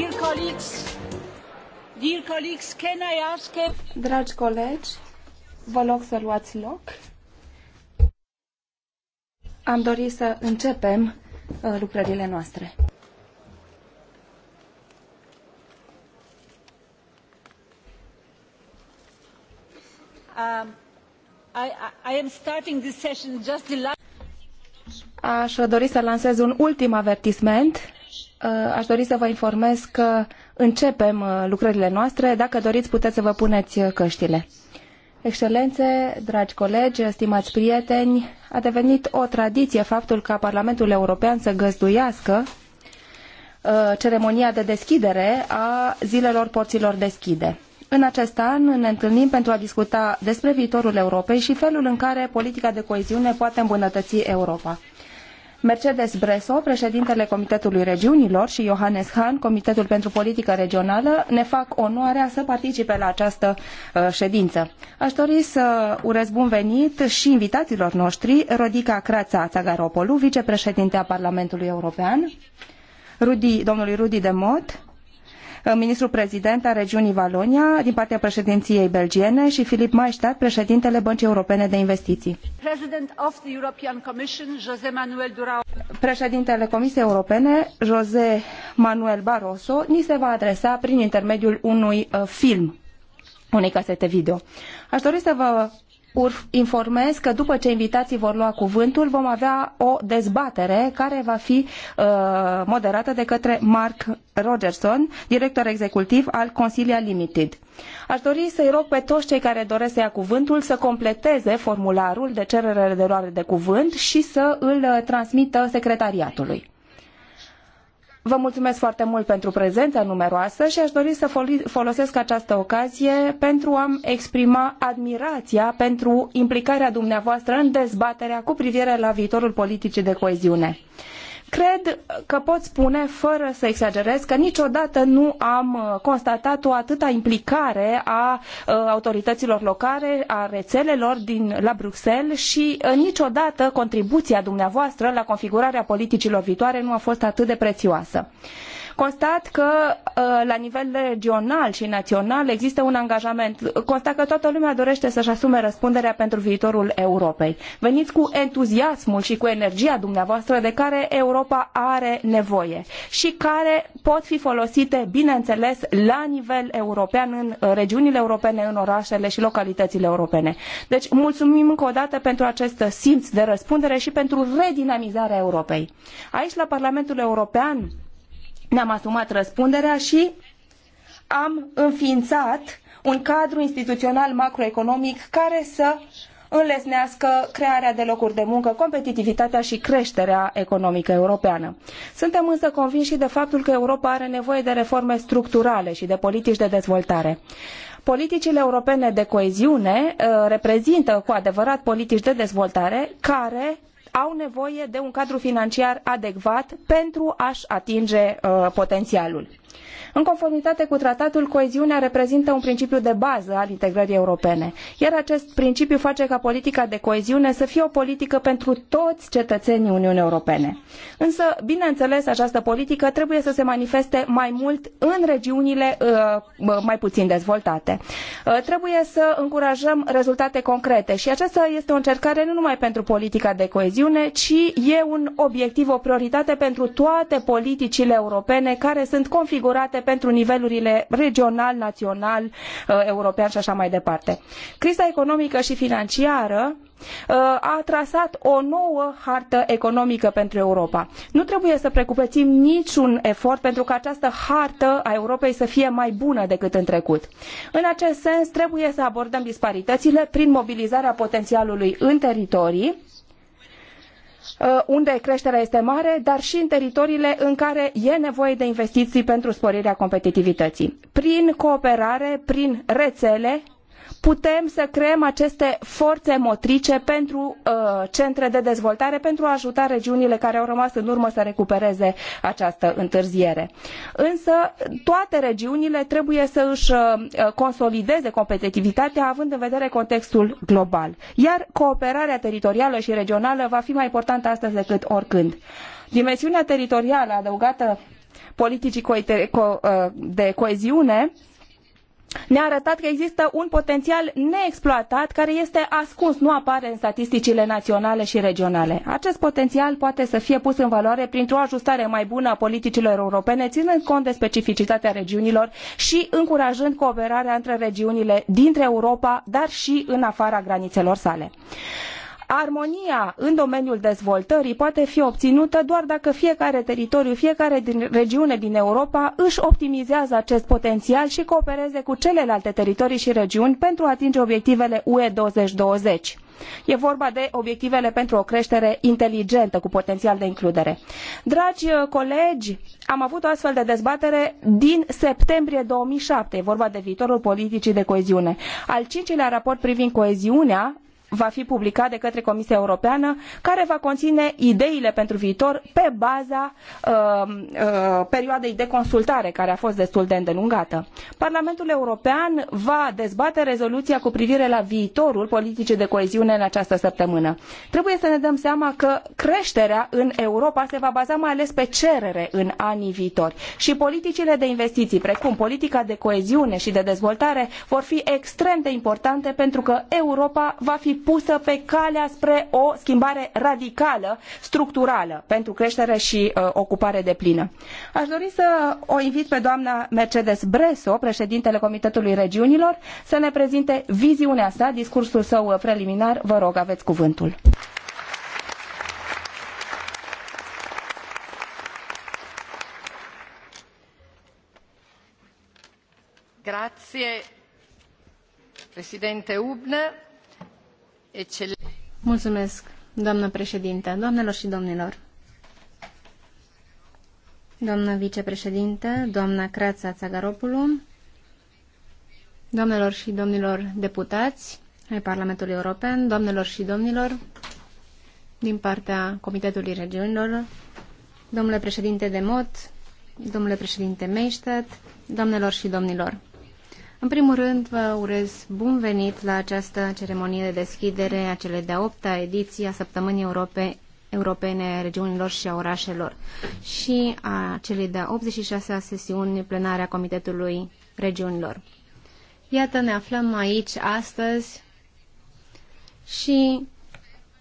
Dear colleagues, dear colleagues, can I ask if... Dragi colegi, vă rog să luați loc. Am dorit să începem uh, lucrările noastre. Um, I, I, I am starting this session just the last... Aș dori să lansez un ultim avertisment Uh, aș dori să vă informez că începem uh, lucrările noastre. Dacă doriți, puteți să vă puneți uh, căștile. Excelențe, dragi colegi, stimați prieteni, a devenit o tradiție faptul ca Parlamentul European să găzduiască ceremonia de deschidere a zilelor porților deschide. În acest an ne întâlnim pentru a discuta despre viitorul Europei și felul în care politica de coeziune poate îmbunătăți Europa. Mercedes Breso, președintele Comitetului Regiunilor și Johannes Hahn, Comitetul pentru Politică Regională, ne fac onoarea să participe la această uh, ședință. Aș dori să urez bun venit și invitațiilor noștri, Rodica Crața Țagaropolu, vicepreședinte a Parlamentului European, Rudy, domnului Rudi Demot, Eh, ministrul prezident al regiunii Valonia din partea președinției belgiene și Filip Maestat, președintele Băncii Europene de Investiții. Președintele Comisiei Europene, José Manuel Barroso, ni se va adresa prin intermediul unui eh, film unei casete video. Aș dori să vă informez că după ce invitații vor lua cuvântul, vom avea o dezbatere care va fi uh, moderată de către Mark Rogerson, director executiv al Consilia Limited. Aș dori să-i rog pe toți cei care doresc să ia cuvântul să completeze formularul de cerere de luare de cuvânt și să îl uh, transmită secretariatului. Vă mulțumesc foarte mult pentru prezența numeroasă și aș dori să folosesc această ocazie pentru a-mi exprima admirația pentru implicarea dumneavoastră în dezbaterea cu privire la viitorul politicii de coeziune. Cred că pot spune, fără să exagerez, că niciodată nu am uh, constatat o atâta implicare a uh, autorităților locale, a rețelelor din, la Bruxelles și uh, niciodată contribuția dumneavoastră la configurarea politicilor viitoare nu a fost atât de prețioasă constat că uh, la nivel regional și național există un angajament. Constat că toată lumea dorește să-și asume răspunderea pentru viitorul Europei. Veniți cu entuziasmul și cu energia dumneavoastră de care Europa are nevoie și care pot fi folosite, bineînțeles, la nivel european, în regiunile europene, în orașele și localitățile europene. Deci, mulțumim încă o dată pentru acest simț de răspundere și pentru redinamizarea Europei. Aici, la Parlamentul European, ne-am asumat răspunderea și am înființat un cadru instituțional macroeconomic care să înlesnească crearea de locuri de muncă, competitivitatea și creșterea economică europeană. Suntem însă convinși și de faptul că Europa are nevoie de reforme structurale și de politici de dezvoltare. Politicile europene de coeziune uh, reprezintă cu adevărat politici de dezvoltare care au nevoie de un cadru financiar adecvat pentru a i atinge potenialul. Uh, potențialul. În conformitate cu tratatul, coeziunea reprezintă un principiu de bază al integrării europene, iar acest principiu face ca politica de coeziune să fie o politică pentru toți cetățenii Uniunii Europene. Însă, bineînțeles, această politică trebuie să se manifeste mai mult în regiunile uh, mai puțin dezvoltate. Uh, trebuie să încurajăm rezultate concrete și aceasta este o încercare nu numai pentru politica de coeziune, ci e un obiectiv, o prioritate pentru toate politicile europene care sunt configurate adecvate pentru nivelurile regional, național, uh, european și așa mai departe. Criza economică și financiară uh, a trasat o nouă hartă economică pentru Europa. Nu trebuie să precupețim niciun efort pentru ca această hartă a Europei să fie mai bună decât în trecut. În acest sens, trebuie să abordăm disparitățile prin mobilizarea potențialului în teritorii, Uh, unde creșterea este mare, dar și în teritoriile în care e nevoie de investiții pentru sporirea competitivității. Prin cooperare, prin rețele, putem să creăm aceste forțe motrice pentru uh, centre de dezvoltare, pentru a ajuta regiunile care au rămas în urmă să recupereze această întârziere. Însă, toate regiunile trebuie să își uh, consolideze competitivitatea având în vedere contextul global. Iar cooperarea teritorială și regională va fi mai importantă astăzi decât oricând. Dimensiunea teritorială adăugată politicii uh, de coeziune ne-a arătat că există un potențial neexploatat care este ascuns, nu apare în statisticile naționale și regionale. Acest potențial poate să fie pus în valoare printr-o ajustare mai bună a politicilor europene, ținând cont de specificitatea regiunilor și încurajând cooperarea între regiunile dintre Europa, dar și în afara granițelor sale. Armonia în domeniul dezvoltării poate fi obținută doar dacă fiecare teritoriu, fiecare din regiune din Europa își optimizează acest potențial și coopereze cu celelalte teritorii și regiuni pentru a atinge obiectivele UE 2020. E vorba de obiectivele pentru o creștere inteligentă cu potențial de includere. Dragi uh, colegi, am avut o astfel de dezbatere din septembrie 2007. E vorba de viitorul politicii de coeziune. Al cincilea raport privind coeziunea va fi publicat de către Comisia Europeană, care va conține ideile pentru viitor pe baza uh, uh, perioadei de consultare, care a fost destul de îndelungată. Parlamentul European va dezbate rezoluția cu privire la viitorul politicii de coeziune în această săptămână. Trebuie să ne dăm seama că creșterea în Europa se va baza mai ales pe cerere în anii viitori și politicile de investiții, precum politica de coeziune și de dezvoltare, vor fi extrem de importante pentru că Europa va fi pusă pe calea spre o schimbare radicală, structurală, pentru creștere și uh, ocupare deplină. Aș dori să o invit pe doamna Mercedes Breso, președintele Comitetului Regiunilor, să ne prezinte viziunea sa, discursul său preliminar. Vă rog, aveți cuvântul. Grazie, președinte Hübner doamnă președinte, doamnelor și domnilor. Doamnă vicepreședinte, doamna Crața Țagaropulu, doamnelor și domnilor deputați ai Parlamentului European, doamnelor și domnilor din partea Comitetului Regiunilor, domnule președinte de Mot, domnule președinte Meistet, doamnelor și domnilor. În primul rând, vă urez bun venit la această ceremonie de deschidere a cele de-a opta ediții a Săptămânii Europe, Europene Regiunilor și a Orașelor și a celei de-a 86-a sesiuni plenare a Comitetului Regiunilor. Iată, ne aflăm aici astăzi și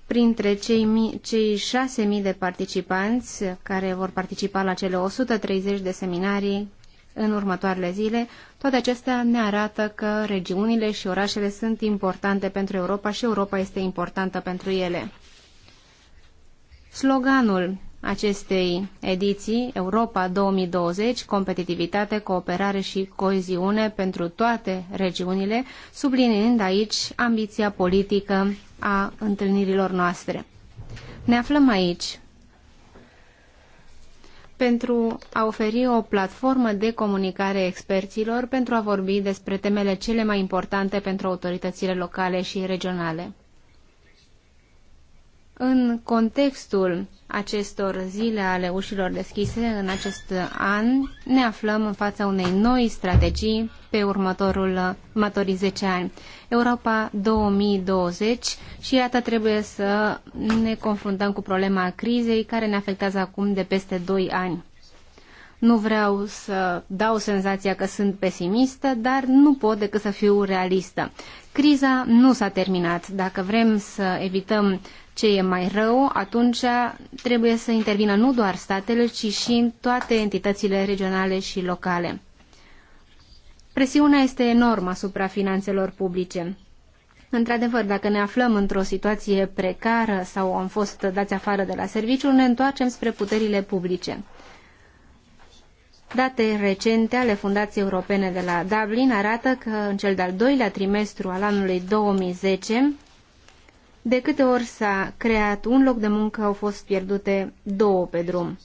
printre cei, mii, cei 6.000 de participanți care vor participa la cele 130 de seminarii în următoarele zile, toate acestea ne arată că regiunile și orașele sunt importante pentru Europa și Europa este importantă pentru ele. Sloganul acestei ediții, Europa 2020, competitivitate, cooperare și coeziune pentru toate regiunile, subliniind aici ambiția politică a întâlnirilor noastre. Ne aflăm aici, pentru a oferi o platformă de comunicare experților pentru a vorbi despre temele cele mai importante pentru autoritățile locale și regionale. În contextul acestor zile ale ușilor deschise în acest an, ne aflăm în fața unei noi strategii pe următorul, următorii 10 ani. Europa 2020 și iată trebuie să ne confruntăm cu problema crizei care ne afectează acum de peste 2 ani. Nu vreau să dau senzația că sunt pesimistă, dar nu pot decât să fiu realistă. Criza nu s-a terminat. Dacă vrem să evităm ce e mai rău, atunci trebuie să intervină nu doar statele, ci și toate entitățile regionale și locale. Presiunea este enormă asupra finanțelor publice. Într-adevăr, dacă ne aflăm într-o situație precară sau am fost dați afară de la serviciu, ne întoarcem spre puterile publice. Date recente ale Fundației Europene de la Dublin arată că în cel de-al doilea trimestru al anului 2010, de câte ori s-a creat un loc de muncă, au fost pierdute două pe drum.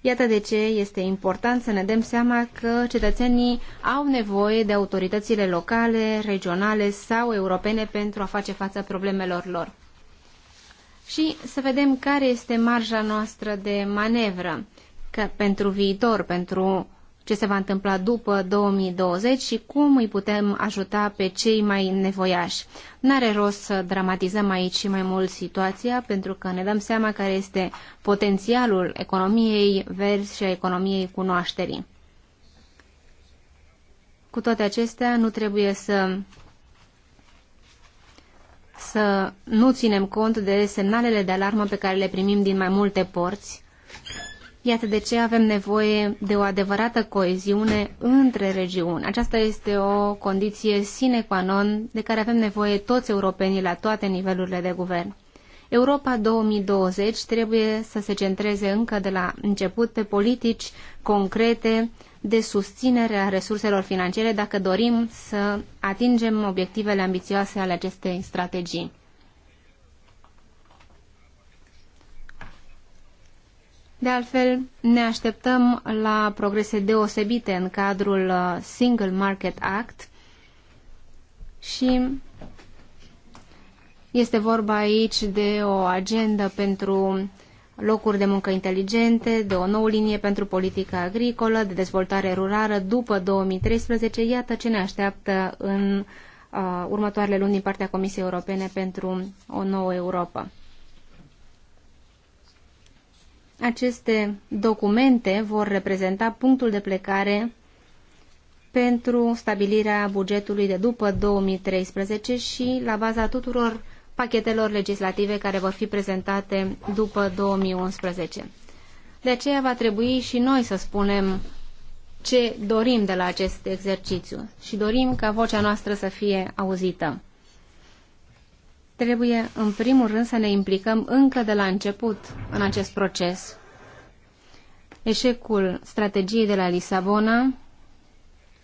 Iată de ce este important să ne dăm seama că cetățenii au nevoie de autoritățile locale, regionale sau europene pentru a face față problemelor lor. Și să vedem care este marja noastră de manevră că pentru viitor, pentru ce se va întâmpla după 2020 și cum îi putem ajuta pe cei mai nevoiași. N-are rost să dramatizăm aici mai mult situația, pentru că ne dăm seama care este potențialul economiei verzi și a economiei cunoașterii. Cu toate acestea, nu trebuie să să nu ținem cont de semnalele de alarmă pe care le primim din mai multe porți Iată de ce avem nevoie de o adevărată coeziune între regiuni. Aceasta este o condiție sine qua non de care avem nevoie toți europenii la toate nivelurile de guvern. Europa 2020 trebuie să se centreze încă de la început pe politici concrete de susținere a resurselor financiare dacă dorim să atingem obiectivele ambițioase ale acestei strategii. De altfel, ne așteptăm la progrese deosebite în cadrul uh, Single Market Act și este vorba aici de o agendă pentru locuri de muncă inteligente, de o nouă linie pentru politica agricolă, de dezvoltare rurală după 2013. Iată ce ne așteaptă în uh, următoarele luni din partea Comisiei Europene pentru o nouă Europa. Aceste documente vor reprezenta punctul de plecare pentru stabilirea bugetului de după 2013 și la baza tuturor pachetelor legislative care vor fi prezentate după 2011. De aceea va trebui și noi să spunem ce dorim de la acest exercițiu și dorim ca vocea noastră să fie auzită. Trebuie, în primul rând, să ne implicăm încă de la început în acest proces. Eșecul strategiei de la Lisabona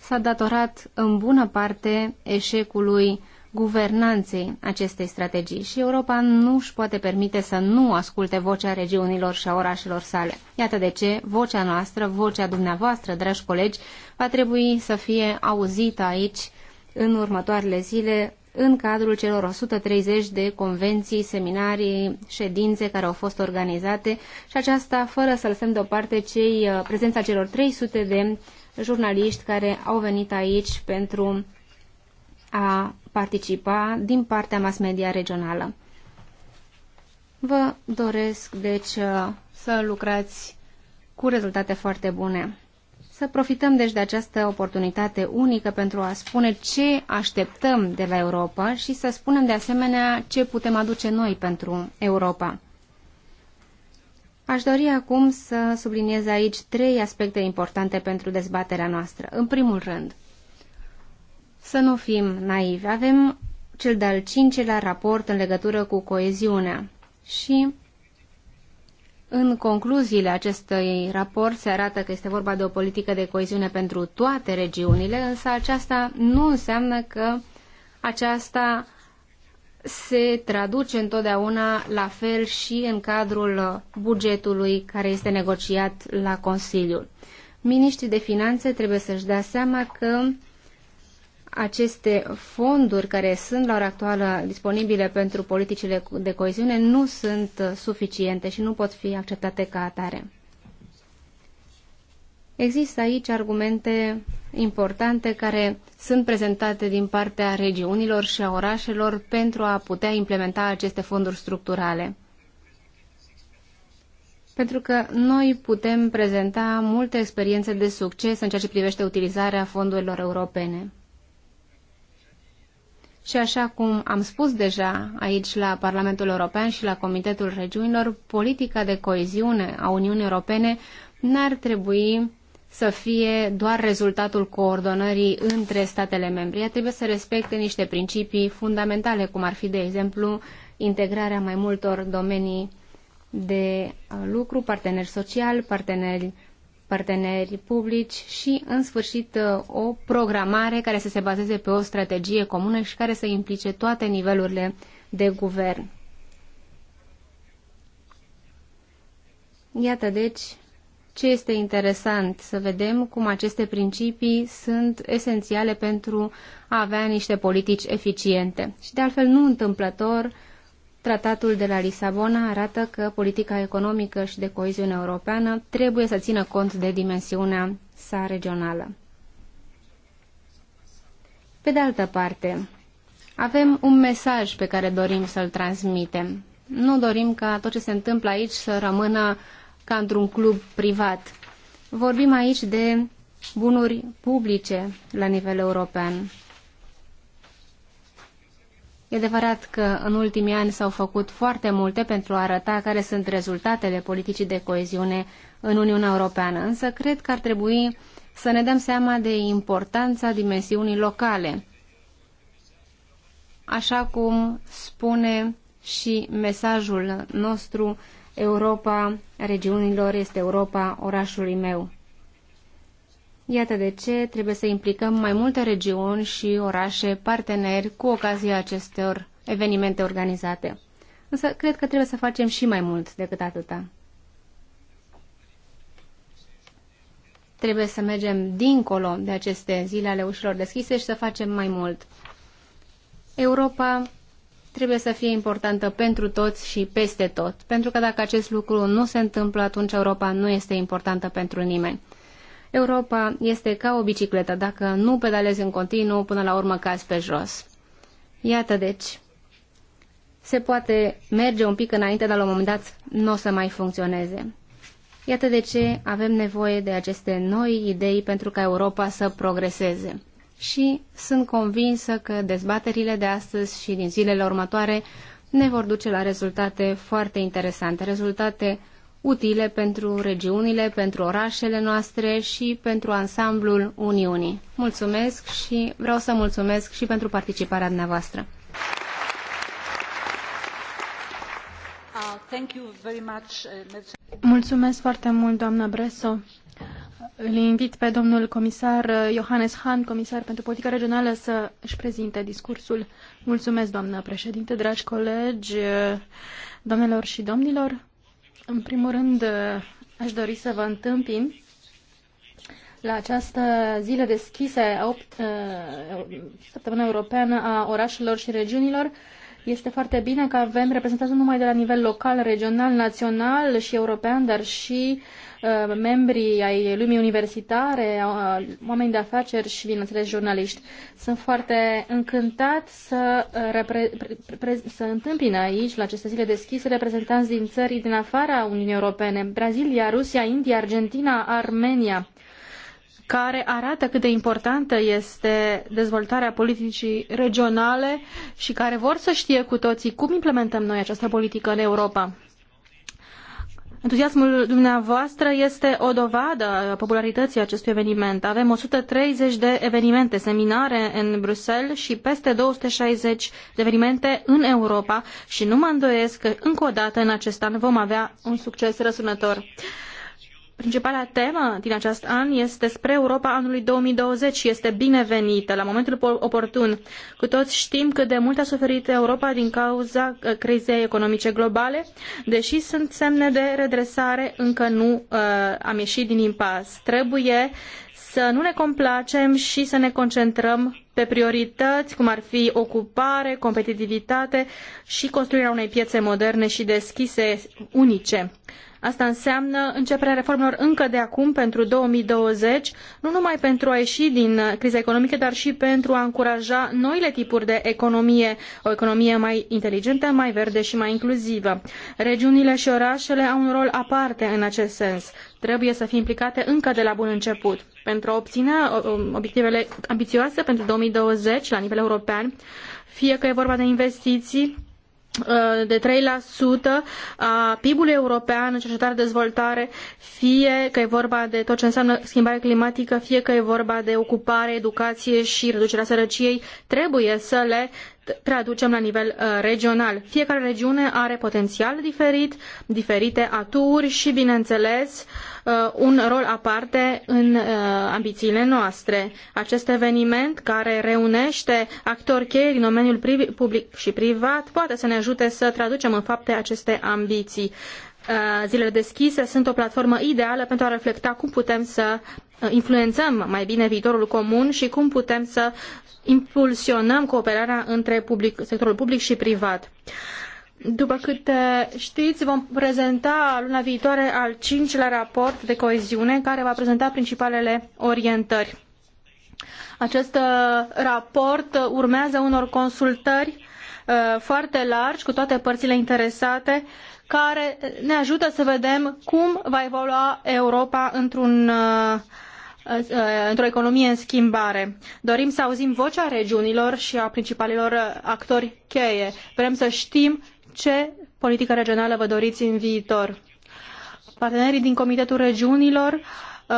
s-a datorat în bună parte eșecului guvernanței acestei strategii și Europa nu își poate permite să nu asculte vocea regiunilor și a orașelor sale. Iată de ce vocea noastră, vocea dumneavoastră, dragi colegi, va trebui să fie auzită aici în următoarele zile în cadrul celor 130 de convenții, seminarii, ședințe care au fost organizate și aceasta fără să lăsăm deoparte cei, uh, prezența celor 300 de jurnaliști care au venit aici pentru a participa din partea mass media regională. Vă doresc, deci, uh, să lucrați cu rezultate foarte bune. Să profităm deci de această oportunitate unică pentru a spune ce așteptăm de la Europa și să spunem de asemenea ce putem aduce noi pentru Europa. Aș dori acum să subliniez aici trei aspecte importante pentru dezbaterea noastră. În primul rând, să nu fim naivi. Avem cel de-al cincilea raport în legătură cu coeziunea și în concluziile acestui raport se arată că este vorba de o politică de coeziune pentru toate regiunile, însă aceasta nu înseamnă că aceasta se traduce întotdeauna la fel și în cadrul bugetului care este negociat la Consiliu. Miniștrii de finanțe trebuie să-și dea seama că aceste fonduri care sunt la ora actuală disponibile pentru politicile de coeziune nu sunt suficiente și nu pot fi acceptate ca atare. Există aici argumente importante care sunt prezentate din partea regiunilor și a orașelor pentru a putea implementa aceste fonduri structurale. Pentru că noi putem prezenta multe experiențe de succes în ceea ce privește utilizarea fondurilor europene. Și așa cum am spus deja aici la Parlamentul European și la Comitetul Regiunilor, politica de coeziune a Uniunii Europene n-ar trebui să fie doar rezultatul coordonării între statele membre. Ea trebuie să respecte niște principii fundamentale, cum ar fi, de exemplu, integrarea mai multor domenii de lucru, parteneri sociali, parteneri parteneri publici și, în sfârșit, uh, o programare care să se bazeze pe o strategie comună și care să implice toate nivelurile de guvern. Iată, deci, ce este interesant să vedem cum aceste principii sunt esențiale pentru a avea niște politici eficiente. Și, de altfel, nu întâmplător, Tratatul de la Lisabona arată că politica economică și de coeziune europeană trebuie să țină cont de dimensiunea sa regională. Pe de altă parte, avem un mesaj pe care dorim să-l transmitem. Nu dorim ca tot ce se întâmplă aici să rămână ca într-un club privat. Vorbim aici de bunuri publice la nivel european. E adevărat că în ultimii ani s-au făcut foarte multe pentru a arăta care sunt rezultatele politicii de coeziune în Uniunea Europeană, însă cred că ar trebui să ne dăm seama de importanța dimensiunii locale. Așa cum spune și mesajul nostru, Europa regiunilor este Europa orașului meu. Iată de ce trebuie să implicăm mai multe regiuni și orașe parteneri cu ocazia acestor evenimente organizate. Însă cred că trebuie să facem și mai mult decât atâta. Trebuie să mergem dincolo de aceste zile ale ușilor deschise și să facem mai mult. Europa trebuie să fie importantă pentru toți și peste tot, pentru că dacă acest lucru nu se întâmplă, atunci Europa nu este importantă pentru nimeni. Europa este ca o bicicletă, dacă nu pedalezi în continuu, până la urmă cazi pe jos. Iată deci, se poate merge un pic înainte, dar la un moment dat nu o să mai funcționeze. Iată de ce avem nevoie de aceste noi idei pentru ca Europa să progreseze. Și sunt convinsă că dezbaterile de astăzi și din zilele următoare ne vor duce la rezultate foarte interesante, rezultate utile pentru regiunile, pentru orașele noastre și pentru ansamblul Uniunii. Mulțumesc și vreau să mulțumesc și pentru participarea dumneavoastră. Mulțumesc foarte mult, doamna Bresso. Îl invit pe domnul comisar uh, Johannes Hahn, comisar pentru Politica regională, să își prezinte discursul. Mulțumesc, doamnă președinte, dragi colegi, uh, doamnelor și domnilor. În primul rând, aș dori să vă întâmpin la această zile deschise a uh, săptămâna europeană a orașelor și regiunilor. Este foarte bine că avem reprezentanți nu numai de la nivel local, regional, național și european, dar și uh, Uh, membrii ai lumii universitare, uh, oameni de afaceri și, bineînțeles, jurnaliști. Sunt foarte încântat să, uh, repre, pre, să întâmpin aici, la aceste zile deschise, reprezentanți din țări din afara Uniunii Europene, Brazilia, Rusia, India, Argentina, Armenia care arată cât de importantă este dezvoltarea politicii regionale și care vor să știe cu toții cum implementăm noi această politică în Europa. Entuziasmul dumneavoastră este o dovadă a popularității acestui eveniment. Avem 130 de evenimente, seminare în Bruxelles și peste 260 de evenimente în Europa și nu mă îndoiesc că încă o dată în acest an vom avea un succes răsunător. Principala temă din acest an este spre Europa anului 2020 și este binevenită la momentul oportun. Cu toți știm cât de mult a suferit Europa din cauza uh, crizei economice globale, deși sunt semne de redresare, încă nu uh, am ieșit din impas. Trebuie să nu ne complacem și să ne concentrăm pe priorități, cum ar fi ocupare, competitivitate și construirea unei piețe moderne și deschise unice. Asta înseamnă începerea reformelor încă de acum pentru 2020, nu numai pentru a ieși din criza economică, dar și pentru a încuraja noile tipuri de economie, o economie mai inteligentă, mai verde și mai inclusivă. Regiunile și orașele au un rol aparte în acest sens. Trebuie să fie implicate încă de la bun început. Pentru a obține uh, uh, obiectivele ambițioase pentru 2020 la nivel european, fie că e vorba de investiții, Uh, de 3% a PIB-ului european în cercetare dezvoltare, fie că e vorba de tot ce înseamnă schimbare climatică, fie că e vorba de ocupare, educație și reducerea sărăciei, trebuie să le traducem la nivel uh, regional. Fiecare regiune are potențial diferit, diferite aturi și, bineînțeles, uh, un rol aparte în uh, ambițiile noastre. Acest eveniment care reunește actori cheie din domeniul public și privat poate să ne ajute să traducem în fapte aceste ambiții. Zilele deschise sunt o platformă ideală pentru a reflecta cum putem să Uh, influențăm mai bine viitorul comun și cum putem să impulsionăm cooperarea între public, sectorul public și privat. După câte știți, vom prezenta luna viitoare al cincilea raport de coeziune care va prezenta principalele orientări. Acest uh, raport urmează unor consultări uh, foarte largi cu toate părțile interesate care ne ajută să vedem cum va evolua Europa într-un uh, Eh, într-o economie în schimbare. Dorim să auzim vocea regiunilor și a principalilor actori cheie. Vrem să știm ce politică regională vă doriți în viitor. Partenerii din Comitetul Regiunilor eh,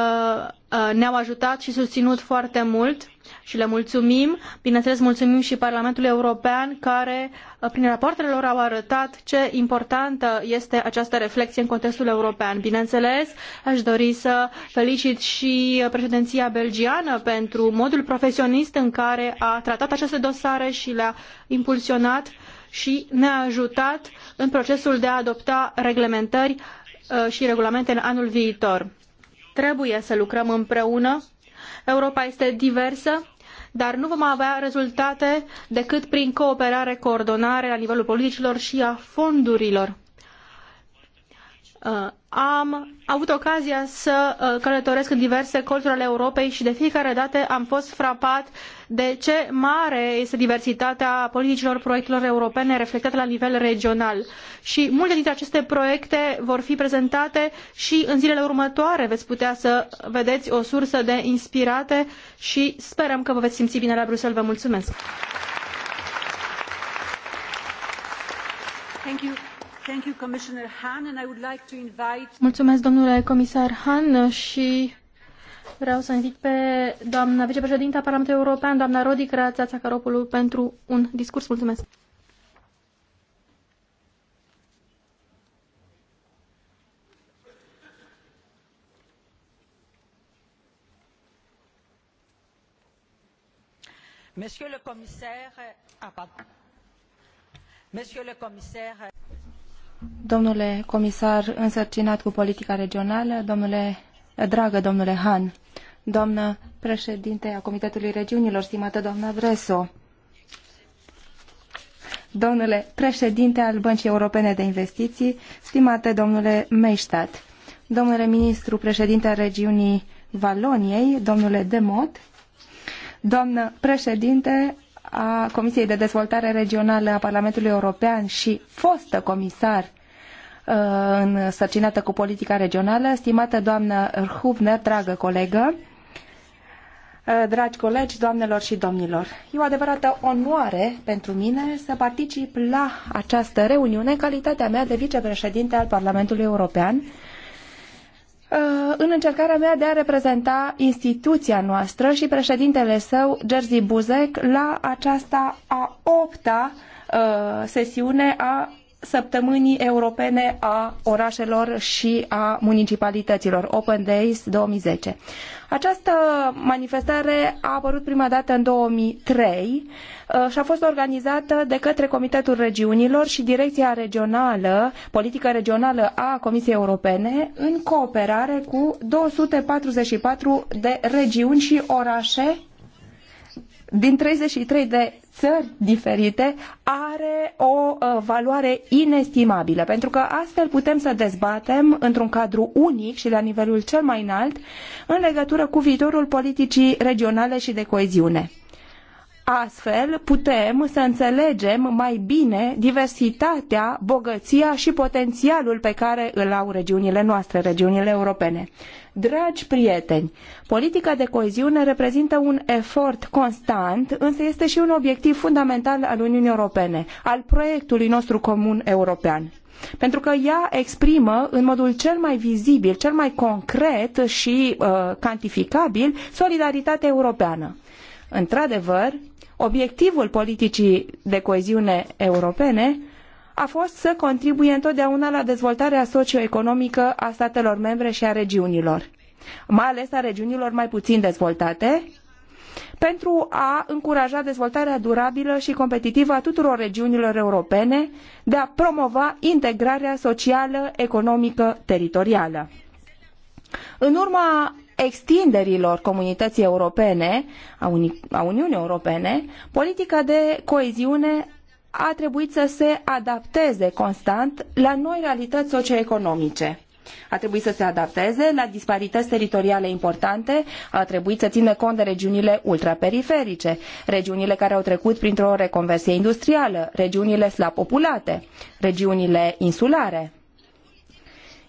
eh, ne-au ajutat și susținut foarte mult și le mulțumim. Bineînțeles, mulțumim și Parlamentului European care, uh, prin rapoartele lor, au arătat ce importantă este această reflexie în contextul european. Bineînțeles, aș dori să felicit și președinția belgiană pentru modul profesionist în care a tratat aceste dosare și le-a impulsionat și ne-a ajutat în procesul de a adopta reglementări uh, și regulamente în anul viitor. Trebuie să lucrăm împreună. Europa este diversă dar nu vom avea rezultate decât prin cooperare, coordonare la nivelul politicilor și a fondurilor. Uh, am avut ocazia să uh, călătoresc în diverse colțuri ale Europei și de fiecare dată am fost frapat de ce mare este diversitatea politicilor proiectelor europene reflectate la nivel regional. Și multe dintre aceste proiecte vor fi prezentate și în zilele următoare veți putea să vedeți o sursă de inspirate și sperăm că vă veți simți bine la Bruxelles. Vă mulțumesc! Thank you. Mulțumesc, domnule comisar Han, și vreau să invit pe doamna vicepreședinta Parlamentului European, doamna Rodi Crața Țacaropulu, pentru un discurs. Mulțumesc! Monsieur le commissaire, ah, pardon. Monsieur le commissaire, domnule comisar însărcinat cu politica regională, domnule, dragă domnule Han, doamnă președinte a Comitetului Regiunilor, stimată doamnă Vreso, domnule președinte al Băncii Europene de Investiții, stimate domnule Meistat, domnule ministru președinte al regiunii Valoniei, domnule Demot, doamnă președinte a Comisiei de Dezvoltare Regională a Parlamentului European și fostă comisar uh, însărcinată cu politica regională, stimată doamnă Hubner, dragă colegă, uh, dragi colegi, doamnelor și domnilor. E o adevărată onoare pentru mine să particip la această reuniune în calitatea mea de vicepreședinte al Parlamentului European Uh, în încercarea mea de a reprezenta instituția noastră și președintele său, Jerzy Buzek, la aceasta a opta uh, sesiune a săptămânii europene a orașelor și a municipalităților, Open Days 2010. Această manifestare a apărut prima dată în 2003 uh, și a fost organizată de către Comitetul Regiunilor și Direcția Regională, Politică Regională a Comisiei Europene, în cooperare cu 244 de regiuni și orașe din 33 de țări diferite are o uh, valoare inestimabilă, pentru că astfel putem să dezbatem într-un cadru unic și la nivelul cel mai înalt în legătură cu viitorul politicii regionale și de coeziune. Astfel putem să înțelegem mai bine diversitatea, bogăția și potențialul pe care îl au regiunile noastre, regiunile europene. Dragi prieteni, politica de coeziune reprezintă un efort constant, însă este și un obiectiv fundamental al Uniunii Europene, al proiectului nostru comun european. Pentru că ea exprimă în modul cel mai vizibil, cel mai concret și uh, cantificabil solidaritatea europeană. Într-adevăr, Obiectivul politicii de coeziune europene a fost să contribuie întotdeauna la dezvoltarea socioeconomică a statelor membre și a regiunilor, mai ales a regiunilor mai puțin dezvoltate, pentru a încuraja dezvoltarea durabilă și competitivă a tuturor regiunilor europene, de a promova integrarea socială, economică, teritorială. În urma extinderilor comunității europene, a, Uni a Uniunii Europene, politica de coeziune a trebuit să se adapteze constant la noi realități socioeconomice. A trebuit să se adapteze la disparități teritoriale importante, a trebuit să țină cont de regiunile ultraperiferice, regiunile care au trecut printr-o reconversie industrială, regiunile slab populate, regiunile insulare.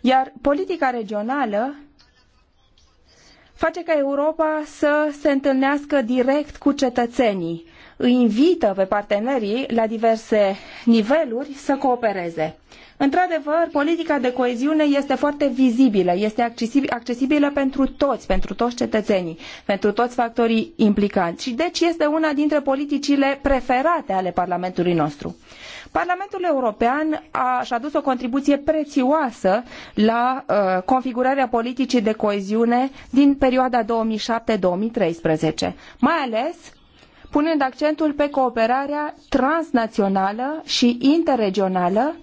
Iar politica regională face ca Europa să se întâlnească direct cu cetățenii, îi invită pe partenerii la diverse niveluri să coopereze. Într-adevăr, politica de coeziune este foarte vizibilă, este accesibilă pentru toți, pentru toți cetățenii, pentru toți factorii implicați și deci este una dintre politicile preferate ale Parlamentului nostru. Parlamentul European a, adus o contribuție prețioasă la uh, configurarea politicii de coeziune din perioada 2007-2013, mai ales punând accentul pe cooperarea transnațională și interregională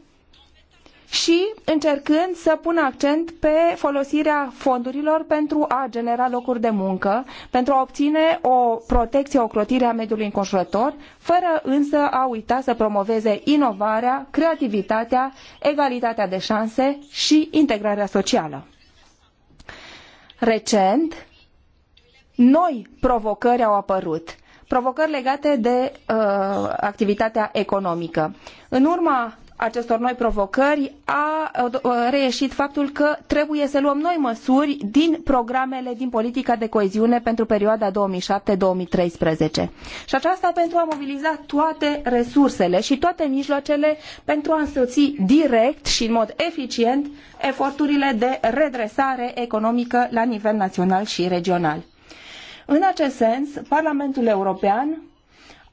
și încercând să pună accent pe folosirea fondurilor pentru a genera locuri de muncă, pentru a obține o protecție, o clădire a mediului înconjurător, fără însă a uita să promoveze inovarea, creativitatea, egalitatea de șanse și integrarea socială. Recent, noi provocări au apărut provocări legate de uh, activitatea economică. În urma acestor noi provocări a reieșit faptul că trebuie să luăm noi măsuri din programele din politica de coeziune pentru perioada 2007-2013. Și aceasta pentru a mobiliza toate resursele și toate mijloacele pentru a însoți direct și în mod eficient eforturile de redresare economică la nivel național și regional. În acest sens, Parlamentul European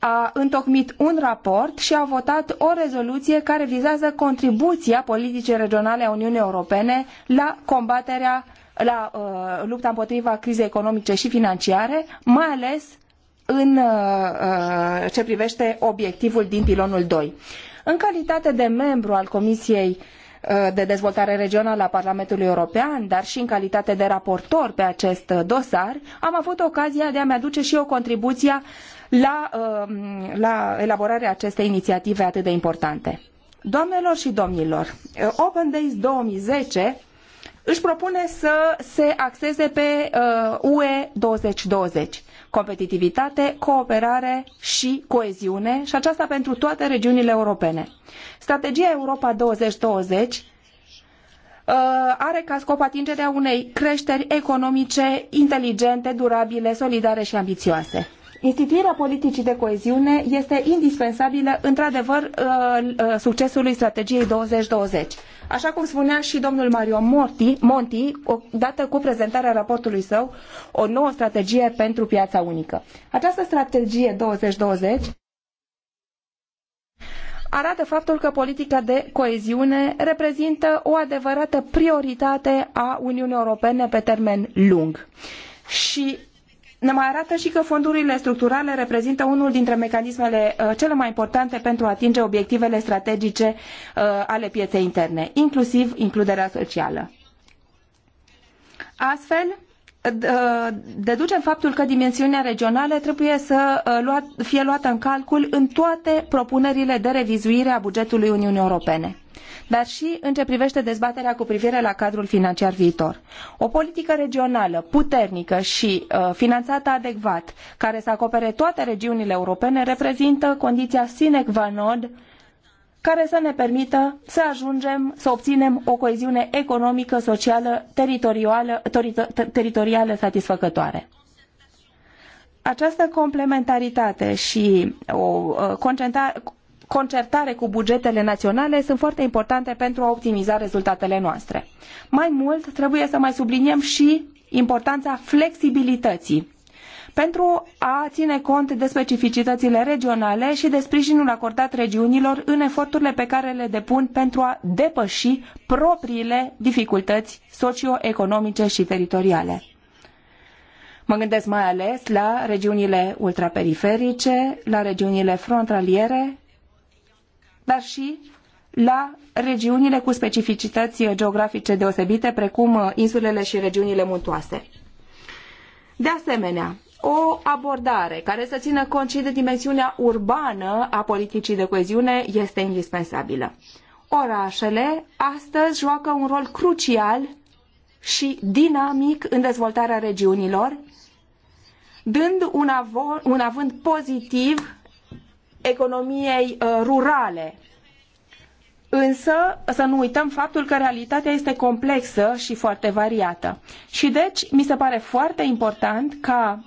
a întocmit un raport și a votat o rezoluție care vizează contribuția politicii regionale a Uniunii Europene la combaterea, la uh, lupta împotriva crizei economice și financiare, mai ales în uh, uh ce privește obiectivul din pilonul 2. În calitate de membru al Comisiei uh, de dezvoltare regională a Parlamentului European, dar și în calitate de raportor pe acest dosar, am avut ocazia de a-mi aduce și eu contribuția uh, la, uh, la elaborarea acestei inițiative atât de importante. Doamnelor și domnilor, uh, Open Days 2010 își propune să se axeze pe uh, UE 2020, competitivitate, cooperare și coeziune și aceasta pentru toate regiunile europene. Strategia Europa 2020 are ca scop atingerea unei creșteri economice inteligente, durabile, solidare și ambițioase instituirea politicii de coeziune este indispensabilă, într-adevăr, uh, uh, succesului strategiei 2020. Așa cum spunea și domnul Mario Morti, Monti, odată cu prezentarea raportului său, o nouă strategie pentru piața unică. Această strategie 2020 arată faptul că politica de coeziune reprezintă o adevărată prioritate a Uniunii Europene pe termen lung. Și ne mai arată și că fondurile structurale reprezintă unul dintre mecanismele uh, cele mai importante pentru a atinge obiectivele strategice uh, ale pieței interne, inclusiv includerea socială. Astfel, uh, deducem faptul că dimensiunea regională trebuie să fie luată în calcul în toate propunerile de revizuire a bugetului Uniunii Europene dar și în ce privește dezbaterea cu privire la cadrul financiar viitor. O politică regională puternică și uh, finanțată adecvat, care să acopere toate regiunile europene, reprezintă condiția sine qua non care să ne permită să ajungem să obținem o coeziune economică, socială, teritorială, teritorială satisfăcătoare. Această complementaritate și o uh, concentrare concertare cu bugetele naționale sunt foarte importante pentru a optimiza rezultatele noastre. Mai mult, trebuie să mai subliniem și importanța flexibilității pentru a ține cont de specificitățile regionale și de sprijinul acordat regiunilor în eforturile pe care le depun pentru a depăși propriile dificultăți socioeconomice și teritoriale. Mă gândesc mai ales la regiunile ultraperiferice, la regiunile frontaliere, dar și la regiunile cu specificități geografice deosebite, precum uh, insulele și regiunile muntoase. De asemenea, o abordare care să țină cont și de dimensiunea urbană a politicii de coeziune este indispensabilă. Orașele astăzi joacă un rol crucial și dinamic în dezvoltarea regiunilor, dând un, avon, un avânt pozitiv economiei uh, rurale. Însă să nu uităm faptul că realitatea este complexă și foarte variată. Și deci mi se pare foarte important ca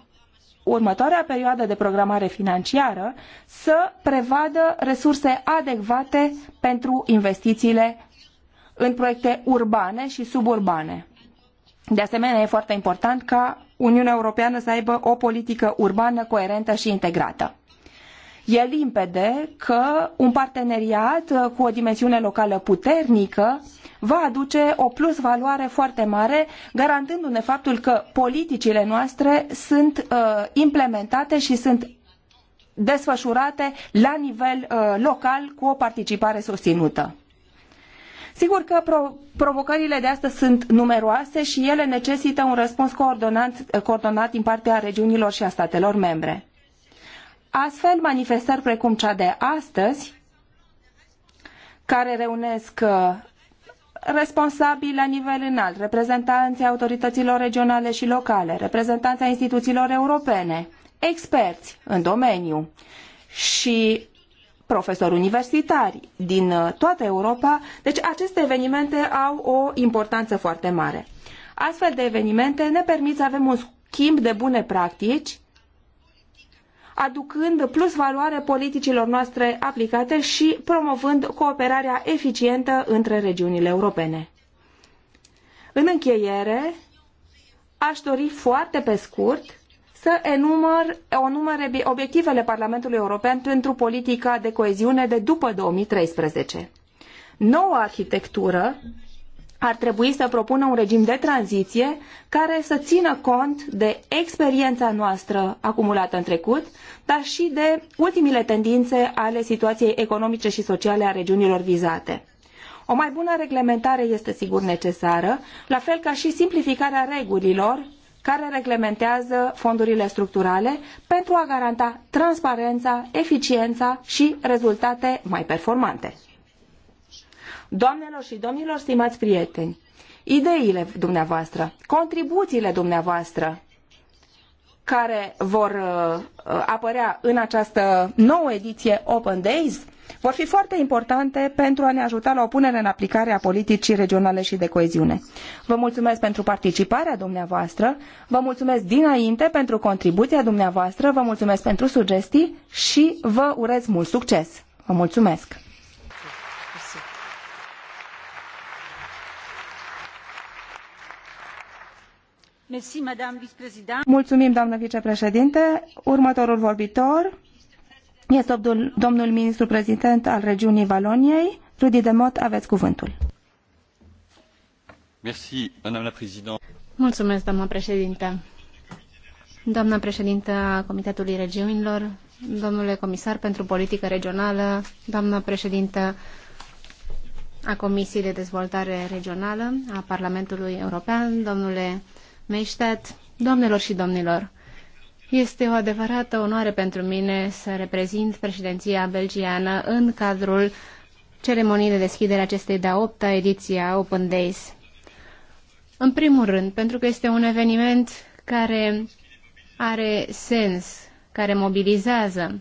următoarea perioadă de programare financiară să prevadă resurse adecvate pentru investițiile în proiecte urbane și suburbane. De asemenea, e foarte important ca Uniunea Europeană să aibă o politică urbană coerentă și integrată. E limpede că un parteneriat uh, cu o dimensiune locală puternică va aduce o plus valoare foarte mare, garantându-ne faptul că politicile noastre sunt uh, implementate și sunt desfășurate la nivel uh, local cu o participare susținută. Sigur că provocările de astăzi sunt numeroase și ele necesită un răspuns coordonat, coordonat din partea regiunilor și a statelor membre. Astfel, manifestări precum cea de astăzi, care reunesc uh, responsabili la nivel înalt, reprezentanții autorităților regionale și locale, reprezentanții instituțiilor europene, experți în domeniu și profesori universitari din uh, toată Europa, deci aceste evenimente au o importanță foarte mare. Astfel de evenimente ne permit să avem un schimb de bune practici aducând plus valoare politicilor noastre aplicate și promovând cooperarea eficientă între regiunile europene. În încheiere, aș dori foarte pe scurt să enumăr obiectivele Parlamentului European pentru politica de coeziune de după 2013. Noua arhitectură ar trebui să propună un regim de tranziție care să țină cont de experiența noastră acumulată în trecut, dar și de ultimile tendințe ale situației economice și sociale a regiunilor vizate. O mai bună reglementare este sigur necesară, la fel ca și simplificarea regulilor care reglementează fondurile structurale pentru a garanta transparența, eficiența și rezultate mai performante. Doamnelor și domnilor, stimați prieteni, ideile dumneavoastră, contribuțiile dumneavoastră care vor uh, uh, apărea în această nouă ediție Open Days vor fi foarte importante pentru a ne ajuta la o punere în aplicare a politicii regionale și de coeziune. Vă mulțumesc pentru participarea dumneavoastră, vă mulțumesc dinainte pentru contribuția dumneavoastră, vă mulțumesc pentru sugestii și vă urez mult succes. Vă mulțumesc! Mulțumim, doamnă vicepreședinte. Următorul vorbitor este domnul, ministru prezident al regiunii Valoniei. Rudy de Mot, aveți cuvântul. Mulțumesc, doamnă președinte. Doamna președintă a Comitetului Regiunilor, domnule comisar pentru politică regională, doamnă președintă a Comisiei de Dezvoltare Regională a Parlamentului European, domnule Meistat, domnilor și domnilor, este o adevărată onoare pentru mine să reprezint președinția belgiană în cadrul ceremoniei de deschidere acestei de-a opta ediție a Open Days. În primul rând, pentru că este un eveniment care are sens, care mobilizează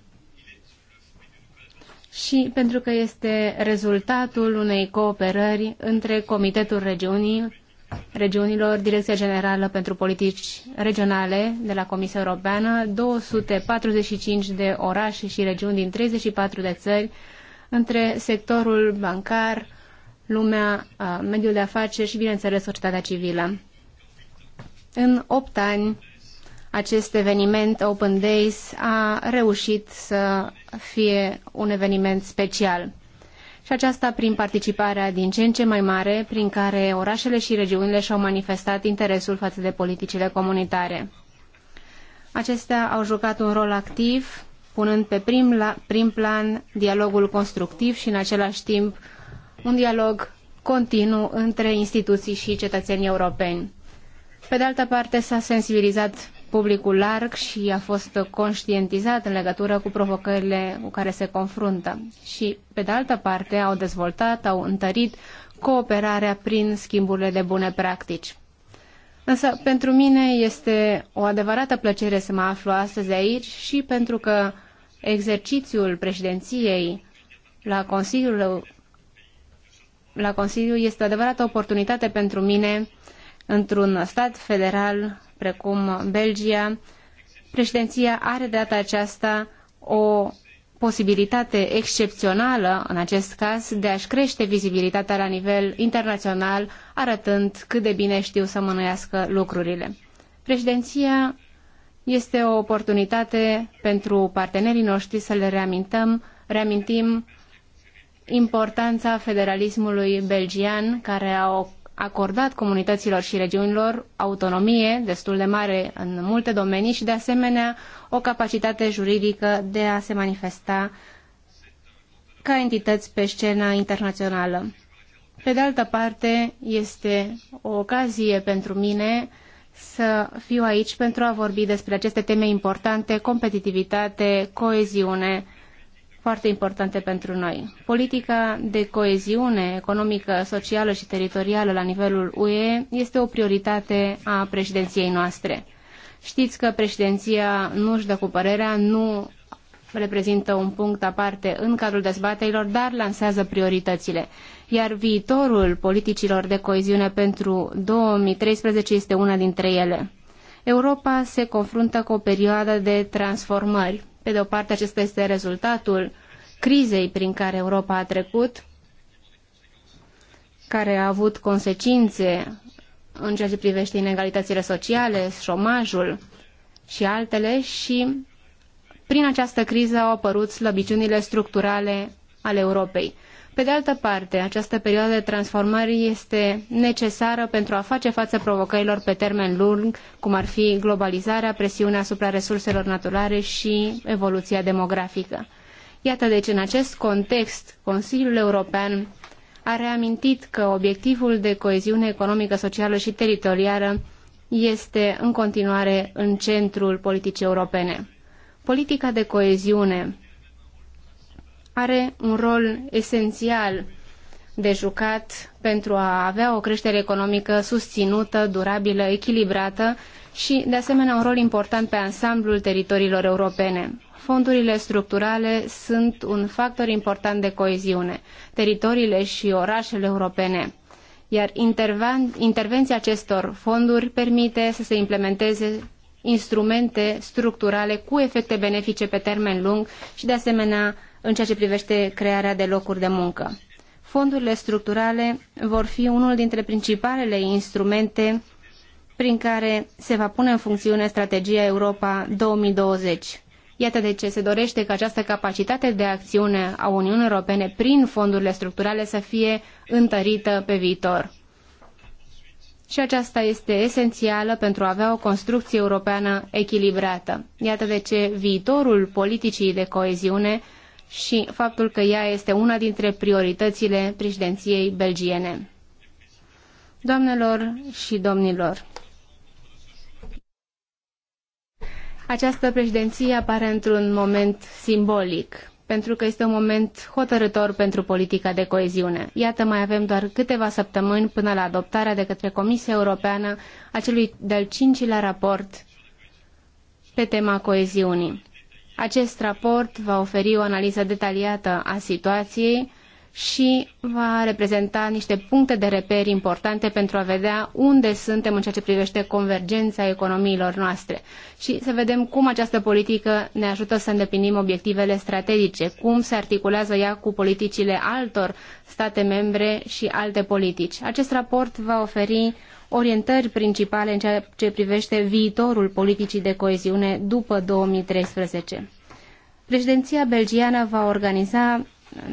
și pentru că este rezultatul unei cooperări între Comitetul Regiunii regiunilor, Direcția Generală pentru Politici Regionale de la Comisia Europeană, 245 de orașe și regiuni din 34 de țări, între sectorul bancar, lumea, mediul de afaceri și, bineînțeles, societatea civilă. În 8 ani, acest eveniment Open Days a reușit să fie un eveniment special și aceasta prin participarea din ce în ce mai mare, prin care orașele și regiunile și-au manifestat interesul față de politicile comunitare. Acestea au jucat un rol activ, punând pe prim, la, prim plan dialogul constructiv și, în același timp, un dialog continuu între instituții și cetățenii europeni. Pe de altă parte, s-a sensibilizat publicul larg și a fost conștientizat în legătură cu provocările cu care se confruntă. Și, pe de altă parte, au dezvoltat, au întărit cooperarea prin schimburile de bune practici. Însă, pentru mine este o adevărată plăcere să mă aflu astăzi aici și pentru că exercițiul președinției la Consiliul, la Consiliu este o adevărată oportunitate pentru mine într-un stat federal precum Belgia, președinția are de data aceasta o posibilitate excepțională, în acest caz, de a-și crește vizibilitatea la nivel internațional, arătând cât de bine știu să mânuiască lucrurile. Președinția este o oportunitate pentru partenerii noștri să le reamintăm, reamintim importanța federalismului belgian, care a acordat comunităților și regiunilor autonomie destul de mare în multe domenii și, de asemenea, o capacitate juridică de a se manifesta ca entități pe scena internațională. Pe de altă parte, este o ocazie pentru mine să fiu aici pentru a vorbi despre aceste teme importante, competitivitate, coeziune foarte importante pentru noi. Politica de coeziune economică, socială și teritorială la nivelul UE este o prioritate a președinției noastre. Știți că președinția nu își dă cu părerea, nu reprezintă un punct aparte în cadrul dezbaterilor, dar lansează prioritățile. Iar viitorul politicilor de coeziune pentru 2013 este una dintre ele. Europa se confruntă cu o perioadă de transformări pe de o parte, acesta este rezultatul crizei prin care Europa a trecut, care a avut consecințe în ceea ce privește inegalitățile sociale, șomajul și altele și prin această criză au apărut slăbiciunile structurale ale Europei. Pe de altă parte, această perioadă de transformare este necesară pentru a face față provocărilor pe termen lung, cum ar fi globalizarea, presiunea asupra resurselor naturale și evoluția demografică. Iată deci, în acest context, Consiliul European a reamintit că obiectivul de coeziune economică, socială și teritorială este în continuare în centrul politicii europene. Politica de coeziune are un rol esențial de jucat pentru a avea o creștere economică susținută, durabilă, echilibrată și, de asemenea, un rol important pe ansamblul teritoriilor europene. Fondurile structurale sunt un factor important de coeziune, teritoriile și orașele europene, iar intervenția acestor fonduri permite să se implementeze instrumente structurale cu efecte benefice pe termen lung și, de asemenea, în ceea ce privește crearea de locuri de muncă. Fondurile structurale vor fi unul dintre principalele instrumente prin care se va pune în funcțiune strategia Europa 2020. Iată de ce se dorește ca această capacitate de acțiune a Uniunii Europene prin fondurile structurale să fie întărită pe viitor. Și aceasta este esențială pentru a avea o construcție europeană echilibrată. Iată de ce viitorul politicii de coeziune și faptul că ea este una dintre prioritățile președinției belgiene. Doamnelor și domnilor, această președinție apare într-un moment simbolic, pentru că este un moment hotărător pentru politica de coeziune. Iată, mai avem doar câteva săptămâni până la adoptarea de către Comisia Europeană a celui de-al cincilea raport pe tema coeziunii. Acest raport va oferi o analiză detaliată a situației și va reprezenta niște puncte de reper importante pentru a vedea unde suntem în ceea ce privește convergența economiilor noastre și să vedem cum această politică ne ajută să îndeplinim obiectivele strategice, cum se articulează ea cu politicile altor state membre și alte politici. Acest raport va oferi orientări principale în ceea ce privește viitorul politicii de coeziune după 2013. Președinția belgiană va organiza,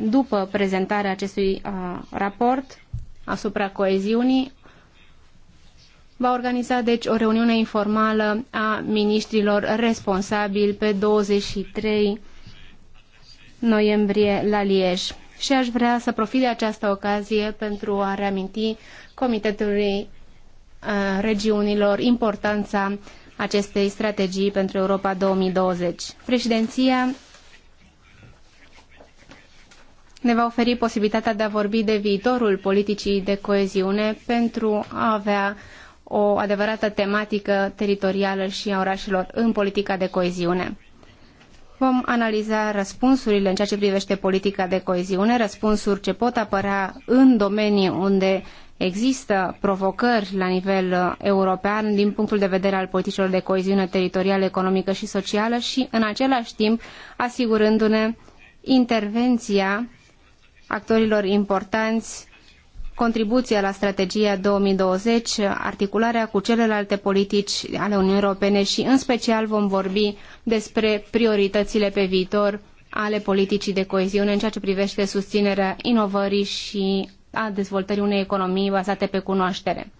după prezentarea acestui uh, raport asupra coeziunii, va organiza deci o reuniune informală a ministrilor responsabili pe 23 noiembrie la Liege. Și aș vrea să profit de această ocazie pentru a reaminti Comitetului regiunilor importanța acestei strategii pentru Europa 2020. Președinția ne va oferi posibilitatea de a vorbi de viitorul politicii de coeziune pentru a avea o adevărată tematică teritorială și a orașelor în politica de coeziune. Vom analiza răspunsurile în ceea ce privește politica de coeziune, răspunsuri ce pot apărea în domenii unde Există provocări la nivel uh, european din punctul de vedere al politicilor de coeziune teritorială, economică și socială și, în același timp, asigurându-ne intervenția actorilor importanți contribuția la strategia 2020, articularea cu celelalte politici ale Uniunii Europene și în special vom vorbi despre prioritățile pe viitor ale politicii de coeziune în ceea ce privește susținerea inovării și a dezvoltării unei economii bazate pe cunoaștere.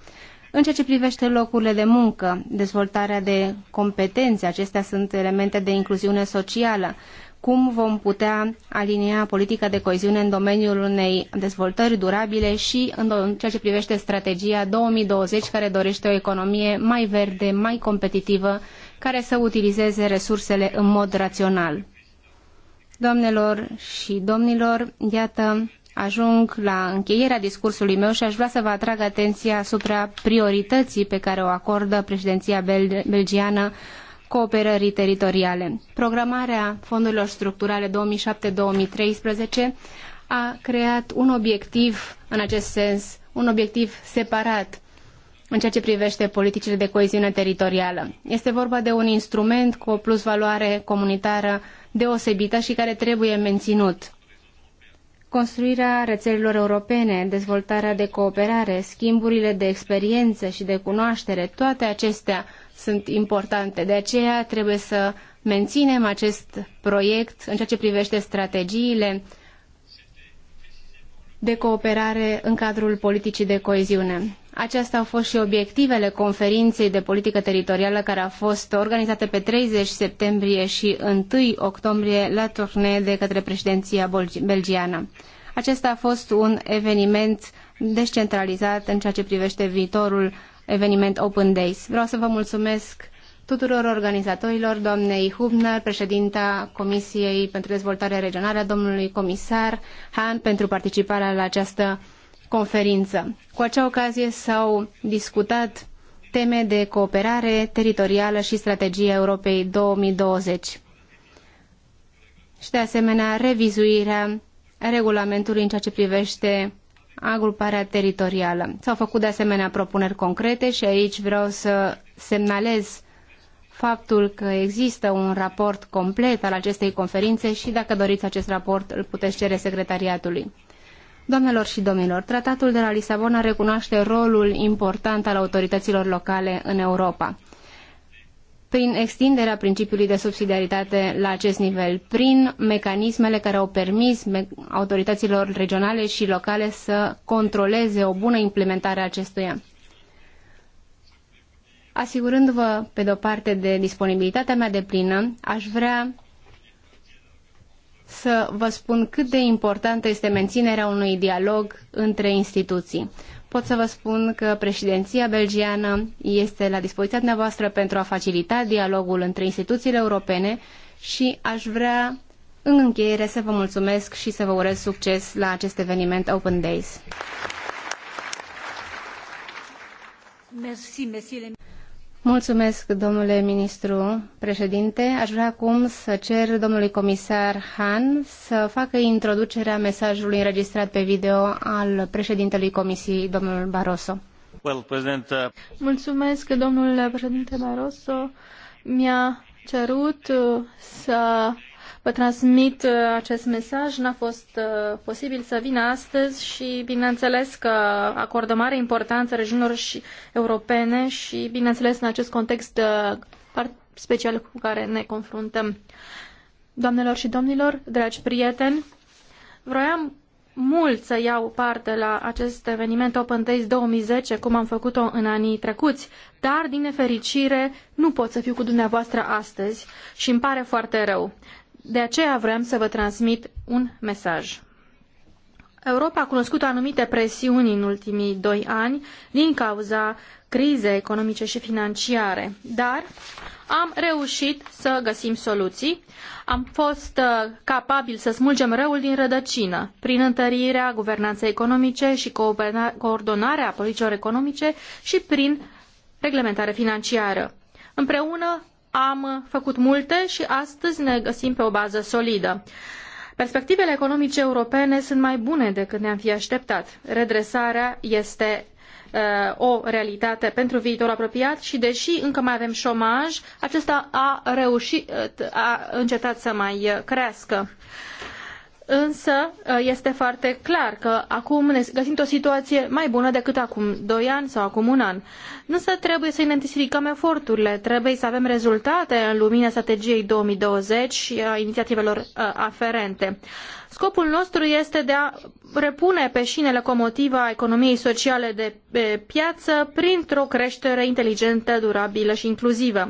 În ceea ce privește locurile de muncă, dezvoltarea de competențe, acestea sunt elemente de incluziune socială. Cum vom putea alinia politica de coeziune în domeniul unei dezvoltări durabile și în ceea ce privește strategia 2020 care dorește o economie mai verde, mai competitivă, care să utilizeze resursele în mod rațional. Doamnelor și domnilor, iată ajung la încheierea discursului meu și aș vrea să vă atrag atenția asupra priorității pe care o acordă președinția bel belgiană cooperării teritoriale. Programarea fondurilor structurale 2007-2013 a creat un obiectiv în acest sens, un obiectiv separat în ceea ce privește politicile de coeziune teritorială. Este vorba de un instrument cu o plusvaloare comunitară deosebită și care trebuie menținut construirea rețelelor europene, dezvoltarea de cooperare, schimburile de experiență și de cunoaștere, toate acestea sunt importante. De aceea trebuie să menținem acest proiect în ceea ce privește strategiile de cooperare în cadrul politicii de coeziune. Acestea au fost și obiectivele conferinței de politică teritorială care a fost organizată pe 30 septembrie și 1 octombrie la Tournai de către președinția belgiană. Acesta a fost un eveniment descentralizat în ceea ce privește viitorul eveniment Open Days. Vreau să vă mulțumesc tuturor organizatorilor, doamnei Hubner, președinta Comisiei pentru Dezvoltare Regională, domnului comisar Han pentru participarea la această conferință. Cu acea ocazie s-au discutat teme de cooperare teritorială și strategia Europei 2020 și de asemenea revizuirea regulamentului în ceea ce privește agruparea teritorială. S-au făcut de asemenea propuneri concrete și aici vreau să semnalez faptul că există un raport complet al acestei conferințe și dacă doriți acest raport îl puteți cere secretariatului. Doamnelor și domnilor, tratatul de la Lisabona recunoaște rolul important al autorităților locale în Europa. Prin extinderea principiului de subsidiaritate la acest nivel, prin mecanismele care au permis autorităților regionale și locale să controleze o bună implementare a acestuia asigurându-vă, pe de-o parte, de disponibilitatea mea de plină, aș vrea să vă spun cât de importantă este menținerea unui dialog între instituții. Pot să vă spun că președinția belgiană este la dispoziția dumneavoastră pentru a facilita dialogul între instituțiile europene și aș vrea în încheiere să vă mulțumesc și să vă urez succes la acest eveniment Open Days. Mulțumesc, domnule ministru președinte. Aș vrea acum să cer domnului comisar Han să facă introducerea mesajului înregistrat pe video al președintelui Comisiei, domnul Barroso. Well, president, uh... Mulțumesc, domnule președinte Barroso mi-a cerut uh, să vă transmit uh, acest mesaj. N-a fost uh, posibil să vin astăzi și bineînțeles că acordă mare importanță regiunilor și europene și bineînțeles în acest context uh, special cu care ne confruntăm. Doamnelor și domnilor, dragi prieteni, vroiam mult să iau parte la acest eveniment Open Days 2010, cum am făcut-o în anii trecuți, dar, din nefericire, nu pot să fiu cu dumneavoastră astăzi și îmi pare foarte rău. De aceea vrem să vă transmit un mesaj. Europa a cunoscut anumite presiuni în ultimii doi ani din cauza crizei economice și financiare, dar am reușit să găsim soluții, am fost uh, capabili să smulgem răul din rădăcină prin întărirea guvernanței economice și coordonarea politicilor economice și prin reglementare financiară. Împreună am făcut multe și astăzi ne găsim pe o bază solidă. Perspectivele economice europene sunt mai bune decât ne-am fi așteptat. Redresarea este uh, o realitate pentru viitorul apropiat și deși încă mai avem șomaj, acesta a reușit, uh, a încetat să mai uh, crească. Însă uh, este foarte clar că acum ne găsim o situație mai bună decât acum doi ani sau acum un an. Însă trebuie să intensificăm eforturile, trebuie să avem rezultate în lumina strategiei 2020 și a inițiativelor uh, aferente. Scopul nostru este de a repune pe șine locomotiva economiei sociale de piață printr-o creștere inteligentă, durabilă și inclusivă.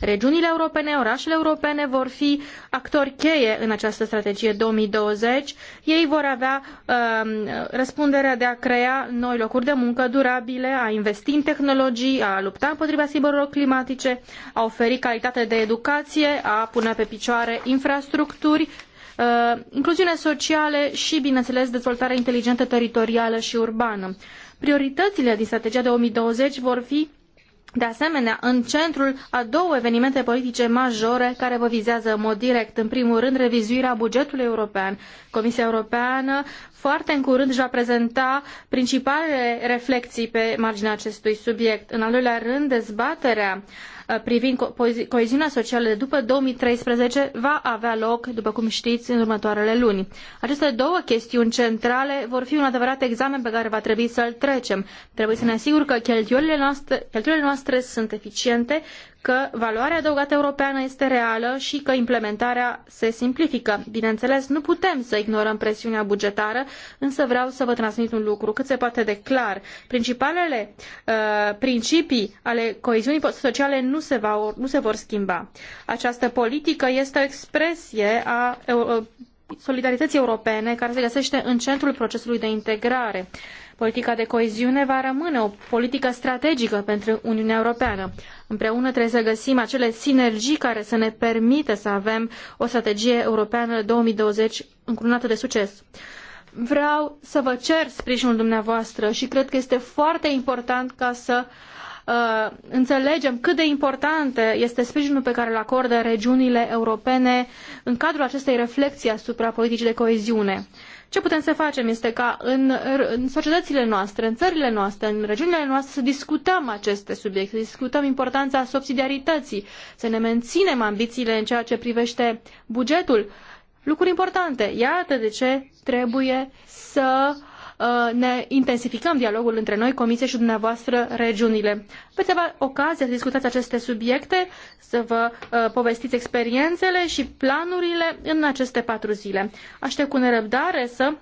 Regiunile europene, orașele europene vor fi actori cheie în această strategie 2020. Ei vor avea um, răspunderea de a crea noi locuri de muncă durabile, a investi în tehnologii, a lupta împotriva schimbărilor climatice, a oferi calitate de educație, a pune pe picioare infrastructuri, uh, incluziune sociale și, bineînțeles, dezvoltarea inteligentă teritorială și urbană. Prioritățile din strategia 2020 vor fi de asemenea, în centrul a două evenimente politice majore care vă vizează în mod direct. În primul rând, revizuirea bugetului european. Comisia Europeană foarte în curând își va prezenta principalele reflexii pe marginea acestui subiect. În al doilea rând, dezbaterea uh, Uh, privind coeziunea socială de după 2013 va avea loc, după cum știți, în următoarele luni. Aceste două chestiuni centrale vor fi un adevărat examen pe care va trebui să-l trecem. Trebuie să ne asigur că cheltuielile noastre, cheltuielile noastre sunt eficiente, că valoarea adăugată europeană este reală și că implementarea se simplifică. Bineînțeles, nu putem să ignorăm presiunea bugetară, însă vreau să vă transmit un lucru cât se poate de clar. Principalele uh, principii ale coeziunii sociale nu se, va, nu se, vor schimba. Această politică este o expresie a uh, solidarității europene care se găsește în centrul procesului de integrare. Uh, Politica de coeziune va rămâne o politică strategică pentru Uniunea Europeană. Împreună trebuie să găsim acele sinergii care să ne permită să avem o strategie europeană 2020 încurunată de succes. Vreau să vă cer sprijinul dumneavoastră și cred că este foarte important ca să uh, înțelegem cât de important este sprijinul pe care îl acordă regiunile europene în cadrul acestei reflexii asupra politicii de coeziune. Uh, ce putem să facem este ca în, în societățile noastre, în țările noastre, în regiunile noastre să discutăm aceste subiecte, să discutăm importanța subsidiarității, să ne menținem ambițiile în ceea ce privește bugetul. Lucruri importante. Iată de ce trebuie să uh, Uh, ne intensificăm dialogul între noi, Comisie și dumneavoastră, regiunile. Veți avea ocazia să discutați aceste subiecte, să vă uh, povestiți experiențele și planurile în aceste patru zile. Aștept cu nerăbdare să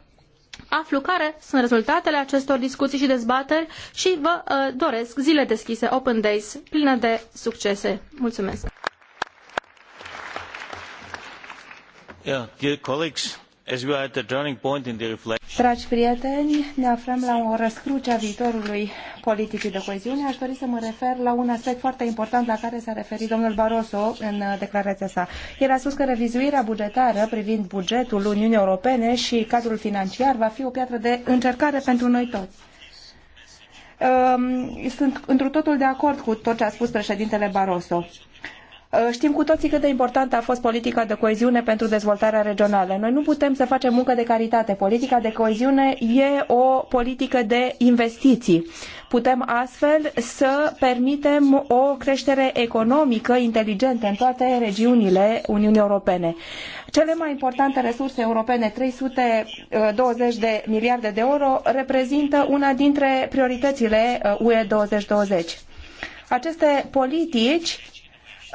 aflu care sunt rezultatele acestor discuții și dezbateri și vă uh, doresc zile deschise, Open Days, pline de succese. Mulțumesc! Yeah, dear colleagues. Dragi prieteni, ne aflăm la o răscruce a viitorului politicii de coeziune. Aș dori să mă refer la un aspect foarte important la care s-a referit domnul Barroso în uh, declarația sa. El a spus că revizuirea bugetară privind bugetul Uniunii Europene și cadrul financiar va fi o piatră de încercare pentru noi toți um, sunt întru totul de acord cu tot ce a spus președintele Barroso. Uh, știm cu toții cât de importantă a fost politica de coeziune pentru dezvoltarea regională. Noi nu putem să facem muncă de caritate. Politica de coeziune e o politică de investiții. Putem astfel să permitem o creștere economică inteligentă în toate regiunile Uniunii Europene. Cele mai importante resurse europene, 320 de miliarde de euro, reprezintă una dintre prioritățile uh, UE 2020. Aceste politici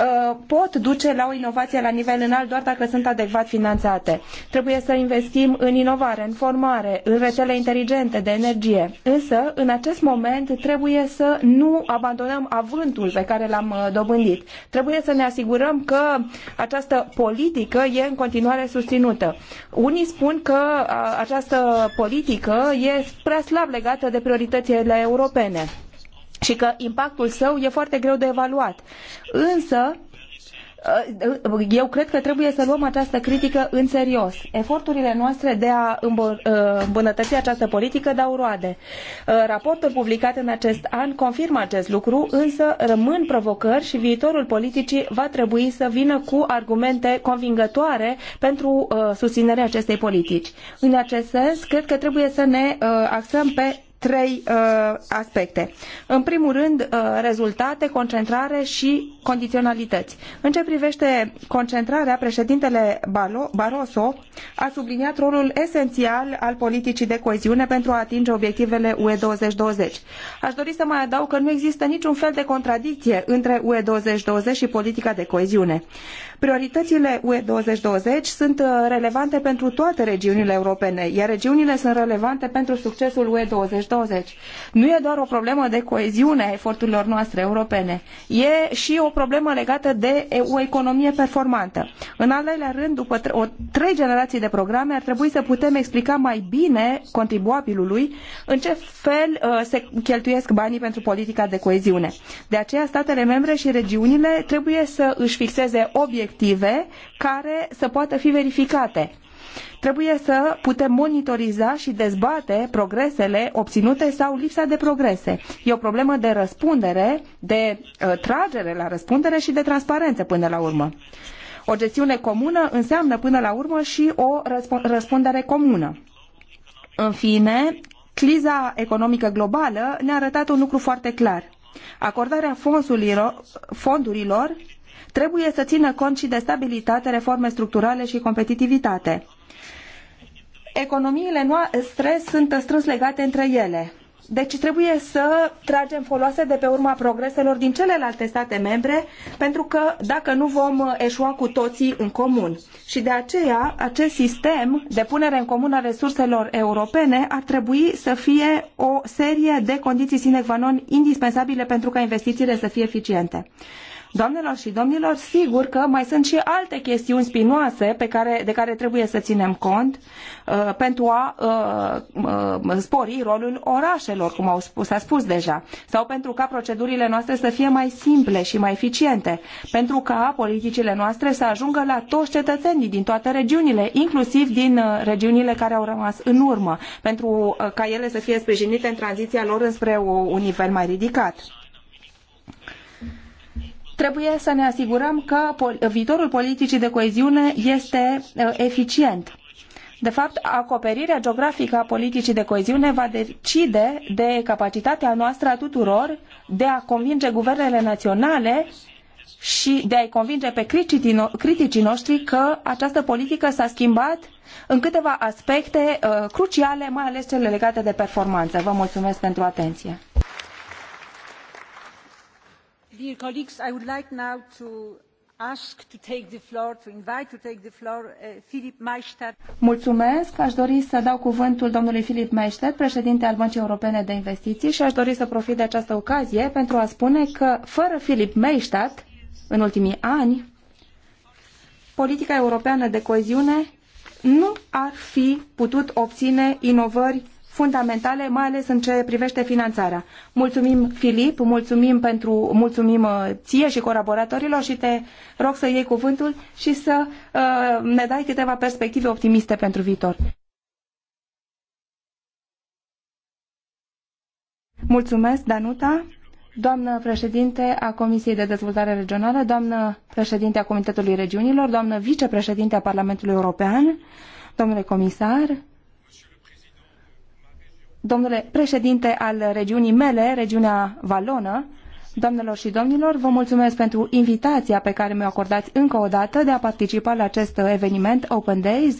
Uh, pot duce la o inovație la nivel înalt doar dacă sunt adecvat finanțate. Trebuie să investim în inovare, în formare, în rețele inteligente de energie. Însă, în acest moment, trebuie să nu abandonăm avântul pe care l-am uh, dobândit. Trebuie să ne asigurăm că această politică e în continuare susținută. Unii spun că uh, această politică e prea slab legată de prioritățile europene și că impactul său e foarte greu de evaluat. Însă, eu cred că trebuie să luăm această critică în serios. Eforturile noastre de a ă, îmbunătăți această politică dau roade. Ă, raportul publicat în acest an confirmă acest lucru, însă rămân provocări și viitorul politicii va trebui să vină cu argumente convingătoare pentru ă, susținerea acestei politici. În acest sens, cred că trebuie să ne axăm pe trei uh, aspecte. În primul rând, uh, rezultate, concentrare și condiționalități. În ce privește concentrarea, președintele Barroso a subliniat rolul esențial al politicii de coeziune pentru a atinge obiectivele UE 2020. Aș dori să mai adaug că nu există niciun fel de contradicție între UE 2020 și politica de coeziune. Prioritățile UE 2020 sunt uh, relevante pentru toate regiunile europene, iar regiunile sunt relevante pentru succesul UE 2020. Nu e doar o problemă de coeziune a eforturilor noastre europene, e și o problemă legată de o economie performantă. În al doilea rând, după trei generații de programe, ar trebui să putem explica mai bine contribuabilului în ce fel uh, se cheltuiesc banii pentru politica de coeziune. De aceea, statele membre și regiunile trebuie să își fixeze obiective active care să poată fi verificate. Trebuie să putem monitoriza și dezbate progresele obținute sau lipsa de progrese. E o problemă de răspundere, de uh, tragere la răspundere și de transparență până la urmă. O gestiune comună înseamnă până la urmă și o răspundere comună. În fine, criza economică globală ne-a arătat un lucru foarte clar. Acordarea fondurilor trebuie să țină cont și de stabilitate, reforme structurale și competitivitate. Economiile noastre sunt strâns legate între ele. Deci trebuie să tragem foloase de pe urma progreselor din celelalte state membre, pentru că dacă nu vom eșua cu toții în comun. Și de aceea, acest sistem de punere în comun a resurselor europene ar trebui să fie o serie de condiții sine qua non indispensabile pentru ca investițiile să fie eficiente. Doamnelor și domnilor, sigur că mai sunt și alte chestiuni spinoase pe care, de care trebuie să ținem cont uh, pentru a uh, uh, spori rolul orașelor, cum au spus, s-a spus deja, sau pentru ca procedurile noastre să fie mai simple și mai eficiente, pentru ca politicile noastre să ajungă la toți cetățenii din toate regiunile, inclusiv din uh, regiunile care au rămas în urmă, pentru uh, ca ele să fie sprijinite în tranziția lor înspre un nivel mai ridicat trebuie să ne asigurăm că viitorul politicii de coeziune este uh, eficient. De fapt, acoperirea geografică a politicii de coeziune va decide de capacitatea noastră a tuturor de a convinge guvernele naționale și de a-i convinge pe criticii noștri că această politică s-a schimbat în câteva aspecte uh, cruciale, mai ales cele legate de performanță. Vă mulțumesc pentru atenție dear colleagues i would like now to ask to take the floor to invite to take the floor uh, Philip Maestat. Mulțumesc, aș dori să dau cuvântul domnului Filip Maestat, președinte al Băncii Europene de Investiții și aș dori să profit de această ocazie pentru a spune că fără Filip Maestat în ultimii ani politica europeană de coeziune nu ar fi putut obține inovări fundamentale, mai ales în ce privește finanțarea. Mulțumim, Filip, mulțumim pentru, mulțumim uh, ție și colaboratorilor și te rog să iei cuvântul și să uh, ne dai câteva perspective optimiste pentru viitor. Mulțumesc, Danuta. Doamnă președinte a Comisiei de Dezvoltare Regională, doamnă președinte a Comitetului Regiunilor, doamnă vicepreședinte a Parlamentului European, domnule comisar, domnule președinte al regiunii mele, regiunea Valonă, Doamnelor și domnilor, vă mulțumesc pentru invitația pe care mi-o acordați încă o dată de a participa la acest eveniment Open Days.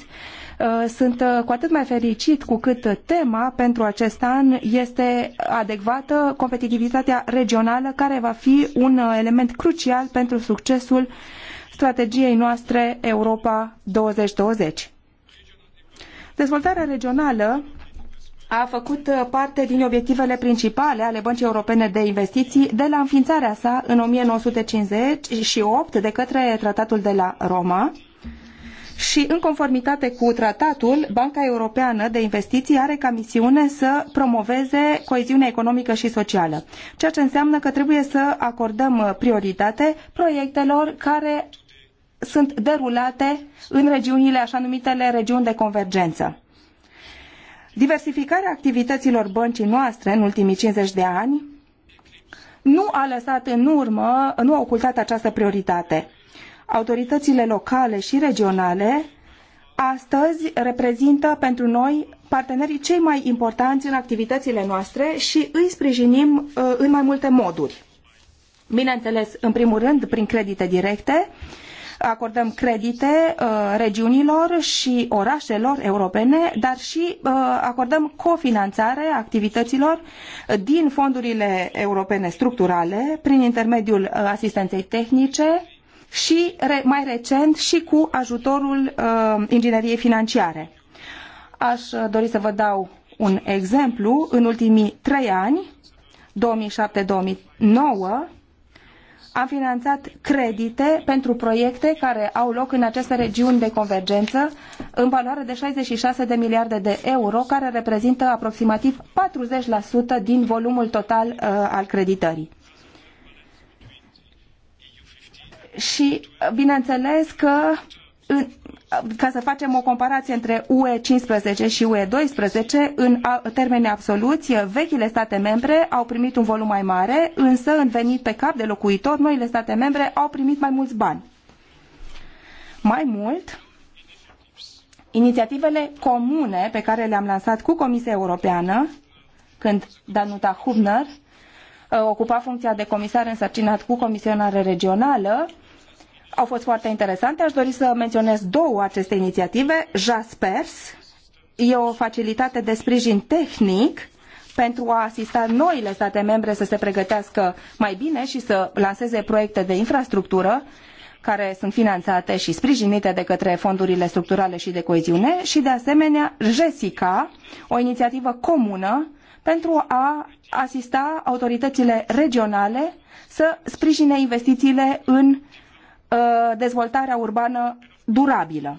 Uh, sunt uh, cu atât mai fericit cu cât tema pentru acest an este adecvată, competitivitatea regională, care va fi un uh, element crucial pentru succesul strategiei noastre Europa 2020. Dezvoltarea regională a făcut uh, parte din obiectivele principale ale Băncii Europene de Investiții de la înființarea sa în 1958 de către Tratatul de la Roma. Și în conformitate cu tratatul, Banca Europeană de Investiții are ca misiune să promoveze coeziunea economică și socială, ceea ce înseamnă că trebuie să acordăm prioritate proiectelor care sunt derulate în regiunile așa numitele regiuni de convergență Diversificarea activităților băncii noastre în ultimii 50 de ani nu a lăsat în urmă, nu a ocultat această prioritate. Autoritățile locale și regionale astăzi reprezintă pentru noi partenerii cei mai importanți în activitățile noastre și îi sprijinim uh, în mai multe moduri. Bineînțeles, în primul rând, prin credite directe, uh, acordăm credite uh, regiunilor și orașelor europene, dar și uh, acordăm cofinanțare activităților din fondurile europene structurale prin intermediul uh, asistenței tehnice și mai recent și cu ajutorul ingineriei financiare. Aș dori să vă dau un exemplu. În ultimii trei ani, 2007-2009, am finanțat credite pentru proiecte care au loc în aceste regiuni de convergență în valoare de 66 de miliarde de euro, care reprezintă aproximativ 40% din volumul total uh, al creditării. Și uh, bineînțeles că în ca să facem o comparație între UE 15 și UE 12, în termeni absoluți, vechile state membre au primit un volum mai mare, însă în venit pe cap de locuitor, noile state membre au primit mai mulți bani. Mai mult, inițiativele comune pe care le-am lansat cu Comisia Europeană, când Danuta Hubner uh, ocupa funcția de comisar însărcinat cu comisionare regională, au fost foarte interesante. Aș dori să menționez două aceste inițiative. JASPERS e o facilitate de sprijin tehnic pentru a asista noile state membre să se pregătească mai bine și să lanseze proiecte de infrastructură care sunt finanțate și sprijinite de către fondurile structurale și de coeziune și de asemenea Jessica, o inițiativă comună pentru a asista autoritățile regionale să sprijine investițiile în Uh, dezvoltarea urbană durabilă.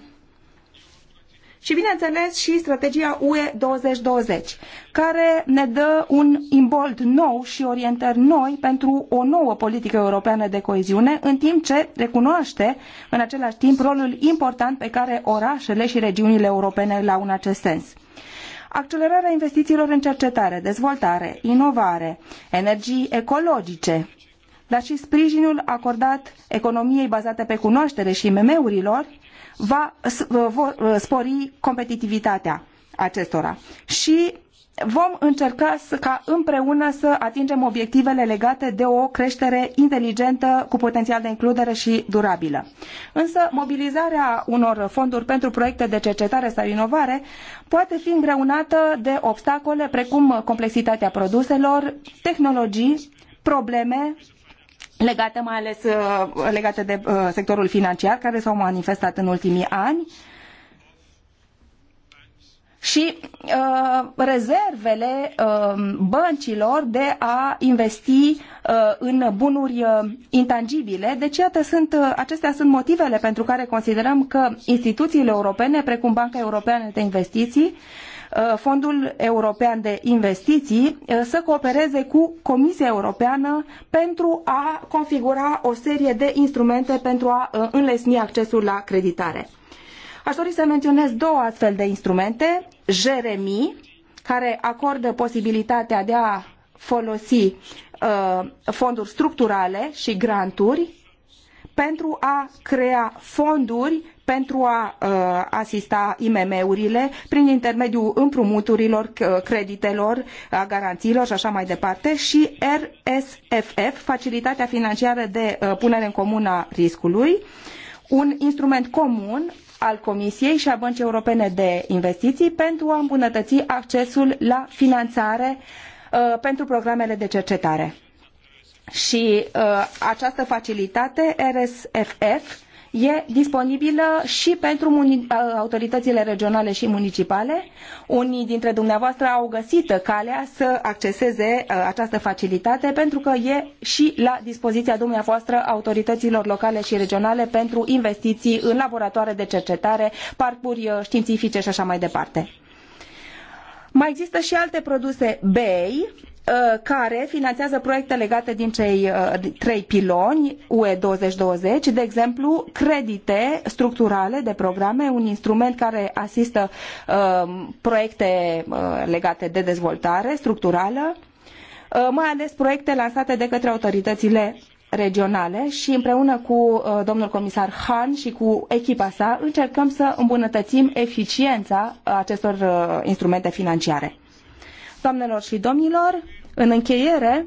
Și bineînțeles și strategia UE 2020, care ne dă un imbold nou și orientări noi pentru o nouă politică europeană de coeziune, în timp ce recunoaște în același timp rolul important pe care orașele și regiunile europene îl au în acest sens accelerarea investițiilor în cercetare, dezvoltare, inovare, energii ecologice, dar și sprijinul acordat economiei bazate pe cunoaștere și IMM-urilor va spori competitivitatea acestora. Și vom încerca să, ca împreună să atingem obiectivele legate de o creștere inteligentă cu potențial de includere și durabilă. Însă mobilizarea unor fonduri pentru proiecte de cercetare sau inovare poate fi îngreunată de obstacole precum complexitatea produselor, tehnologii, probleme legate mai ales uh, legate de uh, sectorul financiar care s-au manifestat în ultimii ani și uh, rezervele uh, băncilor de a investi uh, în bunuri uh, intangibile. Deci, iată, sunt, acestea sunt motivele pentru care considerăm că instituțiile europene, precum Banca Europeană de Investiții, Uh, Fondul European de Investiții uh, să coopereze cu Comisia Europeană pentru a configura o serie de instrumente pentru a uh, înlesni accesul la creditare. Aș dori să menționez două astfel de instrumente, Jeremy, care acordă posibilitatea de a folosi fonduri structurale și granturi pentru a crea fonduri pentru a uh, asista IMM-urile prin intermediul împrumuturilor, uh, creditelor, a garanțiilor și așa mai departe și RSFF, Facilitatea Financiară de uh, Punere în Comun a Riscului, un instrument comun al Comisiei și a Băncii Europene de Investiții pentru a îmbunătăți accesul la finanțare pentru programele de cercetare. Și această facilitate, RSFF, e disponibilă și pentru uh, autoritățile regionale și municipale. Unii dintre dumneavoastră au găsit calea să acceseze uh, această facilitate pentru că e și la dispoziția dumneavoastră autorităților locale și regionale pentru investiții în laboratoare de cercetare, parcuri uh, științifice și așa mai departe. Mai există și alte produse BEI Uh, care finanțează proiecte legate din cei uh, trei piloni UE 2020, de exemplu, credite structurale de programe, un instrument care asistă uh, proiecte legate de dezvoltare structurală, mai ales proiecte lansate de către autoritățile regionale și împreună cu domnul comisar Han și cu echipa sa încercăm să îmbunătățim eficiența acestor instrumente financiare. Doamnelor și domnilor, în încheiere,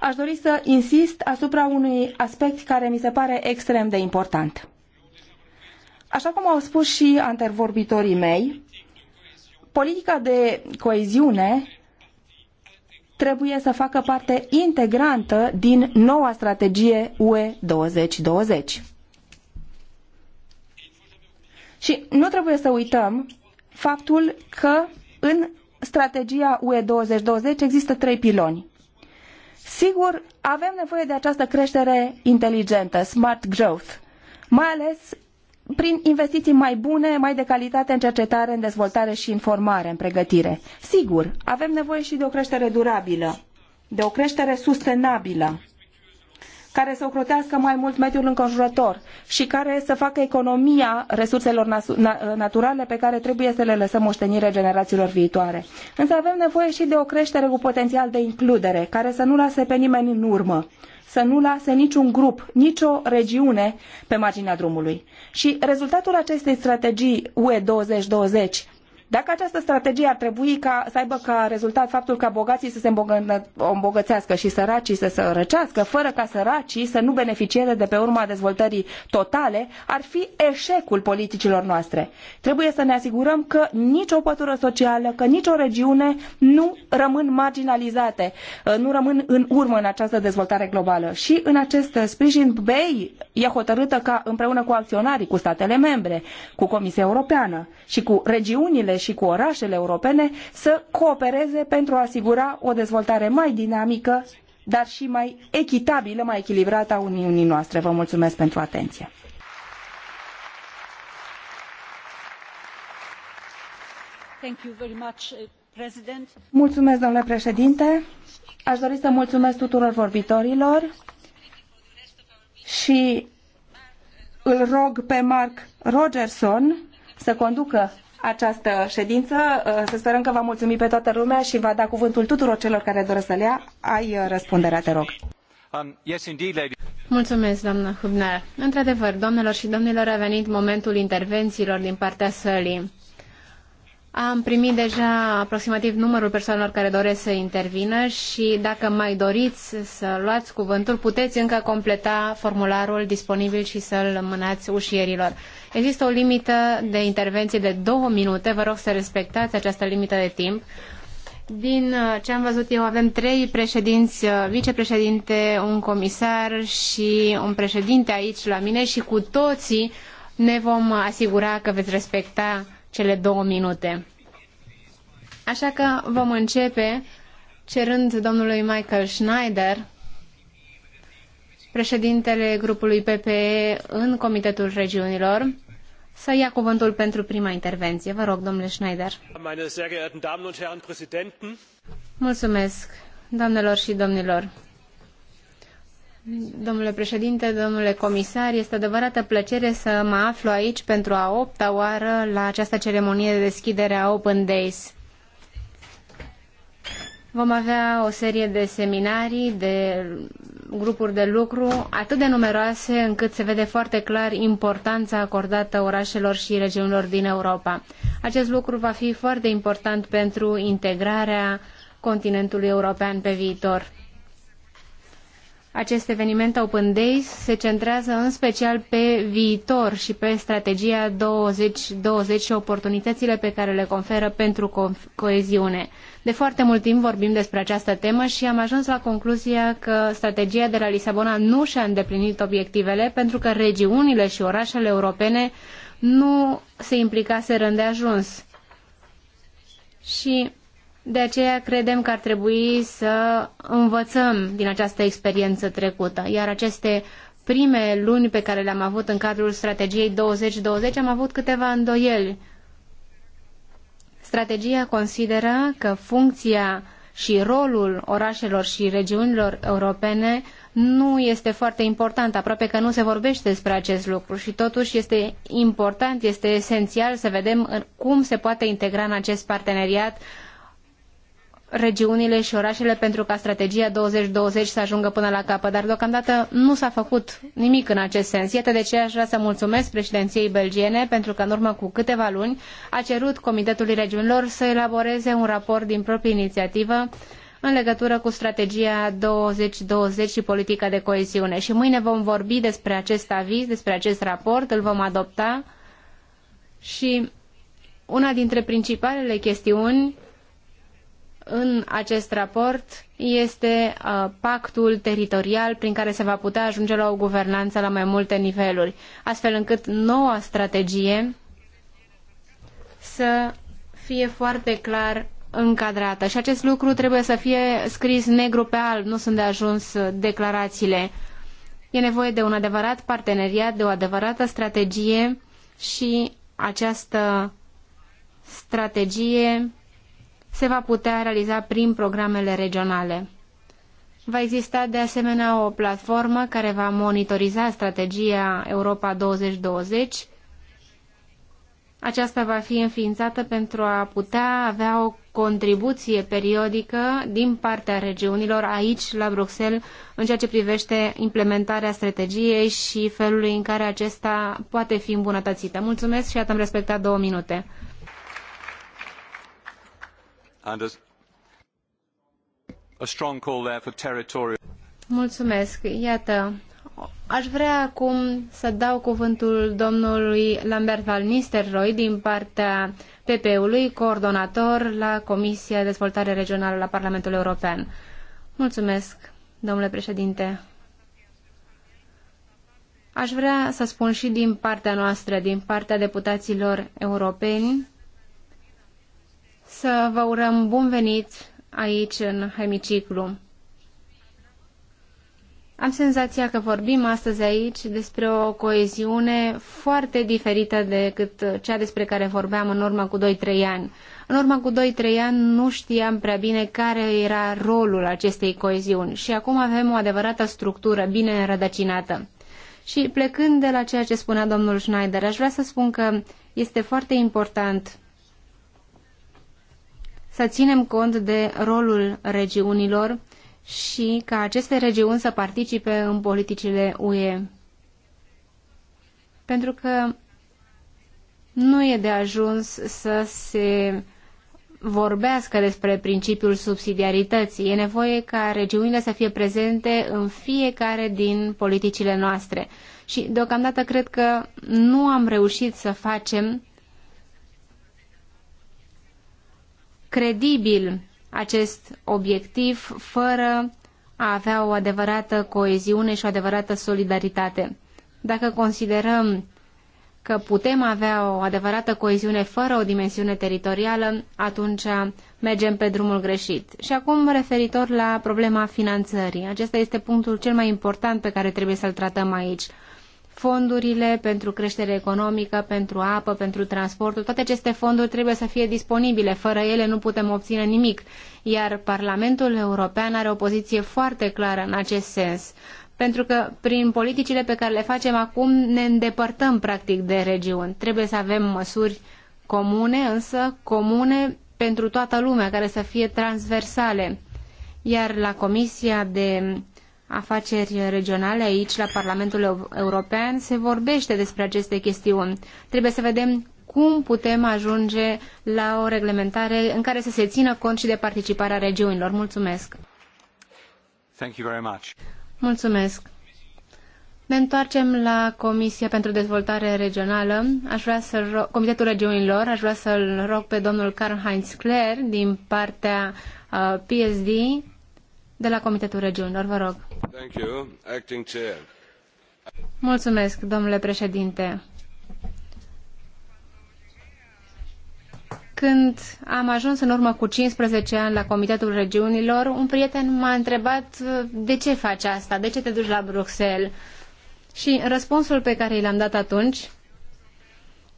aș dori să insist asupra unui aspect care mi se pare extrem de important. Așa cum au spus și antervorbitorii mei, politica de coeziune trebuie să facă parte integrantă din noua strategie UE 2020. Și nu trebuie să uităm faptul că în strategia UE 2020 există trei piloni. Sigur, avem nevoie de această creștere inteligentă, smart growth, mai ales prin investiții mai bune, mai de calitate în cercetare, în dezvoltare și informare, în pregătire. Sigur, avem nevoie și de o creștere durabilă, de o creștere sustenabilă care să ocrotească mai mult mediul înconjurător și care să facă economia resurselor naturale pe care trebuie să le lăsăm moștenire generațiilor viitoare. Însă avem nevoie și de o creștere cu potențial de includere, care să nu lase pe nimeni în urmă să nu lase niciun grup, nicio regiune pe marginea drumului. Și rezultatul acestei strategii UE 2020 dacă această strategie ar trebui ca, să aibă ca rezultat faptul ca bogații să se îmbogă, îmbogățească și săracii să se răcească, fără ca săracii să nu beneficieze de pe urma dezvoltării totale, ar fi eșecul politicilor noastre. Trebuie să ne asigurăm că nicio pătură socială, că nicio regiune nu rămân marginalizate, uh, nu rămân în urmă în această dezvoltare globală. Și în acest sprijin, BEI e hotărâtă ca împreună cu acționarii, cu statele membre, cu Comisia Europeană și cu regiunile și cu orașele europene să coopereze pentru a asigura o dezvoltare mai dinamică, dar și mai echitabilă, mai echilibrată a Uniunii noastre. Vă mulțumesc pentru atenție. Uh, mulțumesc, domnule președinte. Aș dori să mulțumesc tuturor vorbitorilor și îl rog pe Mark Rogerson să conducă această ședință. Uh, să sperăm că va mulțumi pe toată lumea și va da cuvântul tuturor celor care doresc să le ia. Ai uh, răspunderea, te rog. Um, Mulțumesc, doamnă Hübner. Într-adevăr, doamnelor și domnilor, a venit momentul intervențiilor din partea sălii. Am primit deja aproximativ numărul persoanelor care doresc să intervină și dacă mai doriți să luați cuvântul, puteți încă completa formularul disponibil și să-l mânați ușierilor. Există o limită de intervenție de două minute, vă rog să respectați această limită de timp. Din uh, ce am văzut eu, avem trei președinți, uh, vicepreședinte, un comisar și un președinte aici la mine și cu toții ne vom asigura că veți respecta cele două minute. Așa că vom începe cerând domnului Michael Schneider, președintele grupului PPE în Comitetul Regiunilor, să ia cuvântul pentru prima intervenție. Vă rog, domnule Schneider. Mulțumesc, doamnelor și domnilor. Domnule președinte, domnule comisar, este adevărată plăcere să mă aflu aici pentru a opta oară la această ceremonie de deschidere a Open Days. Vom avea o serie de seminarii, de grupuri de lucru atât de numeroase încât se vede foarte clar importanța acordată orașelor și regiunilor din Europa. Acest lucru va fi foarte important pentru integrarea continentului european pe viitor. Acest eveniment Open Days se centrează în special pe viitor și pe strategia 2020 și oportunitățile pe care le conferă pentru co coeziune. De foarte mult timp vorbim despre această temă și am ajuns la concluzia că strategia de la Lisabona nu și-a îndeplinit obiectivele pentru că regiunile și orașele europene nu se implicaseră îndeajuns. Și de aceea credem că ar trebui să învățăm din această experiență trecută, iar aceste prime luni pe care le-am avut în cadrul strategiei 2020 am avut câteva îndoieli. Strategia consideră că funcția și rolul orașelor și regiunilor europene nu este foarte important, aproape că nu se vorbește despre acest lucru și totuși este important, este esențial să vedem cum se poate integra în acest parteneriat regiunile și orașele pentru ca strategia 2020 să ajungă până la capăt, dar deocamdată nu s-a făcut nimic în acest sens. Iată de ce aș vrea să mulțumesc președinției belgiene pentru că în urmă cu câteva luni a cerut Comitetului Regiunilor să elaboreze un raport din proprie inițiativă în legătură cu strategia 2020 și politica de coeziune. Și mâine vom vorbi despre acest aviz, despre acest raport, îl vom adopta și una dintre principalele chestiuni în acest raport este uh, pactul teritorial prin care se va putea ajunge la o guvernanță la mai multe niveluri, astfel încât noua strategie să fie foarte clar încadrată. Și acest lucru trebuie să fie scris negru pe alb, nu sunt de ajuns declarațiile. E nevoie de un adevărat parteneriat, de o adevărată strategie și această strategie se va putea realiza prin programele regionale. Va exista de asemenea o platformă care va monitoriza strategia Europa 2020. Aceasta va fi înființată pentru a putea avea o contribuție periodică din partea regiunilor aici, la Bruxelles, în ceea ce privește implementarea strategiei și felul în care acesta poate fi îmbunătățită. Mulțumesc și iată am respectat două minute and a, strong call there for territorial. Mulțumesc. Iată, aș vrea acum să dau cuvântul domnului Lambert Van Nistelrooy din partea PP-ului, coordonator la Comisia de Dezvoltare Regională la Parlamentul European. Mulțumesc, domnule președinte. Aș vrea să spun și din partea noastră, din partea deputaților europeni, să vă urăm bun venit aici în hemiciclu. Am senzația că vorbim astăzi aici despre o coeziune foarte diferită decât cea despre care vorbeam în urmă cu 2-3 ani. În urmă cu 2-3 ani nu știam prea bine care era rolul acestei coeziuni și acum avem o adevărată structură bine înrădăcinată. Și plecând de la ceea ce spunea domnul Schneider, aș vrea să spun că este foarte important să ținem cont de rolul regiunilor și ca aceste regiuni să participe în politicile UE. Pentru că nu e de ajuns să se vorbească despre principiul subsidiarității. E nevoie ca regiunile să fie prezente în fiecare din politicile noastre. Și deocamdată cred că nu am reușit să facem credibil acest obiectiv fără a avea o adevărată coeziune și o adevărată solidaritate. Dacă considerăm că putem avea o adevărată coeziune fără o dimensiune teritorială, atunci mergem pe drumul greșit. Și acum referitor la problema finanțării. Acesta este punctul cel mai important pe care trebuie să-l tratăm aici fondurile pentru creștere economică, pentru apă, pentru transportul toate aceste fonduri trebuie să fie disponibile. Fără ele nu putem obține nimic. Iar Parlamentul European are o poziție foarte clară în acest sens. Pentru că prin politicile pe care le facem acum ne îndepărtăm practic de regiuni. Trebuie să avem măsuri comune, însă comune pentru toată lumea, care să fie transversale. Iar la Comisia de afaceri regionale aici, la Parlamentul European, se vorbește despre aceste chestiuni. Trebuie să vedem cum putem ajunge la o reglementare în care să se țină cont și de participarea regiunilor. Mulțumesc! Thank you very much. Mulțumesc! Ne întoarcem la Comisia pentru Dezvoltare Regională. Aș vrea să rog, Comitetul Regiunilor, aș vrea să-l rog pe domnul Karl-Heinz Kler din partea uh, PSD de la Comitetul Regiunilor. Vă rog. Thank you, acting chair. Mulțumesc, domnule președinte. Când am ajuns în urmă cu 15 ani la Comitetul Regiunilor, un prieten m-a întrebat de ce faci asta, de ce te duci la Bruxelles. Și răspunsul pe care l-am dat atunci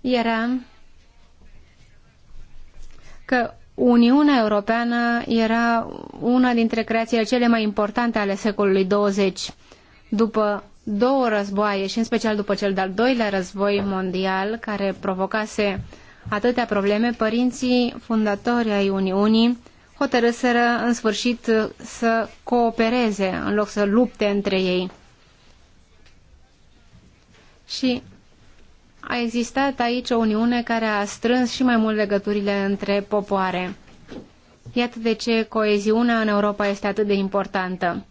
era că Uniunea Europeană era una dintre creațiile cele mai importante ale secolului 20. După două războaie și în special după cel de-al doilea război mondial care provocase atâtea probleme, părinții fundatori ai Uniunii hotărâseră în sfârșit să coopereze în loc să lupte între ei. Și a existat aici o uniune care a strâns și mai mult legăturile între popoare. Iată de ce coeziunea în Europa este atât de importantă.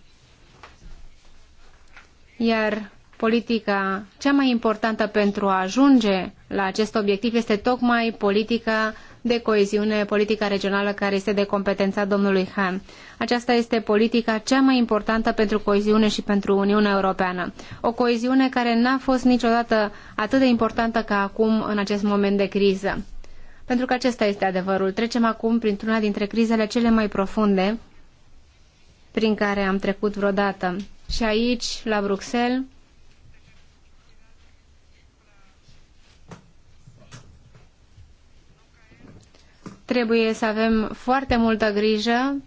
Iar politica cea mai importantă pentru a ajunge la acest obiectiv este tocmai politica de coeziune, politica regională care este de competența domnului Han. Aceasta este politica cea mai importantă pentru coeziune și pentru Uniunea Europeană. O coeziune care n-a fost niciodată atât de importantă ca acum în acest moment de criză. Pentru că acesta este adevărul. Trecem acum printr-una dintre crizele cele mai profunde prin care am trecut vreodată. Și aici, la Bruxelles, Trebuie să avem foarte multă grijă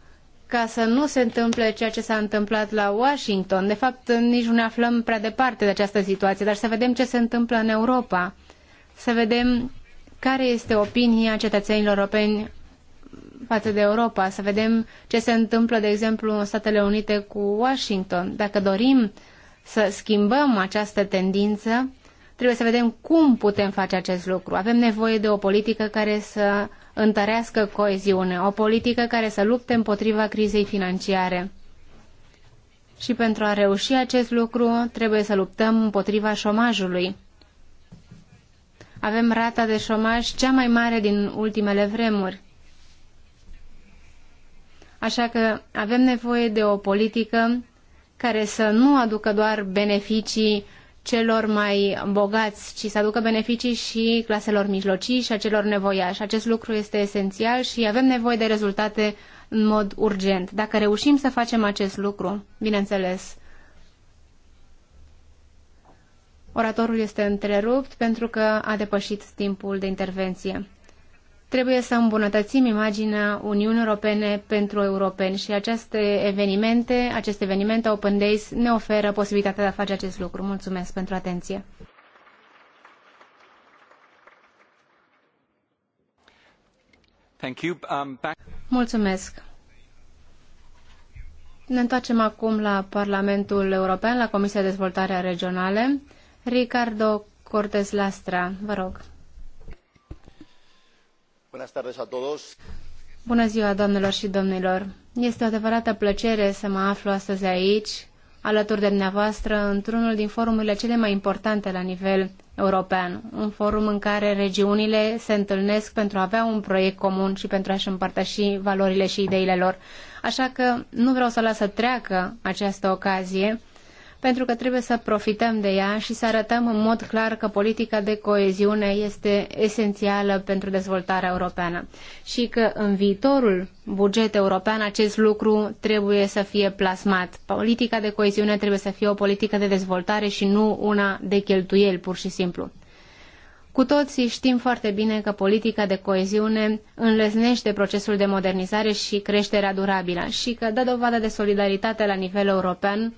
ca să nu se întâmple ceea ce s-a întâmplat la Washington. De fapt, nici nu ne aflăm prea departe de această situație, dar să vedem ce se întâmplă în Europa. Să vedem care este opinia cetățenilor europeni față de Europa, să vedem ce se întâmplă, de exemplu, în Statele Unite cu Washington. Dacă dorim să schimbăm această tendință, trebuie să vedem cum putem face acest lucru. Avem nevoie de o politică care să întărească coeziunea, o politică care să lupte împotriva crizei financiare. Și pentru a reuși acest lucru, trebuie să luptăm împotriva șomajului. Avem rata de șomaj cea mai mare din ultimele vremuri. Așa că avem nevoie de o politică care să nu aducă doar beneficii celor mai bogați, ci să aducă beneficii și claselor mijlocii și a celor nevoiași. Acest lucru este esențial și avem nevoie de rezultate în mod urgent. Dacă reușim să facem acest lucru, bineînțeles, oratorul este întrerupt pentru că a depășit timpul de intervenție. Trebuie să îmbunătățim imaginea Uniunii Europene pentru europeni și aceste evenimente, acest eveniment Open Days ne oferă posibilitatea de a face acest lucru. Mulțumesc pentru atenție. Thank you. Um, back... Mulțumesc. Ne întoarcem acum la Parlamentul European, la Comisia de Dezvoltare Regionale. Ricardo Cortes Lastra, vă rog. Bună ziua, doamnelor și domnilor! Este o adevărată plăcere să mă aflu astăzi aici, alături de dumneavoastră, într-unul din forumurile cele mai importante la nivel european, un forum în care regiunile se întâlnesc pentru a avea un proiect comun și pentru a-și împărtăși valorile și ideile lor. Așa că nu vreau să las să treacă această ocazie pentru că trebuie să profităm de ea și să arătăm în mod clar că politica de coeziune este esențială pentru dezvoltarea europeană și că în viitorul buget european acest lucru trebuie să fie plasmat. Politica de coeziune trebuie să fie o politică de dezvoltare și nu una de cheltuieli pur și simplu. Cu toții știm foarte bine că politica de coeziune înlesnește procesul de modernizare și creșterea durabilă și că dă dovadă de solidaritate la nivel european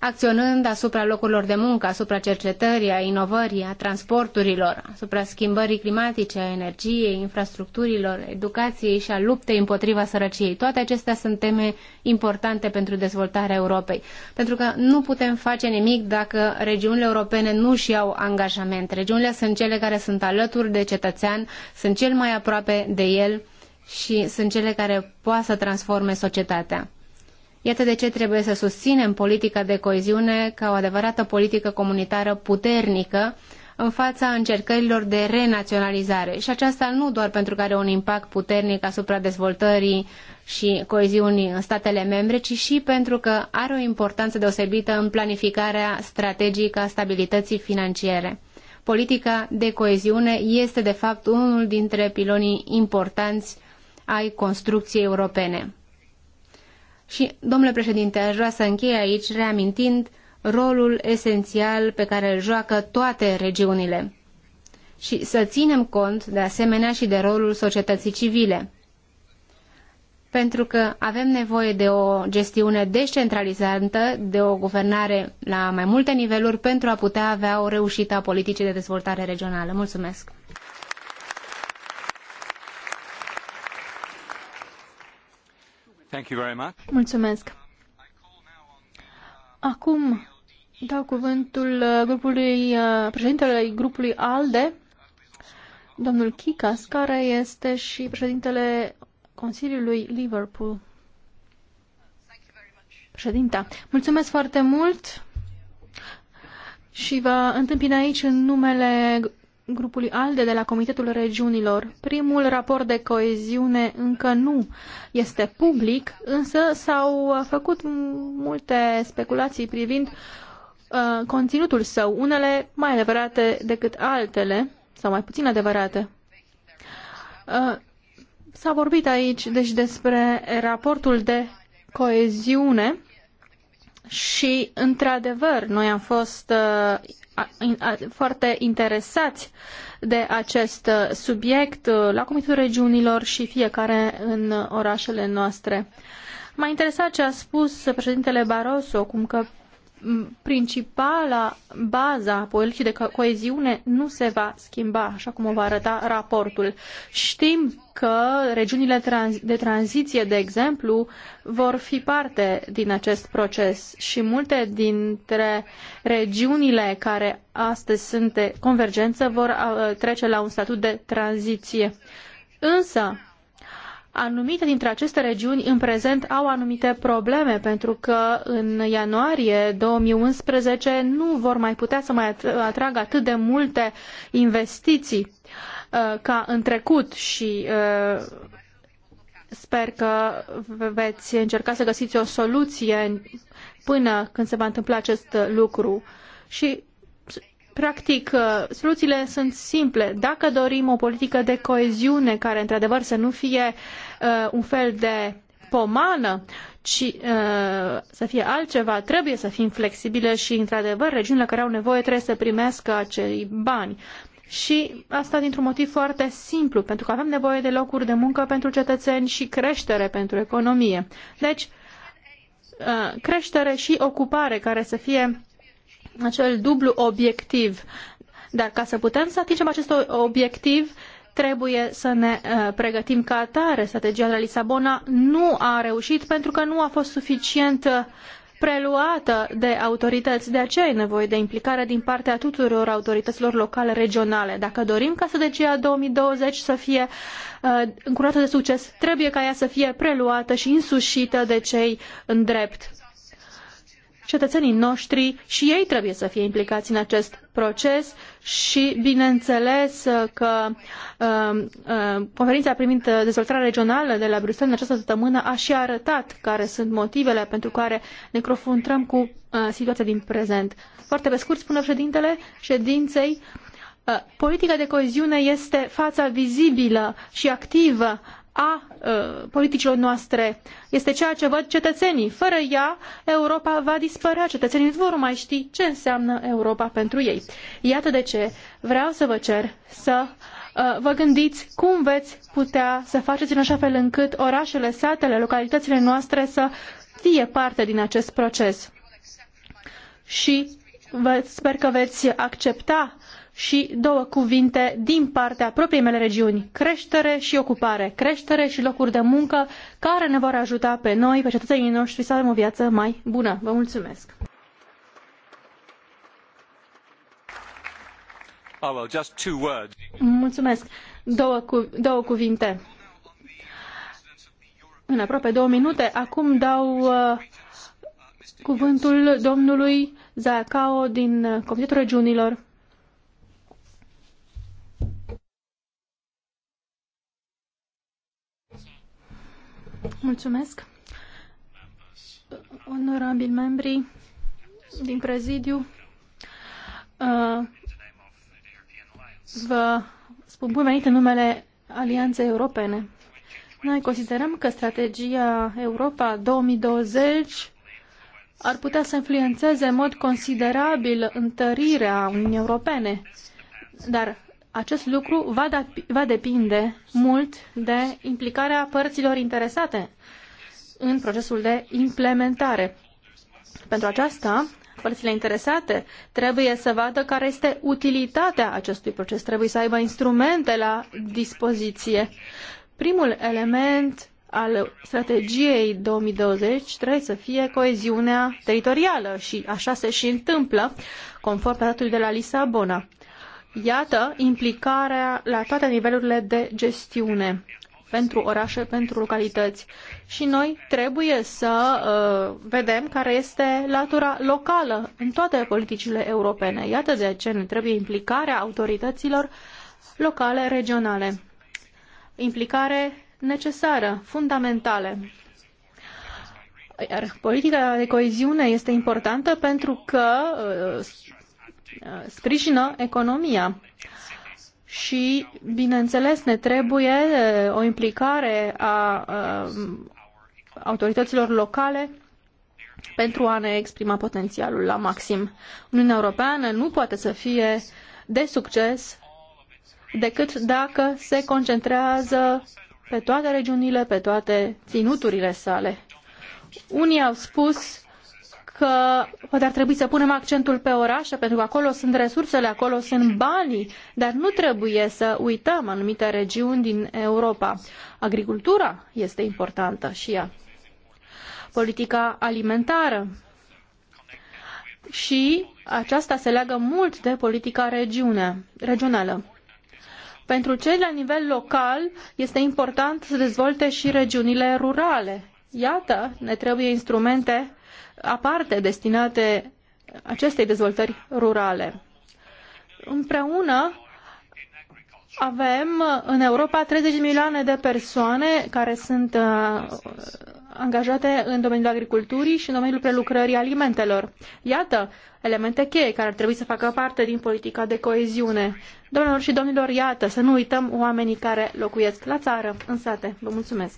acționând asupra locurilor de muncă, asupra cercetării, a inovării, a transporturilor, asupra schimbării climatice, a energiei, infrastructurilor, educației și a luptei împotriva sărăciei. Toate acestea sunt teme importante pentru dezvoltarea Europei, pentru că nu putem face nimic dacă regiunile europene nu și au angajament. Regiunile sunt cele care sunt alături de cetățean, sunt cel mai aproape de el și sunt cele care poate să transforme societatea. Iată de ce trebuie să susținem politica de coeziune ca o adevărată politică comunitară puternică în fața încercărilor de renaționalizare. Și aceasta nu doar pentru că are un impact puternic asupra dezvoltării și coeziunii în statele membre, ci și pentru că are o importanță deosebită în planificarea strategică a stabilității financiare. Politica de coeziune este, de fapt, unul dintre pilonii importanți ai construcției europene. Și, domnule președinte, aș vrea să închei aici reamintind rolul esențial pe care îl joacă toate regiunile și să ținem cont de asemenea și de rolul societății civile. Pentru că avem nevoie de o gestiune descentralizantă, de o guvernare la mai multe niveluri pentru a putea avea o reușită a politicii de dezvoltare regională. Mulțumesc! Mulțumesc. Acum dau cuvântul uh, grupului, uh, președintele grupului ALDE, domnul Kikas, care este și președintele Consiliului Liverpool. Președinta, mulțumesc foarte mult și vă întâmpin aici în numele grupului ALDE de la Comitetul Regiunilor. Primul raport de coeziune încă nu este public, însă s-au făcut multe speculații privind uh, conținutul său, unele mai adevărate decât altele, sau mai puțin adevărate. Uh, s-a vorbit aici deci despre raportul de coeziune și, într-adevăr, noi am fost uh, foarte interesați de acest uh, subiect uh, la Comitetul Regiunilor și fiecare în orașele noastre. M-a interesat ce a spus președintele Barroso, cum că principala baza a politicii de coeziune nu se va schimba, așa cum o va arăta raportul. Știm că regiunile de tranziție, de exemplu, vor fi parte din acest proces și multe dintre regiunile care astăzi sunt de convergență vor trece la un statut de tranziție. Însă, Anumite dintre aceste regiuni în prezent au anumite probleme pentru că în ianuarie 2011 nu vor mai putea să mai atragă atât de multe investiții uh, ca în trecut și uh, sper că veți încerca să găsiți o soluție până când se va întâmpla acest lucru. Și practic, uh, soluțiile sunt simple. Dacă dorim o politică de coeziune care, într-adevăr, să nu fie uh, un fel de pomană, ci uh, să fie altceva. Trebuie să fim flexibile și, într-adevăr, regiunile care au nevoie trebuie să primească acei bani. Și asta dintr-un motiv foarte simplu, pentru că avem nevoie de locuri de muncă pentru cetățeni și creștere pentru economie. Deci, uh, creștere și ocupare care să fie acel dublu obiectiv. Dar ca să putem să atingem acest obiectiv, trebuie să ne uh, pregătim ca atare. Strategia de la Lisabona nu a reușit pentru că nu a fost suficient uh, preluată de autorități. De aceea e nevoie de implicare din partea tuturor autorităților locale, regionale. Dacă dorim ca strategia 2020 să fie uh, încurată de succes, trebuie ca ea să fie preluată și însușită de cei în drept cetățenii noștri și ei trebuie să fie implicați în acest proces și bineînțeles că uh, uh, conferința privind dezvoltarea regională de la Bruxelles în această săptămână a și arătat care sunt motivele pentru care ne confruntăm cu uh, situația din prezent. Foarte pe scurt, spune președintele ședinței, uh, politica de coeziune este fața vizibilă și activă a uh, politicilor noastre. Este ceea ce văd cetățenii. Fără ea, Europa va dispărea. Cetățenii nu vor mai ști ce înseamnă Europa pentru ei. Iată de ce vreau să vă cer să uh, vă gândiți cum veți putea să faceți în așa fel încât orașele, satele, localitățile noastre să fie parte din acest proces. Și vă, sper că veți accepta și două cuvinte din partea propriei mele regiuni, creștere și ocupare, creștere și locuri de muncă care ne vor ajuta pe noi, pe cetățenii noștri să avem o viață mai bună. Vă mulțumesc! Oh, well, just two words. Mulțumesc. Două, cu, două cuvinte. În aproape două minute, acum dau uh, cuvântul domnului Zacao din uh, Comitetul Regiunilor Mulțumesc. Onorabili membri din prezidiu, uh, vă spun bun venit în numele Alianței Europene. Noi considerăm că strategia Europa 2020 ar putea să influențeze în mod considerabil întărirea Uniunii Europene, dar acest lucru va, da, va depinde mult de implicarea părților interesate în procesul de implementare. Pentru aceasta, părțile interesate trebuie să vadă care este utilitatea acestui proces, trebuie să aibă instrumente la dispoziție. Primul element al strategiei 2020 trebuie să fie coeziunea teritorială și așa se și întâmplă conform tratatului de la Lisabona. Iată implicarea la toate nivelurile de gestiune pentru orașe, pentru localități. Și noi trebuie să uh, vedem care este latura locală în toate politicile europene. Iată de ce ne trebuie implicarea autorităților locale, regionale. Implicare necesară, fundamentală. Iar politica de coeziune este importantă pentru că uh, sprijină economia. Și, bineînțeles, ne trebuie eh, o implicare a eh, autorităților locale pentru a ne exprima potențialul la maxim. Uniunea Europeană nu poate să fie de succes decât dacă se concentrează pe toate regiunile, pe toate ținuturile sale. Unii au spus că poate ar trebui să punem accentul pe orașe, pentru că acolo sunt resursele, acolo sunt banii, dar nu trebuie să uităm anumite regiuni din Europa. Agricultura este importantă și ea. Politica alimentară. Și aceasta se leagă mult de politica regiune, regională. Pentru cei la nivel local este important să dezvolte și regiunile rurale. Iată, ne trebuie instrumente aparte destinate acestei dezvoltări rurale. Împreună avem în Europa 30 milioane de persoane care sunt uh, angajate în domeniul agriculturii și în domeniul prelucrării alimentelor. Iată elemente cheie care ar trebui să facă parte din politica de coeziune. Domnilor și domnilor, iată, să nu uităm oamenii care locuiesc la țară, în sate. Vă mulțumesc!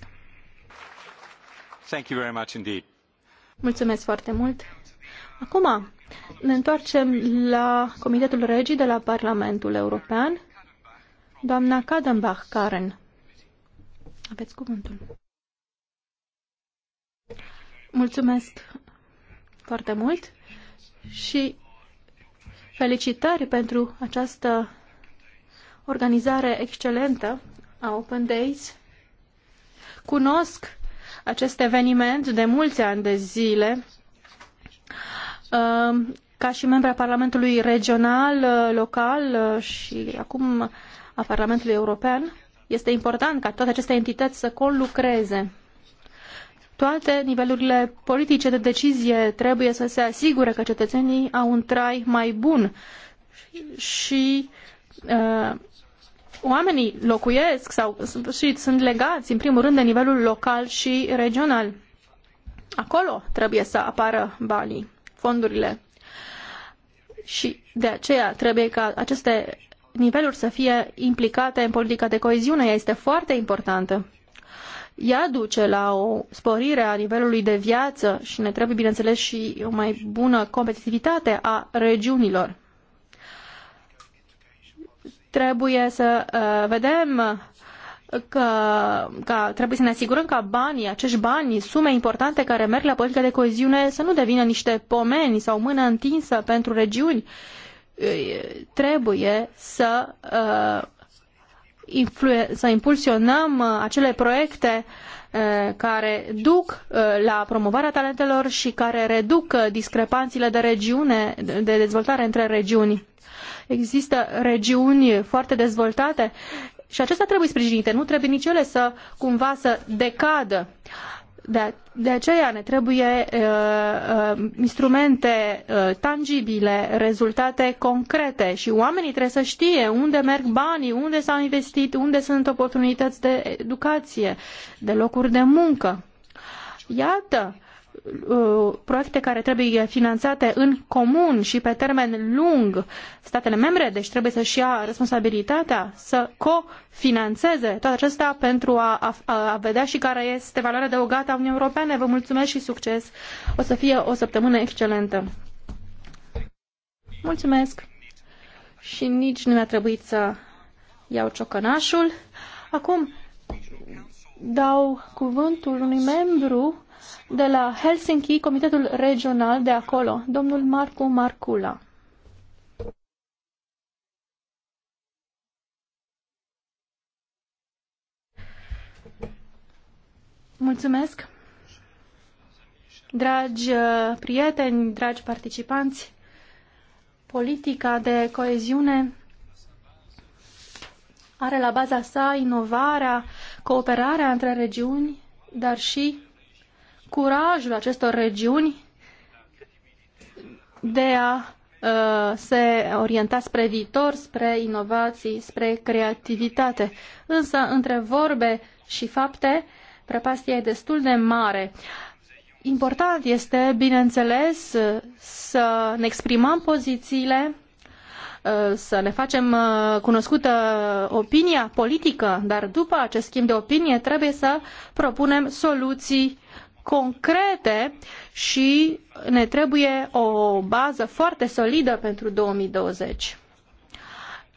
Thank you very much indeed. Mulțumesc foarte mult. Acum ne întoarcem la Comitetul Regii de la Parlamentul European. Doamna Kadenbach, Karen. Aveți cuvântul. Mulțumesc foarte mult și felicitări pentru această organizare excelentă a Open Days. Cunosc acest eveniment de mulți ani de zile. Uh, ca și membra Parlamentului Regional, uh, Local uh, și acum a Parlamentului European, este important ca toate aceste entități să conlucreze. Toate nivelurile politice de decizie trebuie să se asigure că cetățenii au un trai mai bun și uh, oamenii locuiesc sau și sunt legați, în primul rând, de nivelul local și regional. Acolo trebuie să apară banii, fondurile. Și de aceea trebuie ca aceste niveluri să fie implicate în politica de coeziune. Ea este foarte importantă. Ea duce la o sporire a nivelului de viață și ne trebuie, bineînțeles, și o mai bună competitivitate a regiunilor. Trebuie să uh, vedem că, că trebuie să ne asigurăm ca banii, acești bani, sume importante care merg la politica de coeziune să nu devină niște pomeni sau mână întinsă pentru regiuni. Uh, trebuie să uh, să impulsionăm uh, acele proiecte uh, care duc uh, la promovarea talentelor și care reduc discrepanțele de regiune, de dezvoltare între regiuni. Există regiuni foarte dezvoltate și acestea trebuie sprijinite, nu trebuie nici ele să cumva să decadă. De, de aceea ne trebuie uh, uh, instrumente uh, tangibile, rezultate concrete și oamenii trebuie să știe unde merg banii, unde s-au investit, unde sunt oportunități de educație, de locuri de muncă. Iată, uh, Uh, proiecte care trebuie finanțate în comun și pe termen lung statele membre, deci trebuie să-și ia responsabilitatea să cofinanțeze toate acestea pentru a, a, a vedea și care este valoarea adăugată a Uniunii Europene. Vă mulțumesc și succes! O să fie o săptămână excelentă! Mulțumesc! Și nici nu mi-a trebuit să iau ciocănașul. Acum dau cuvântul unui membru de la Helsinki, Comitetul Regional de acolo, domnul Marcu Marcula. Mulțumesc! Dragi uh, prieteni, dragi participanți, politica de coeziune are la baza sa inovarea, cooperarea între regiuni, dar și curajul acestor regiuni de a uh, se orienta spre viitor, spre inovații, spre creativitate. Însă, între vorbe și fapte, prăpastia e destul de mare. Important este, bineînțeles, să ne exprimăm pozițiile, uh, să ne facem uh, cunoscută opinia politică, dar după acest schimb de opinie trebuie să propunem soluții concrete și ne trebuie o bază foarte solidă pentru 2020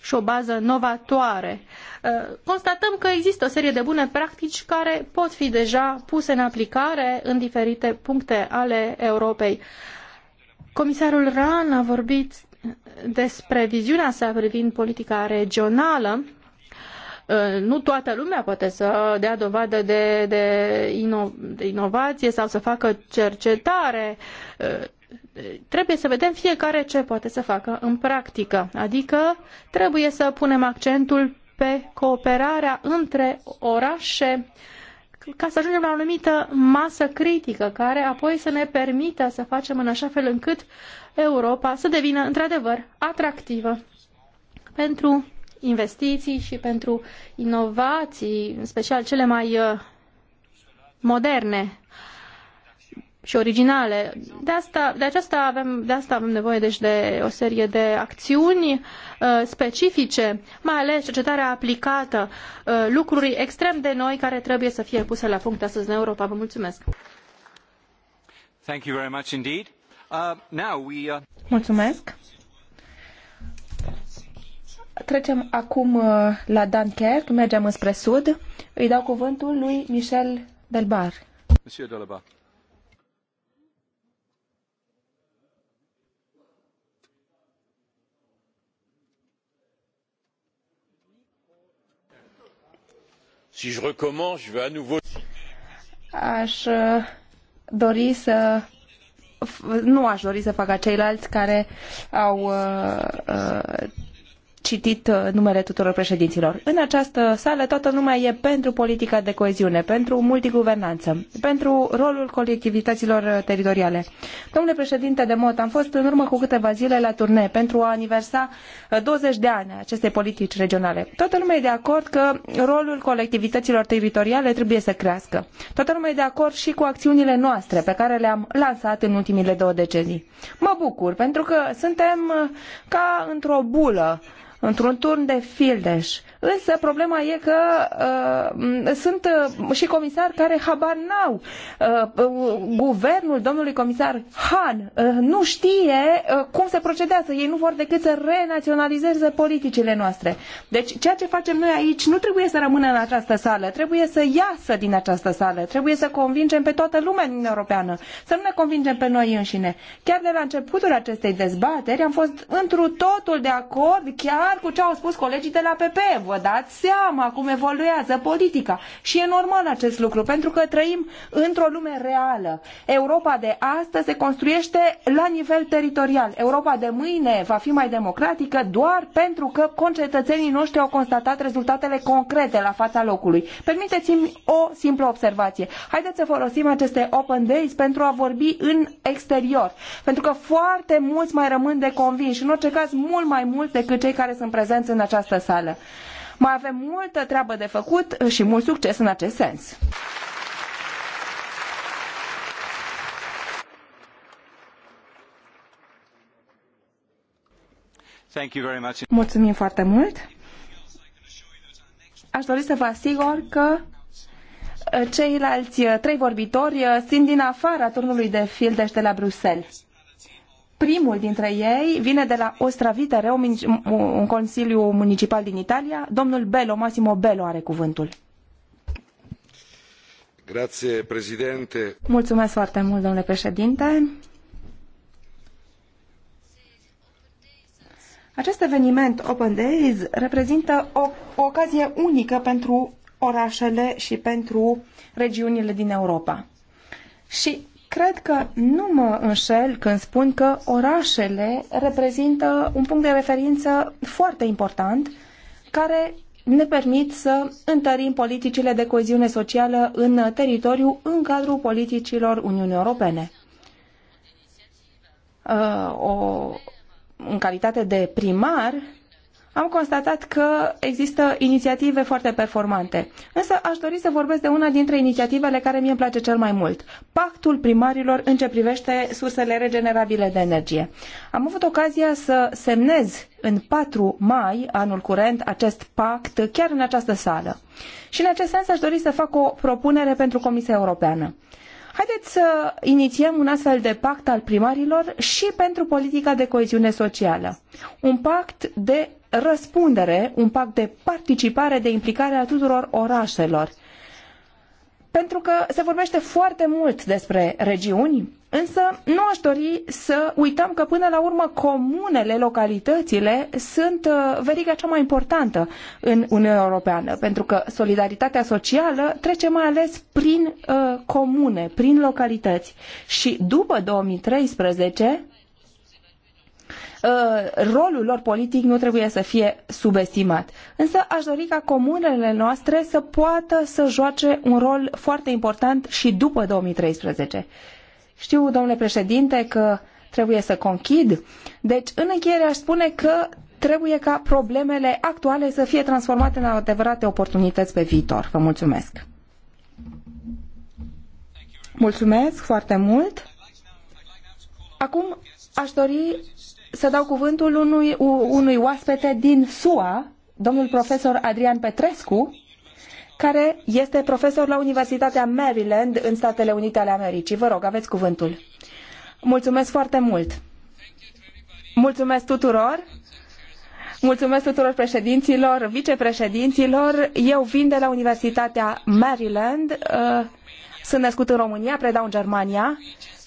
și o bază novatoare. Uh, constatăm că există o serie de bune practici care pot fi deja puse în aplicare în diferite puncte ale Europei. Comisarul Ran a vorbit despre viziunea sa privind politica regională Ă, nu toată lumea poate să dea dovadă de, de, ino, de inovație sau să facă cercetare. Ă, trebuie să vedem fiecare ce poate să facă în practică. Adică trebuie să punem accentul pe cooperarea între orașe ca să ajungem la o anumită masă critică care apoi să ne permită să facem în așa fel încât Europa să devină într-adevăr atractivă pentru investiții și pentru inovații, în special cele mai uh, moderne și originale. De asta, de, aceasta avem, de asta avem nevoie deci, de o serie de acțiuni uh, specifice, mai ales cercetarea aplicată, uh, lucruri extrem de noi care trebuie să fie puse la punct astăzi în Europa. Vă mulțumesc! Thank you very much indeed. Uh, now we, uh... Mulțumesc! Trecem acum uh, la Dunkerque, mergem înspre sud. Îi dau cuvântul lui Michel Delbar. Monsieur Delbar. Si je recommence, je vais à nouveau... Aș uh, dori să nu aș dori să fac ceilalți care au uh, uh, citit uh, numele tuturor președinților. În această sală toată lumea e pentru politica de coeziune, pentru multiguvernanță, pentru rolul colectivităților uh, teritoriale. Domnule președinte de Mot, am fost în urmă cu câteva zile la turnee pentru a aniversa 20 uh, de ani acestei politici regionale. Toată lumea e de acord că rolul colectivităților teritoriale trebuie să crească. Toată lumea e de acord și cu acțiunile noastre pe care le-am lansat în ultimile două decenii. Mă bucur pentru că suntem ca într-o bulă într-un turn de fildeș. Însă problema e că uh, sunt uh, și comisari care habar n-au. Uh, guvernul domnului comisar Han uh, nu știe uh, cum se procedează. Ei nu vor decât să renaționalizeze politicile noastre. Deci ceea ce facem noi aici nu trebuie să rămână în această sală, trebuie să iasă din această sală, trebuie să convingem pe toată lumea din Europeană, să nu ne convingem pe noi înșine. Chiar de la începutul acestei dezbateri am fost întru totul de acord, chiar similar cu ce au spus colegii de la PP. Vă dați seama cum evoluează politica. Și e normal acest lucru, pentru că trăim într-o lume reală. Europa de astăzi se construiește la nivel teritorial. Europa de mâine va fi mai democratică doar pentru că concetățenii noștri au constatat rezultatele concrete la fața locului. Permiteți-mi o simplă observație. Haideți să folosim aceste open days pentru a vorbi în exterior. Pentru că foarte mulți mai rămân de convinși, în orice caz mult mai mult decât cei care sunt sunt prezenți în această sală. Mai avem multă treabă de făcut și mult succes în acest sens. Mulțumim foarte mult. Aș dori să vă asigur că uh, ceilalți uh, trei vorbitori uh, sunt din afara turnului de fildeș de la Bruxelles. Primul dintre ei vine de la Ostravitere, un consiliu municipal din Italia. Domnul Belo, Massimo Belo are cuvântul. Grazie, președinte. Mulțumesc foarte mult, domnule președinte. Acest eveniment Open Days reprezintă o, o ocazie unică pentru orașele și pentru regiunile din Europa. Și Cred că nu mă înșel când spun că orașele reprezintă un punct de referință foarte important care ne permit să întărim politicile de coeziune socială în teritoriu în cadrul politicilor Uniunii Europene. Uh, o, în calitate de primar, am constatat că există inițiative foarte performante. Însă aș dori să vorbesc de una dintre inițiativele care mie îmi place cel mai mult. Pactul primarilor în ce privește sursele regenerabile de energie. Am avut ocazia să semnez în 4 mai anul curent acest pact chiar în această sală. Și în acest sens aș dori să fac o propunere pentru Comisia Europeană. Haideți să inițiem un astfel de pact al primarilor și pentru politica de coeziune socială. Un pact de răspundere, un pact de participare, de implicare a tuturor orașelor. Pentru că se vorbește foarte mult despre regiuni, însă nu aș dori să uităm că până la urmă comunele, localitățile sunt uh, veriga cea mai importantă în Uniunea Europeană, pentru că solidaritatea socială trece mai ales prin uh, comune, prin localități. Și după 2013, Uh, rolul lor politic nu trebuie să fie subestimat. Însă aș dori ca comunele noastre să poată să joace un rol foarte important și după 2013. Știu, domnule președinte, că trebuie să conchid. Deci, în încheiere, aș spune că trebuie ca problemele actuale să fie transformate în adevărate oportunități pe viitor. Vă mulțumesc! Mulțumesc foarte mult! Acum aș dori să dau cuvântul unui, unui oaspete din SUA, domnul profesor Adrian Petrescu, care este profesor la Universitatea Maryland în Statele Unite ale Americii. Vă rog, aveți cuvântul. Mulțumesc foarte mult! Mulțumesc tuturor! Mulțumesc tuturor președinților, vicepreședinților. Eu vin de la Universitatea Maryland, uh, sunt născut în România, predau în Germania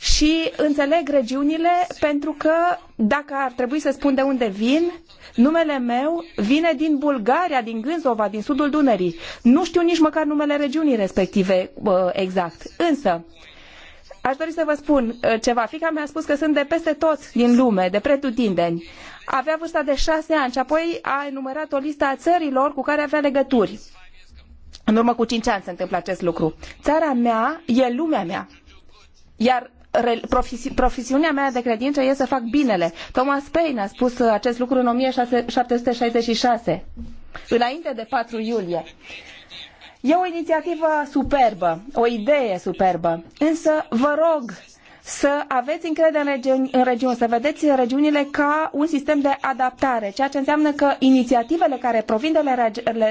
și înțeleg regiunile pentru că, dacă ar trebui să spun de unde vin, numele meu vine din Bulgaria, din Gânzova, din sudul Dunării. Nu știu nici măcar numele regiunii respective exact. Însă, aș dori să vă spun ă, ceva. Fica mi-a spus că sunt de peste tot din lume, de pretutindeni. Avea vârsta de șase ani și apoi a enumerat o listă a țărilor cu care avea legături. În urmă cu cinci ani se întâmplă acest lucru. Țara mea e lumea mea. Iar profesiunea mea de credință este să fac binele. Thomas Paine a spus acest lucru în 1766, înainte de 4 iulie. E o inițiativă superbă, o idee superbă, însă vă rog să aveți încredere în regiuni, în regiuni, să vedeți regiunile ca un sistem de adaptare, ceea ce înseamnă că inițiativele care provin de la,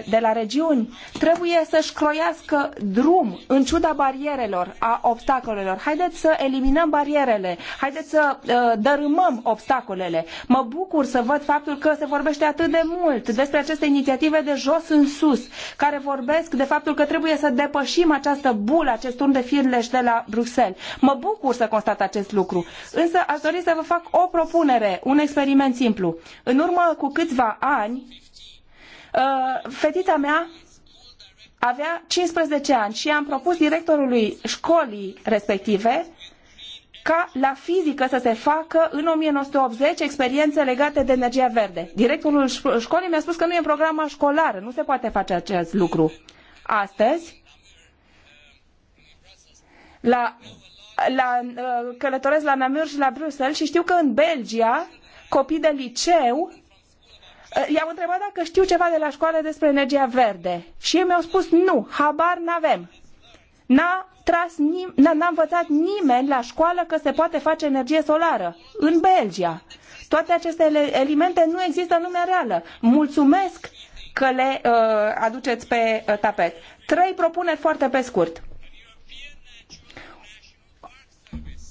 de la regiuni trebuie să-și croiască drum în ciuda barierelor, a obstacolelor. Haideți să eliminăm barierele, haideți să uh, dărâmăm obstacolele. Mă bucur să văd faptul că se vorbește atât de mult despre aceste inițiative de jos în sus, care vorbesc de faptul că trebuie să depășim această bulă, acest turn de firleș de la Bruxelles. Mă bucur să constatat acest lucru. Însă aș dori să vă fac o propunere, un experiment simplu. În urmă cu câțiva ani, uh, fetița mea avea 15 ani și am propus directorului școlii respective ca la fizică să se facă în 1980 experiențe legate de energia verde. Directorul școlii mi-a spus că nu e în programa școlară, nu se poate face acest lucru. Astăzi, la la, uh, călătoresc la Namur și la Bruxelles și știu că în Belgia copii de liceu uh, i au întrebat dacă știu ceva de la școală despre energia verde și ei mi-au spus nu, habar n-avem. N-a tras nim- n-a învățat nimeni la școală că se poate face energie solară în Belgia. Toate aceste elemente nu există în lumea reală. Mulțumesc că le uh, aduceți pe uh, tapet. Trei propuneri foarte pe scurt.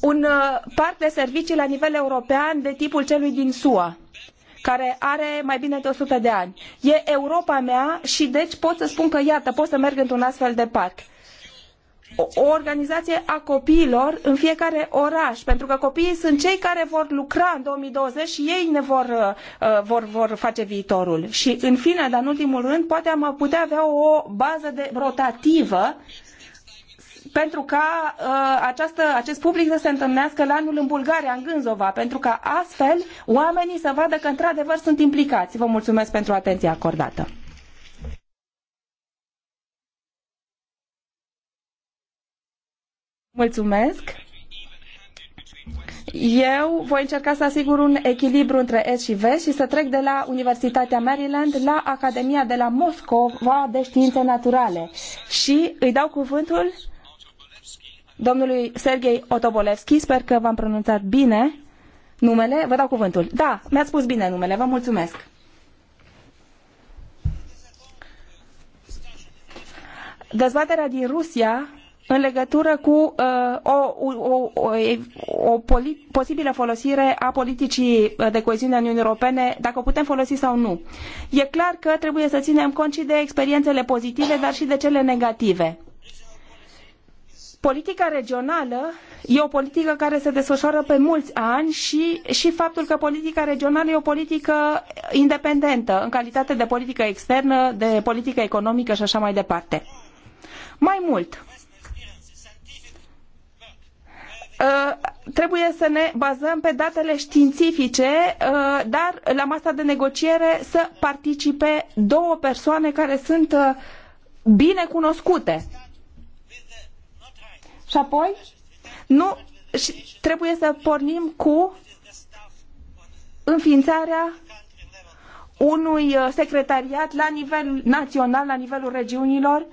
un uh, parc de servicii la nivel european de tipul celui din SUA care are mai bine de 100 de ani. E Europa mea și deci pot să spun că iată, pot să merg într-un astfel de parc. O, organizație a copiilor în fiecare oraș, pentru că copiii sunt cei care vor lucra în 2020 și ei ne vor, uh, uh, vor, vor face viitorul. Și în fine, dar în ultimul rând, poate am putea avea o bază de rotativă uh, pentru ca uh, această, acest public să se întâlnească la anul în Bulgaria, în Gânzova, pentru ca astfel oamenii să vadă că într-adevăr sunt implicați. Vă mulțumesc pentru atenția acordată. Mulțumesc. Eu voi încerca să asigur un echilibru între est și vest și să trec de la Universitatea Maryland la Academia de la Moscova de Științe Naturale. Și îi dau cuvântul domnului Sergei Otobolevski, sper că v-am pronunțat bine numele, vă dau cuvântul. Da, mi-ați spus bine numele, vă mulțumesc. Dezbaterea din Rusia în legătură cu uh, o, o, o, o posibilă folosire a politicii de coeziune a Uniunii Europene, dacă o putem folosi sau nu. E clar că trebuie să ținem cont și de experiențele pozitive, dar și de cele negative Politica regională e o politică care se desfășoară pe mulți ani și, și faptul că politica regională e o politică independentă, în calitate de politică externă, de politică economică și așa mai departe. Mai mult, ă, trebuie să ne bazăm pe datele științifice, ă, dar la masa de negociere să participe două persoane care sunt ă, bine cunoscute și apoi, nu, și trebuie să pornim cu înființarea unui uh, secretariat la nivel național, la nivelul regiunilor,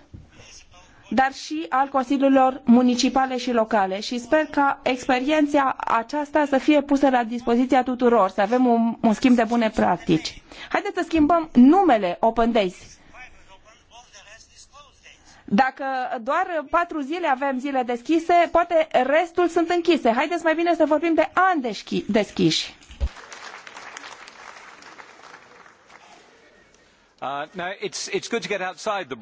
dar și al consiliilor municipale și locale. Și sper ca experiența aceasta să fie pusă la dispoziția tuturor, să avem un, un schimb de bune practici. Haideți să schimbăm numele Open Days dacă doar patru zile avem zile deschise, poate restul sunt închise. Haideți mai bine să vorbim de ani deschi- deschiși. Uh, no, it's, it's good to get outside the...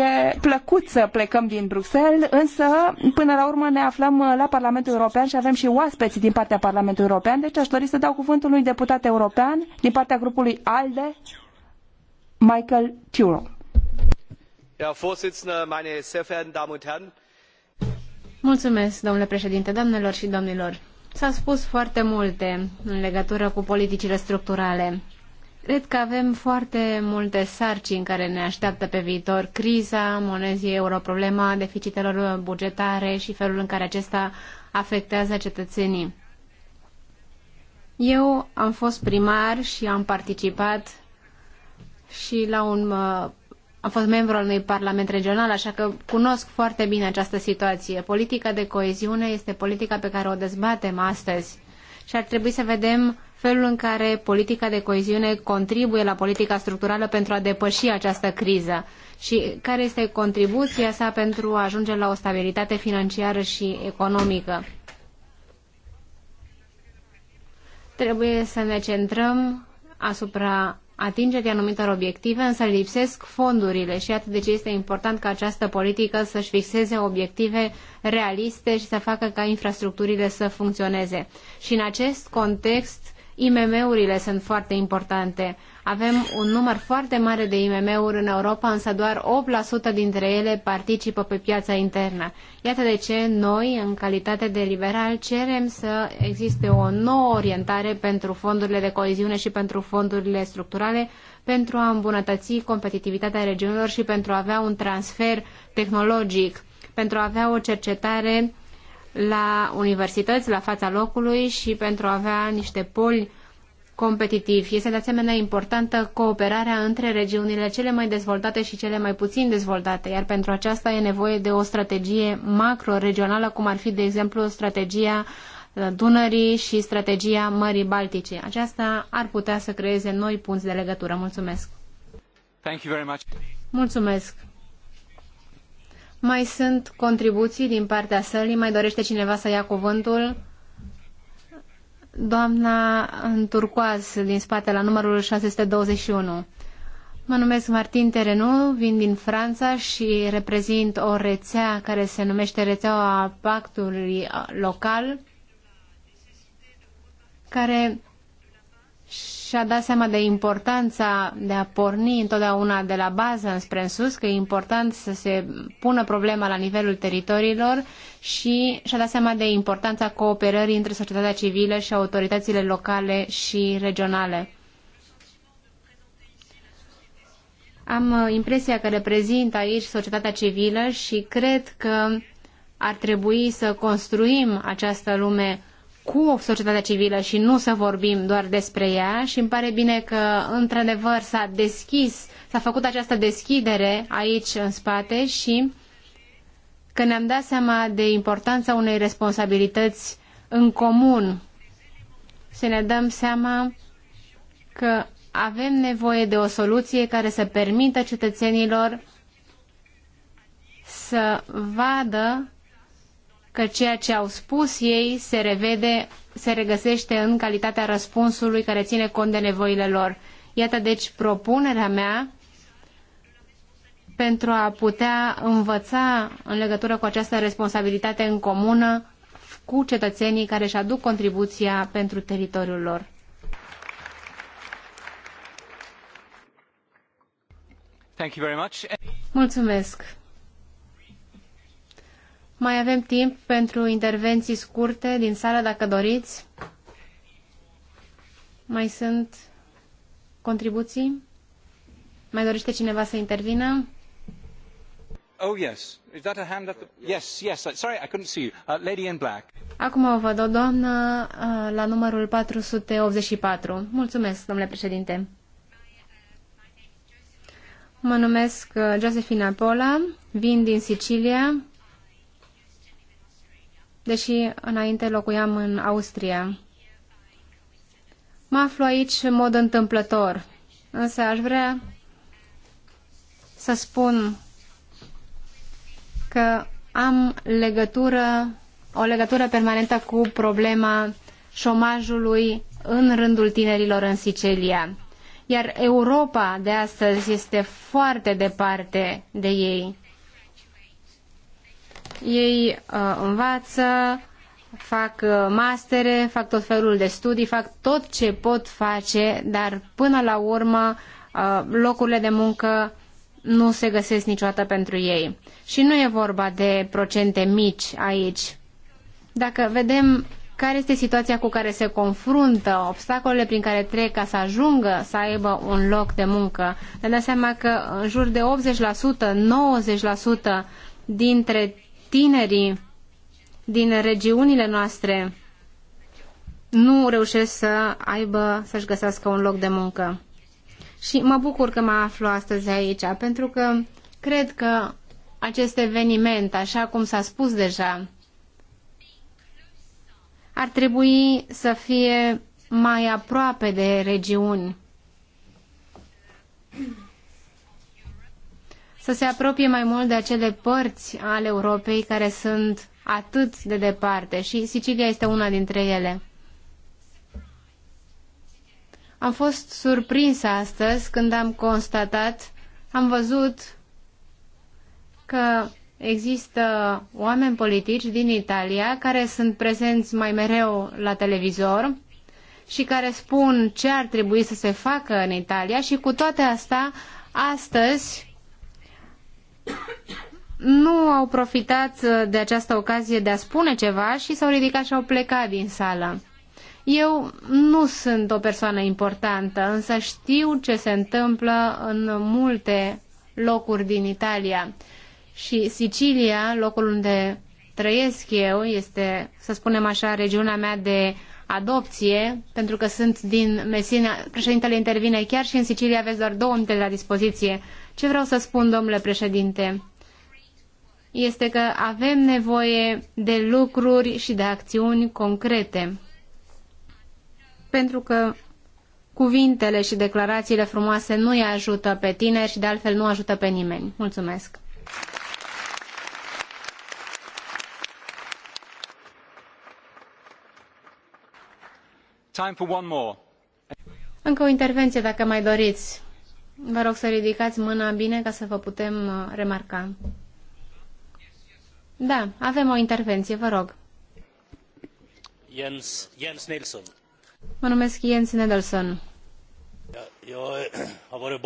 E plăcut să plecăm din Bruxelles, însă până la urmă ne aflăm uh, la Parlamentul European și avem și oaspeți din partea Parlamentului European, deci aș dori să dau cuvântul unui deputat european din partea grupului ALDE, Michael Turo herr präsident meine sehr verehrten damen und herren! Mulțumesc, domnule președinte, doamnelor și domnilor. S-a spus foarte multe în legătură cu politicile structurale. Cred că avem foarte multe sarcini care ne așteaptă pe viitor. Criza monezii euro, problema deficitelor bugetare și felul în care acesta afectează cetățenii. Eu am fost primar și am participat și la un uh, am fost membru al unui parlament regional, așa că cunosc foarte bine această situație. Politica de coeziune este politica pe care o dezbatem astăzi și ar trebui să vedem felul în care politica de coeziune contribuie la politica structurală pentru a depăși această criză și care este contribuția sa pentru a ajunge la o stabilitate financiară și economică. Trebuie să ne centrăm asupra atingerii anumitor obiective, însă lipsesc fondurile și atât de ce este important ca această politică să-și fixeze obiective realiste și să facă ca infrastructurile să funcționeze. Și în acest context IMM-urile sunt foarte importante. Avem un număr foarte mare de IMM-uri în Europa, însă doar 8% dintre ele participă pe piața internă. Iată de ce noi, în calitate de liberal, cerem să existe o nouă orientare pentru fondurile de coeziune și pentru fondurile structurale pentru a îmbunătăți competitivitatea regiunilor și pentru a avea un transfer tehnologic, pentru a avea o cercetare la universități, la fața locului și pentru a avea niște poli competitivi. Este de asemenea importantă cooperarea între regiunile cele mai dezvoltate și cele mai puțin dezvoltate, iar pentru aceasta e nevoie de o strategie macro-regională, cum ar fi, de exemplu, strategia uh, Dunării și strategia Mării Baltice. Aceasta ar putea să creeze noi punți de legătură. Mulțumesc! Mulțumesc! Mai sunt contribuții din partea sălii? Mai dorește cineva să ia cuvântul? Doamna în turcoaz din spate la numărul 621. Mă numesc Martin Terenu, vin din Franța și reprezint o rețea care se numește rețeaua pactului local, care și-a dat seama de importanța de a porni întotdeauna de la bază înspre în sus, că e important să se pună problema la nivelul teritoriilor și și-a dat seama de importanța cooperării între societatea civilă și autoritățile locale și regionale. Am uh, impresia că reprezint aici societatea civilă și cred că ar trebui să construim această lume cu societatea civilă și nu să vorbim doar despre ea și îmi pare bine că într-adevăr s-a deschis, s-a făcut această deschidere aici în spate și că ne-am dat seama de importanța unei responsabilități în comun. Să ne dăm seama că avem nevoie de o soluție care să permită cetățenilor să vadă că ceea ce au spus ei se revede, se regăsește în calitatea răspunsului care ține cont de nevoile lor. Iată deci propunerea mea pentru a putea învăța în legătură cu această responsabilitate în comună cu cetățenii care își aduc contribuția pentru teritoriul lor. Mulțumesc! Mai avem timp pentru intervenții scurte din sală, dacă doriți. Mai sunt contribuții? Mai dorește cineva să intervină? Oh, yes. Is that a hand up? Yes, yes. Sorry, I couldn't see you. Uh, lady in black. Acum o văd o doamnă uh, la numărul 484. Mulțumesc, domnule președinte. Mă numesc uh, Josefina Pola, vin din Sicilia, deși înainte locuiam în Austria. Mă aflu aici în mod întâmplător, însă aș vrea să spun că am legătură, o legătură permanentă cu problema șomajului în rândul tinerilor în Sicilia. Iar Europa de astăzi este foarte departe de ei. Ei uh, învață, fac uh, mastere, fac tot felul de studii, fac tot ce pot face, dar până la urmă uh, locurile de muncă nu se găsesc niciodată pentru ei. Și nu e vorba de procente mici aici. Dacă vedem care este situația cu care se confruntă, obstacolele prin care trec ca să ajungă să aibă un loc de muncă. Ne dăm seama că în jur de 80%, 90% dintre tinerii din regiunile noastre nu reușesc să aibă, să-și găsească un loc de muncă. Și mă bucur că mă aflu astăzi aici, pentru că cred că acest eveniment, așa cum s-a spus deja, ar trebui să fie mai aproape de regiuni să se apropie mai mult de acele părți ale Europei care sunt atât de departe și Sicilia este una dintre ele. Am fost surprinsă astăzi când am constatat, am văzut că există oameni politici din Italia care sunt prezenți mai mereu la televizor și care spun ce ar trebui să se facă în Italia și cu toate astea, astăzi nu au profitat uh, de această ocazie de a spune ceva și s-au ridicat și au plecat din sală. Eu nu sunt o persoană importantă, însă știu ce se întâmplă în multe locuri din Italia. Și Sicilia, locul unde trăiesc eu, este, să spunem așa, regiunea mea de adopție, pentru că sunt din Messina. Președintele intervine chiar și în Sicilia aveți doar două minute la dispoziție ce vreau să spun, domnule președinte, este că avem nevoie de lucruri și de acțiuni concrete. Pentru că cuvintele și declarațiile frumoase nu îi ajută pe tineri și de altfel nu ajută pe nimeni. Mulțumesc! Time for one more. Încă o intervenție dacă mai doriți. Vă rog să ridicați mâna bine ca să vă putem uh, remarca. Da, avem o intervenție, vă rog. Jens, Jens Nilsson. Mă numesc Jens Nedelson. am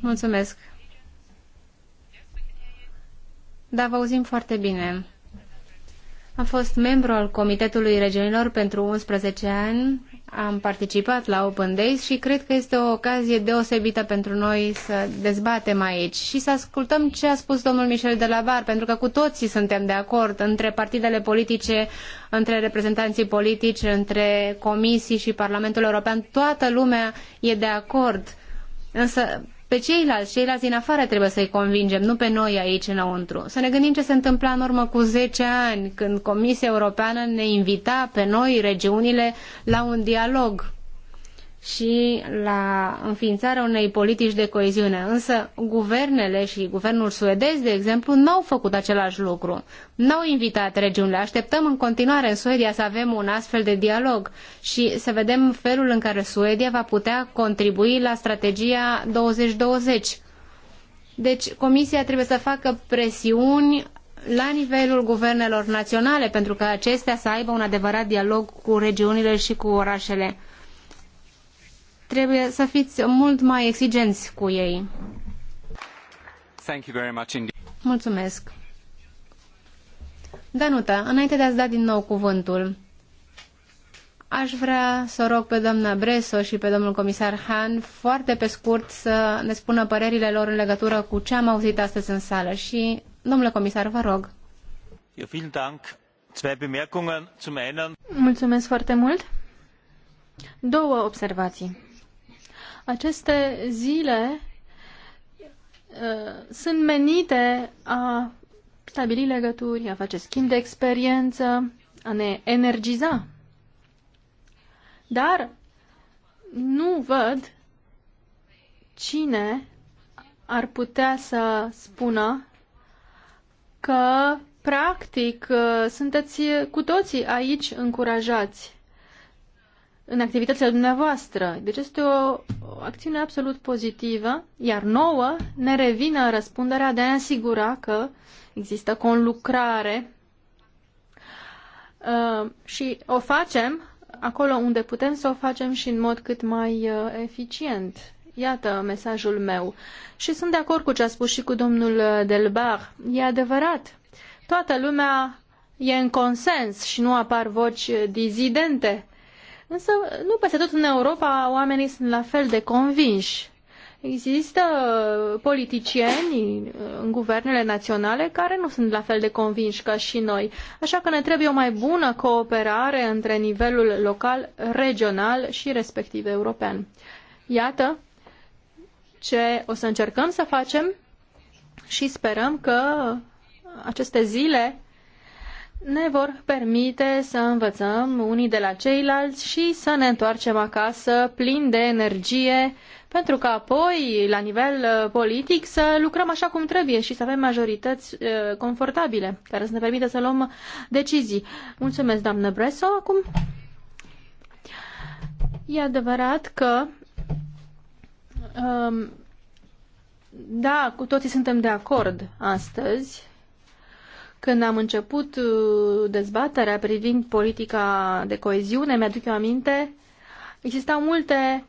Mulțumesc. Da, vă auzim foarte bine. Am fost membru al Comitetului Regiunilor pentru 11 ani am participat la Open Days și cred că este o ocazie deosebită pentru noi să dezbatem aici și să ascultăm ce a spus domnul Michel de la Var, pentru că cu toții suntem de acord între partidele politice, între reprezentanții politici, între comisii și Parlamentul European, toată lumea e de acord. Însă pe ceilalți, ceilalți din afară trebuie să-i convingem, nu pe noi aici înăuntru. Să ne gândim ce se întâmpla în urmă cu 10 ani, când Comisia Europeană ne invita pe noi, regiunile, la un dialog și la înființarea unei politici de coeziune. Însă guvernele și guvernul suedez, de exemplu, n-au făcut același lucru. N-au invitat regiunile. Așteptăm în continuare în Suedia să avem un astfel de dialog și să vedem felul în care Suedia va putea contribui la strategia 2020. Deci Comisia trebuie să facă presiuni la nivelul guvernelor naționale pentru ca acestea să aibă un adevărat dialog cu regiunile și cu orașele trebuie să fiți mult mai exigenți cu ei. Thank you very much Mulțumesc. Danuta, înainte de a-ți da din nou cuvântul, aș vrea să rog pe doamna Breso și pe domnul comisar Han foarte pe scurt să ne spună părerile lor în legătură cu ce am auzit astăzi în sală. Și, domnule comisar, vă rog. Mulțumesc foarte mult. Două observații. Aceste zile uh, sunt menite a stabili legături, a face schimb de experiență, a ne energiza. Dar nu văd cine ar putea să spună că, practic, uh, sunteți cu toții aici încurajați în activitățile dumneavoastră. Deci este o, o acțiune absolut pozitivă, iar nouă ne revină răspunderea de a ne asigura că există conlucrare uh, și o facem acolo unde putem să o facem și în mod cât mai uh, eficient. Iată mesajul meu. Și sunt de acord cu ce a spus și cu domnul uh, Delbar. E adevărat. Toată lumea e în consens și nu apar voci uh, dizidente Însă nu peste tot în Europa oamenii sunt la fel de convinși. Există uh, politicieni uh, în guvernele naționale care nu sunt la fel de convinși ca și noi. Așa că ne trebuie o mai bună cooperare între nivelul local, regional și respectiv european. Iată ce o să încercăm să facem și sperăm că aceste zile ne vor permite să învățăm unii de la ceilalți și să ne întoarcem acasă plini de energie, pentru că apoi, la nivel uh, politic, să lucrăm așa cum trebuie și să avem majorități uh, confortabile, care să ne permită să luăm decizii. Mulțumesc, doamnă Breso. Acum, e adevărat că um, da, cu toții suntem de acord astăzi când am început uh, dezbaterea privind politica de coeziune, mi-aduc eu aminte, existau multe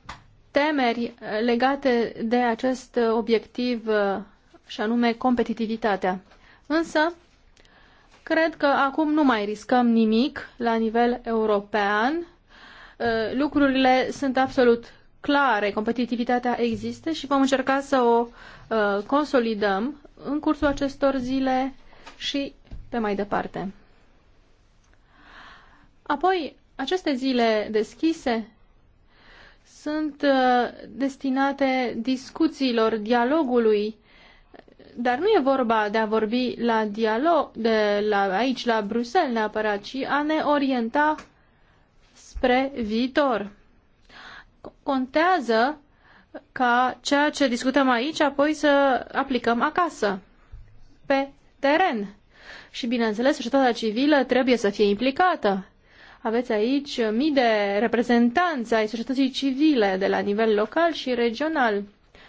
temeri legate de acest obiectiv uh, și anume competitivitatea. Însă, cred că acum nu mai riscăm nimic la nivel european. Uh, lucrurile sunt absolut clare, competitivitatea există și vom încerca să o consolidăm în cursul acestor zile și pe mai departe. Apoi, aceste zile deschise sunt uh, destinate discuțiilor, dialogului, dar nu e vorba de a vorbi la dialog, de la, aici la Bruxelles neapărat, ci a ne orienta spre viitor. Contează ca ceea ce discutăm aici apoi să aplicăm acasă, pe teren și, bineînțeles, societatea civilă trebuie să fie implicată. Aveți aici mii de reprezentanți ai societății civile de la nivel local și regional,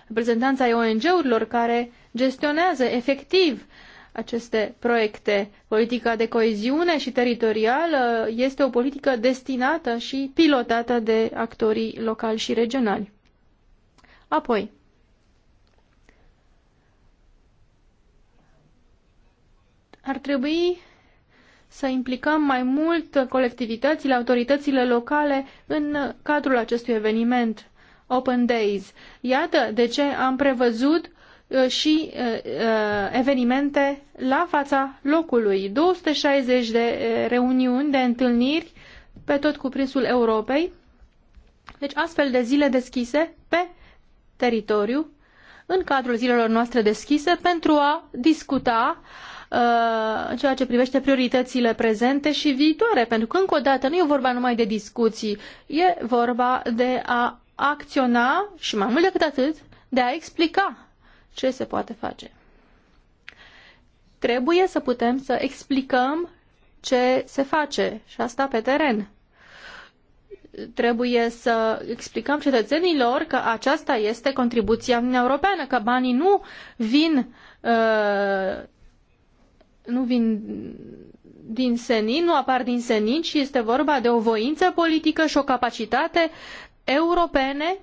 reprezentanți ai ONG-urilor care gestionează efectiv aceste proiecte. Politica de coeziune și teritorială este o politică destinată și pilotată de actorii locali și regionali. Apoi, Ar trebui să implicăm mai mult colectivitățile, autoritățile locale în cadrul acestui eveniment Open Days. Iată de ce am prevăzut uh, și uh, uh, evenimente la fața locului, 260 de reuniuni, de întâlniri pe tot cuprinsul Europei, deci astfel de zile deschise pe teritoriu, în cadrul zilelor noastre deschise, pentru a discuta uh, Uh, în ceea ce privește prioritățile prezente și viitoare, pentru că, încă o dată, nu e vorba numai de discuții, e vorba de a acționa și, mai mult decât atât, de a explica ce se poate face. Trebuie să putem să explicăm ce se face și asta pe teren. Trebuie să explicăm cetățenilor că aceasta este contribuția Uniunii Europeană, că banii nu vin uh, nu vin din senin, nu apar din senin, ci este vorba de o voință politică și o capacitate europene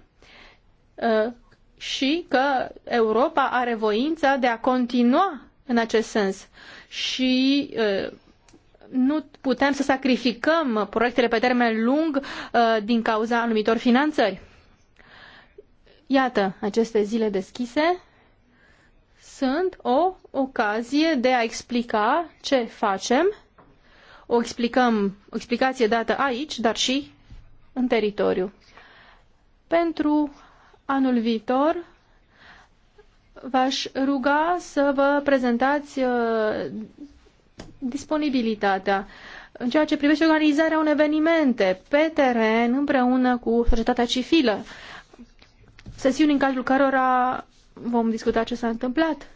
uh, și că Europa are voința de a continua în acest sens. Și uh, nu putem să sacrificăm proiectele pe termen lung uh, din cauza anumitor finanțări. Iată aceste zile deschise sunt o ocazie de a explica ce facem. O, explicăm, o explicație dată aici, dar și în teritoriu. Pentru anul viitor v-aș ruga să vă prezentați uh, disponibilitatea în ceea ce privește organizarea unor evenimente pe teren împreună cu societatea civilă, sesiuni în cadrul cărora vom discuta ce s-a întâmplat,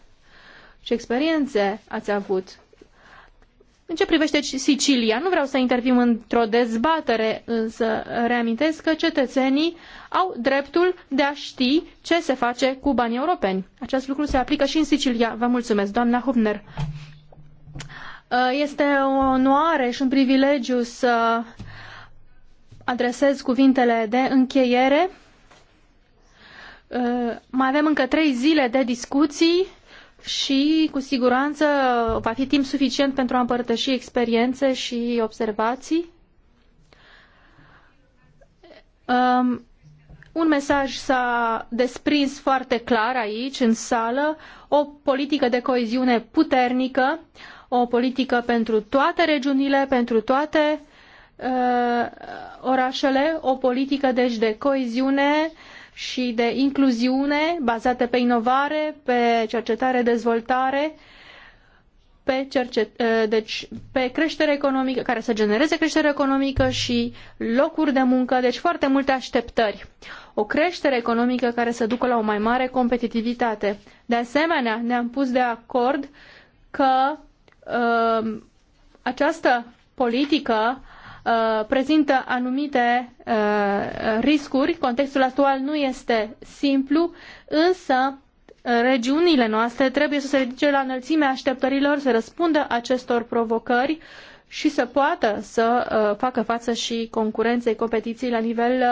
ce experiențe ați avut. În ce privește Sicilia, nu vreau să intervim într-o dezbatere, însă reamintesc că cetățenii au dreptul de a ști ce se face cu banii europeni. Acest lucru se aplică și în Sicilia. Vă mulțumesc, doamna Hubner. Este o onoare și un privilegiu să adresez cuvintele de încheiere Ă, mai avem încă trei zile de discuții și cu siguranță va fi timp suficient pentru a împărtăși experiențe și observații. Um, un mesaj s-a desprins foarte clar aici, în sală, o politică de coeziune puternică, o politică pentru toate regiunile, pentru toate uh, orașele, o politică deci de coeziune uh, și de incluziune bazate pe inovare, pe cercetare, dezvoltare, pe, cercet, eh, deci pe creștere economică, care să genereze creștere economică și locuri de muncă, deci foarte multe așteptări. O creștere economică care să ducă la o mai mare competitivitate. De asemenea, ne-am pus de acord că uh, această politică Uh, prezintă anumite uh, riscuri. Contextul actual nu este simplu, însă uh, regiunile noastre trebuie să se ridice la înălțimea așteptărilor, să răspundă acestor provocări și să poată să facă față și concurenței, competiției la nivel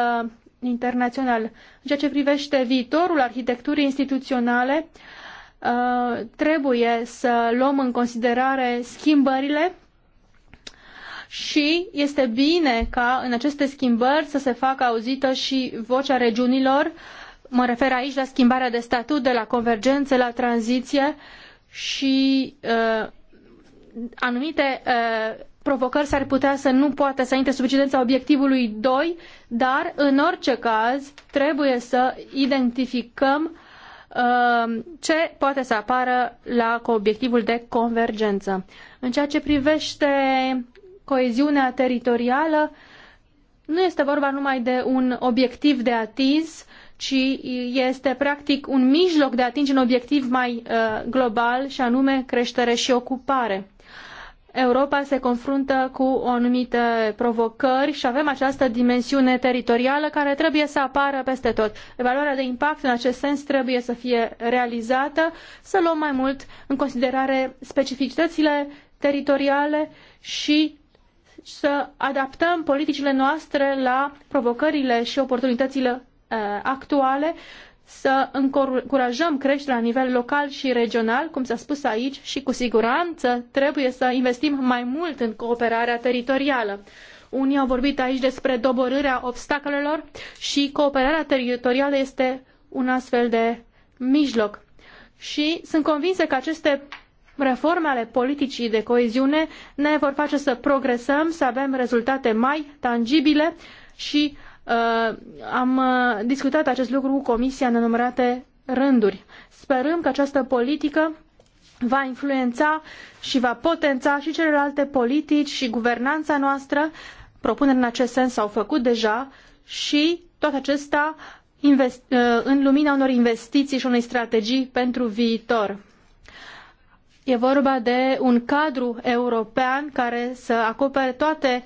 internațional. În ceea ce privește viitorul arhitecturii instituționale, trebuie să luăm în considerare schimbările și este bine ca în aceste schimbări să se facă auzită și vocea regiunilor. Mă refer aici la schimbarea de statut, de la convergență, la tranziție și uh, anumite uh, provocări s-ar putea să nu poată să intre sub incidența obiectivului 2, dar în orice caz trebuie să identificăm uh, ce poate să apară la obiectivul de convergență. În ceea ce privește coeziunea teritorială nu este vorba numai de un obiectiv de atins, ci este practic un mijloc de a atinge un obiectiv mai uh, global și anume creștere și ocupare. Europa se confruntă cu o anumite provocări și avem această dimensiune teritorială care trebuie să apară peste tot. Evaluarea de impact în acest sens trebuie să fie realizată, să luăm mai mult în considerare specificitățile teritoriale și să adaptăm politicile noastre la provocările și oportunitățile uh, actuale, să încurajăm creșterea la nivel local și regional, cum s-a spus aici, și cu siguranță trebuie să investim mai mult în cooperarea teritorială. Unii au vorbit aici despre doborârea obstacolelor și cooperarea teritorială este un astfel de mijloc. Și sunt convinsă că aceste Reformele politicii de coeziune ne vor face să progresăm, să avem rezultate mai tangibile și uh, am uh, discutat acest lucru cu Comisia în numărate rânduri. Sperăm că această politică va influența și va potența și celelalte politici și guvernanța noastră. Propuneri în acest sens s-au făcut deja și toate acestea uh, în lumina unor investiții și unei strategii pentru viitor. E vorba de un cadru european care să acopere toate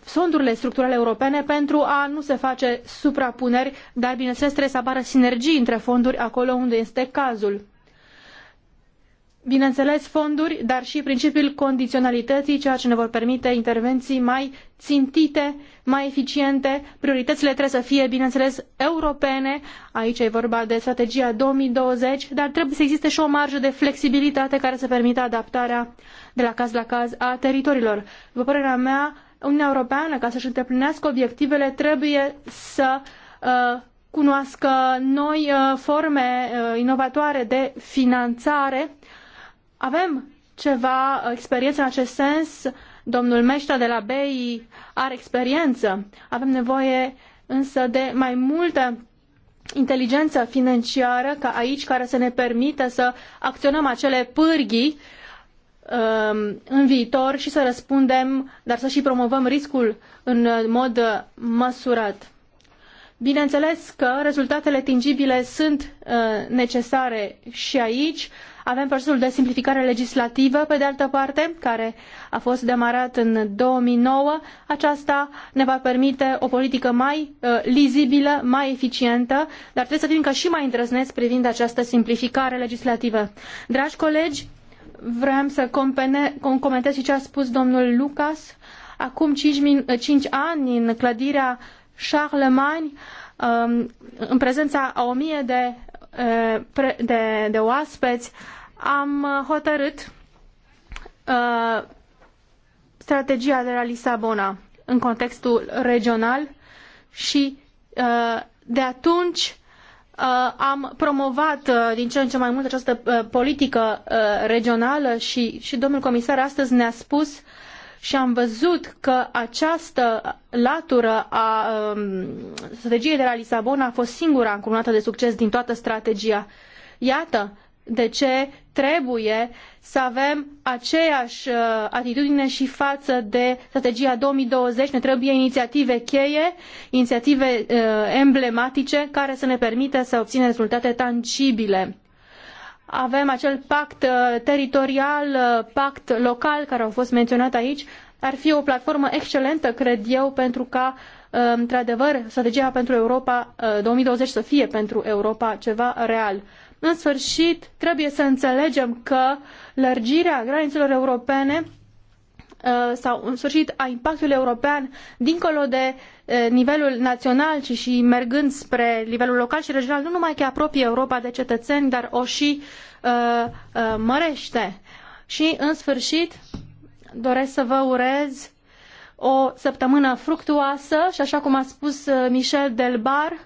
fondurile structurale europene pentru a nu se face suprapuneri, dar bineînțeles trebuie să apară sinergii între fonduri acolo unde este cazul bineînțeles, fonduri, dar și principiul condiționalității, ceea ce ne vor permite intervenții mai țintite, mai eficiente. Prioritățile trebuie să fie, bineînțeles, europene. Aici e vorba de strategia 2020, dar trebuie să existe și o marjă de flexibilitate care să permită adaptarea de la caz la caz a teritoriilor. După părerea mea, Uniunea Europeană, ca să-și îndeplinească obiectivele, trebuie să uh, cunoască noi uh, forme uh, inovatoare de finanțare avem ceva uh, experiență în acest sens. Domnul Meșta de la BEI are experiență. Avem nevoie însă de mai multă inteligență financiară ca aici care să ne permită să acționăm acele pârghii um, în viitor și să răspundem, dar să și promovăm riscul în mod uh, măsurat. Bineînțeles că rezultatele tingibile sunt uh, necesare și aici. Avem procesul de simplificare legislativă, pe de altă parte, care a fost demarat în 2009. Aceasta ne va permite o politică mai uh, lizibilă, mai eficientă, dar trebuie să fim încă și mai îndrăzneți privind această simplificare legislativă. Dragi colegi, vreau să comentez și ce a spus domnul Lucas. Acum cinci ani, în clădirea Charlemagne um, în prezența a o mie de, uh, de, de oaspeți am uh, hotărât uh, strategia de la Lisabona în contextul regional și de atunci am promovat din ce în ce mai mult această politică regională și, și domnul comisar astăzi ne-a spus uh, și am văzut că această latură a um, strategiei de la Lisabona a fost singura încununată de succes din toată strategia. Iată de ce trebuie să avem aceeași uh, atitudine și față de strategia 2020. Ne trebuie inițiative cheie, inițiative uh, emblematice care să ne permită să obținem rezultate tangibile. Avem acel pact uh, teritorial, uh, pact local care au fost menționat aici. Ar fi o platformă excelentă, cred eu, pentru ca uh, într-adevăr, strategia pentru Europa 2020 să fie pentru Europa ceva real. În sfârșit, trebuie să înțelegem că lărgirea granițelor europene Uh, sau, în sfârșit, a impactului european dincolo de uh, nivelul național, ci și mergând spre nivelul local și regional, nu numai că apropie Europa de cetățeni, dar o și uh, mărește. Și, în sfârșit, doresc să vă urez o săptămână fructuoasă și, așa cum a spus Michel Delbar,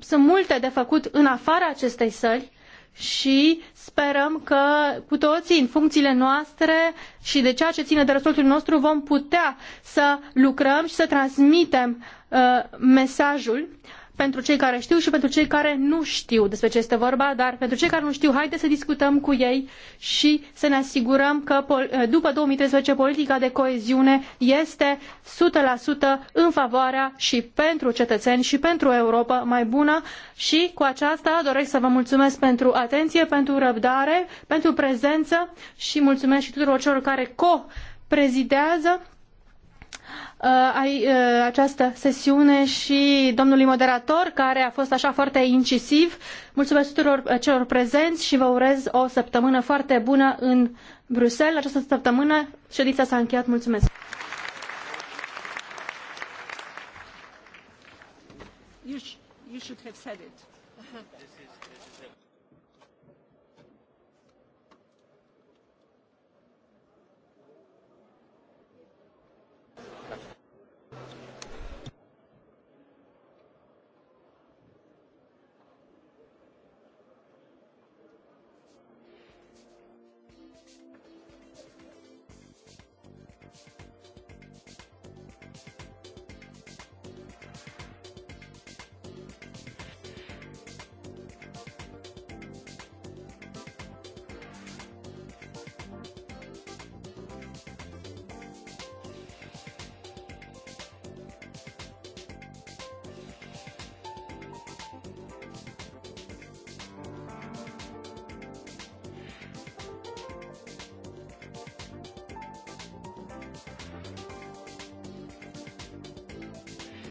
sunt multe de făcut în afara acestei săli și sperăm că cu toții, în funcțiile noastre și de ceea ce ține de resortul nostru, vom putea să lucrăm și să transmitem uh, mesajul pentru cei care știu și pentru cei care nu știu despre ce este vorba, dar pentru cei care nu știu, haideți să discutăm cu ei și să ne asigurăm că eh, după 2013 politica de coeziune este 100% în favoarea și pentru cetățeni și pentru Europa mai bună și cu aceasta doresc să vă mulțumesc pentru atenție, pentru răbdare, pentru prezență și mulțumesc și tuturor celor care co-prezidează Uh, ai, uh, această sesiune și domnului moderator, care a fost așa foarte incisiv. Mulțumesc tuturor uh, celor prezenți și vă urez o săptămână foarte bună în Bruxelles. Această săptămână ședința s-a încheiat. Mulțumesc! you should have said it.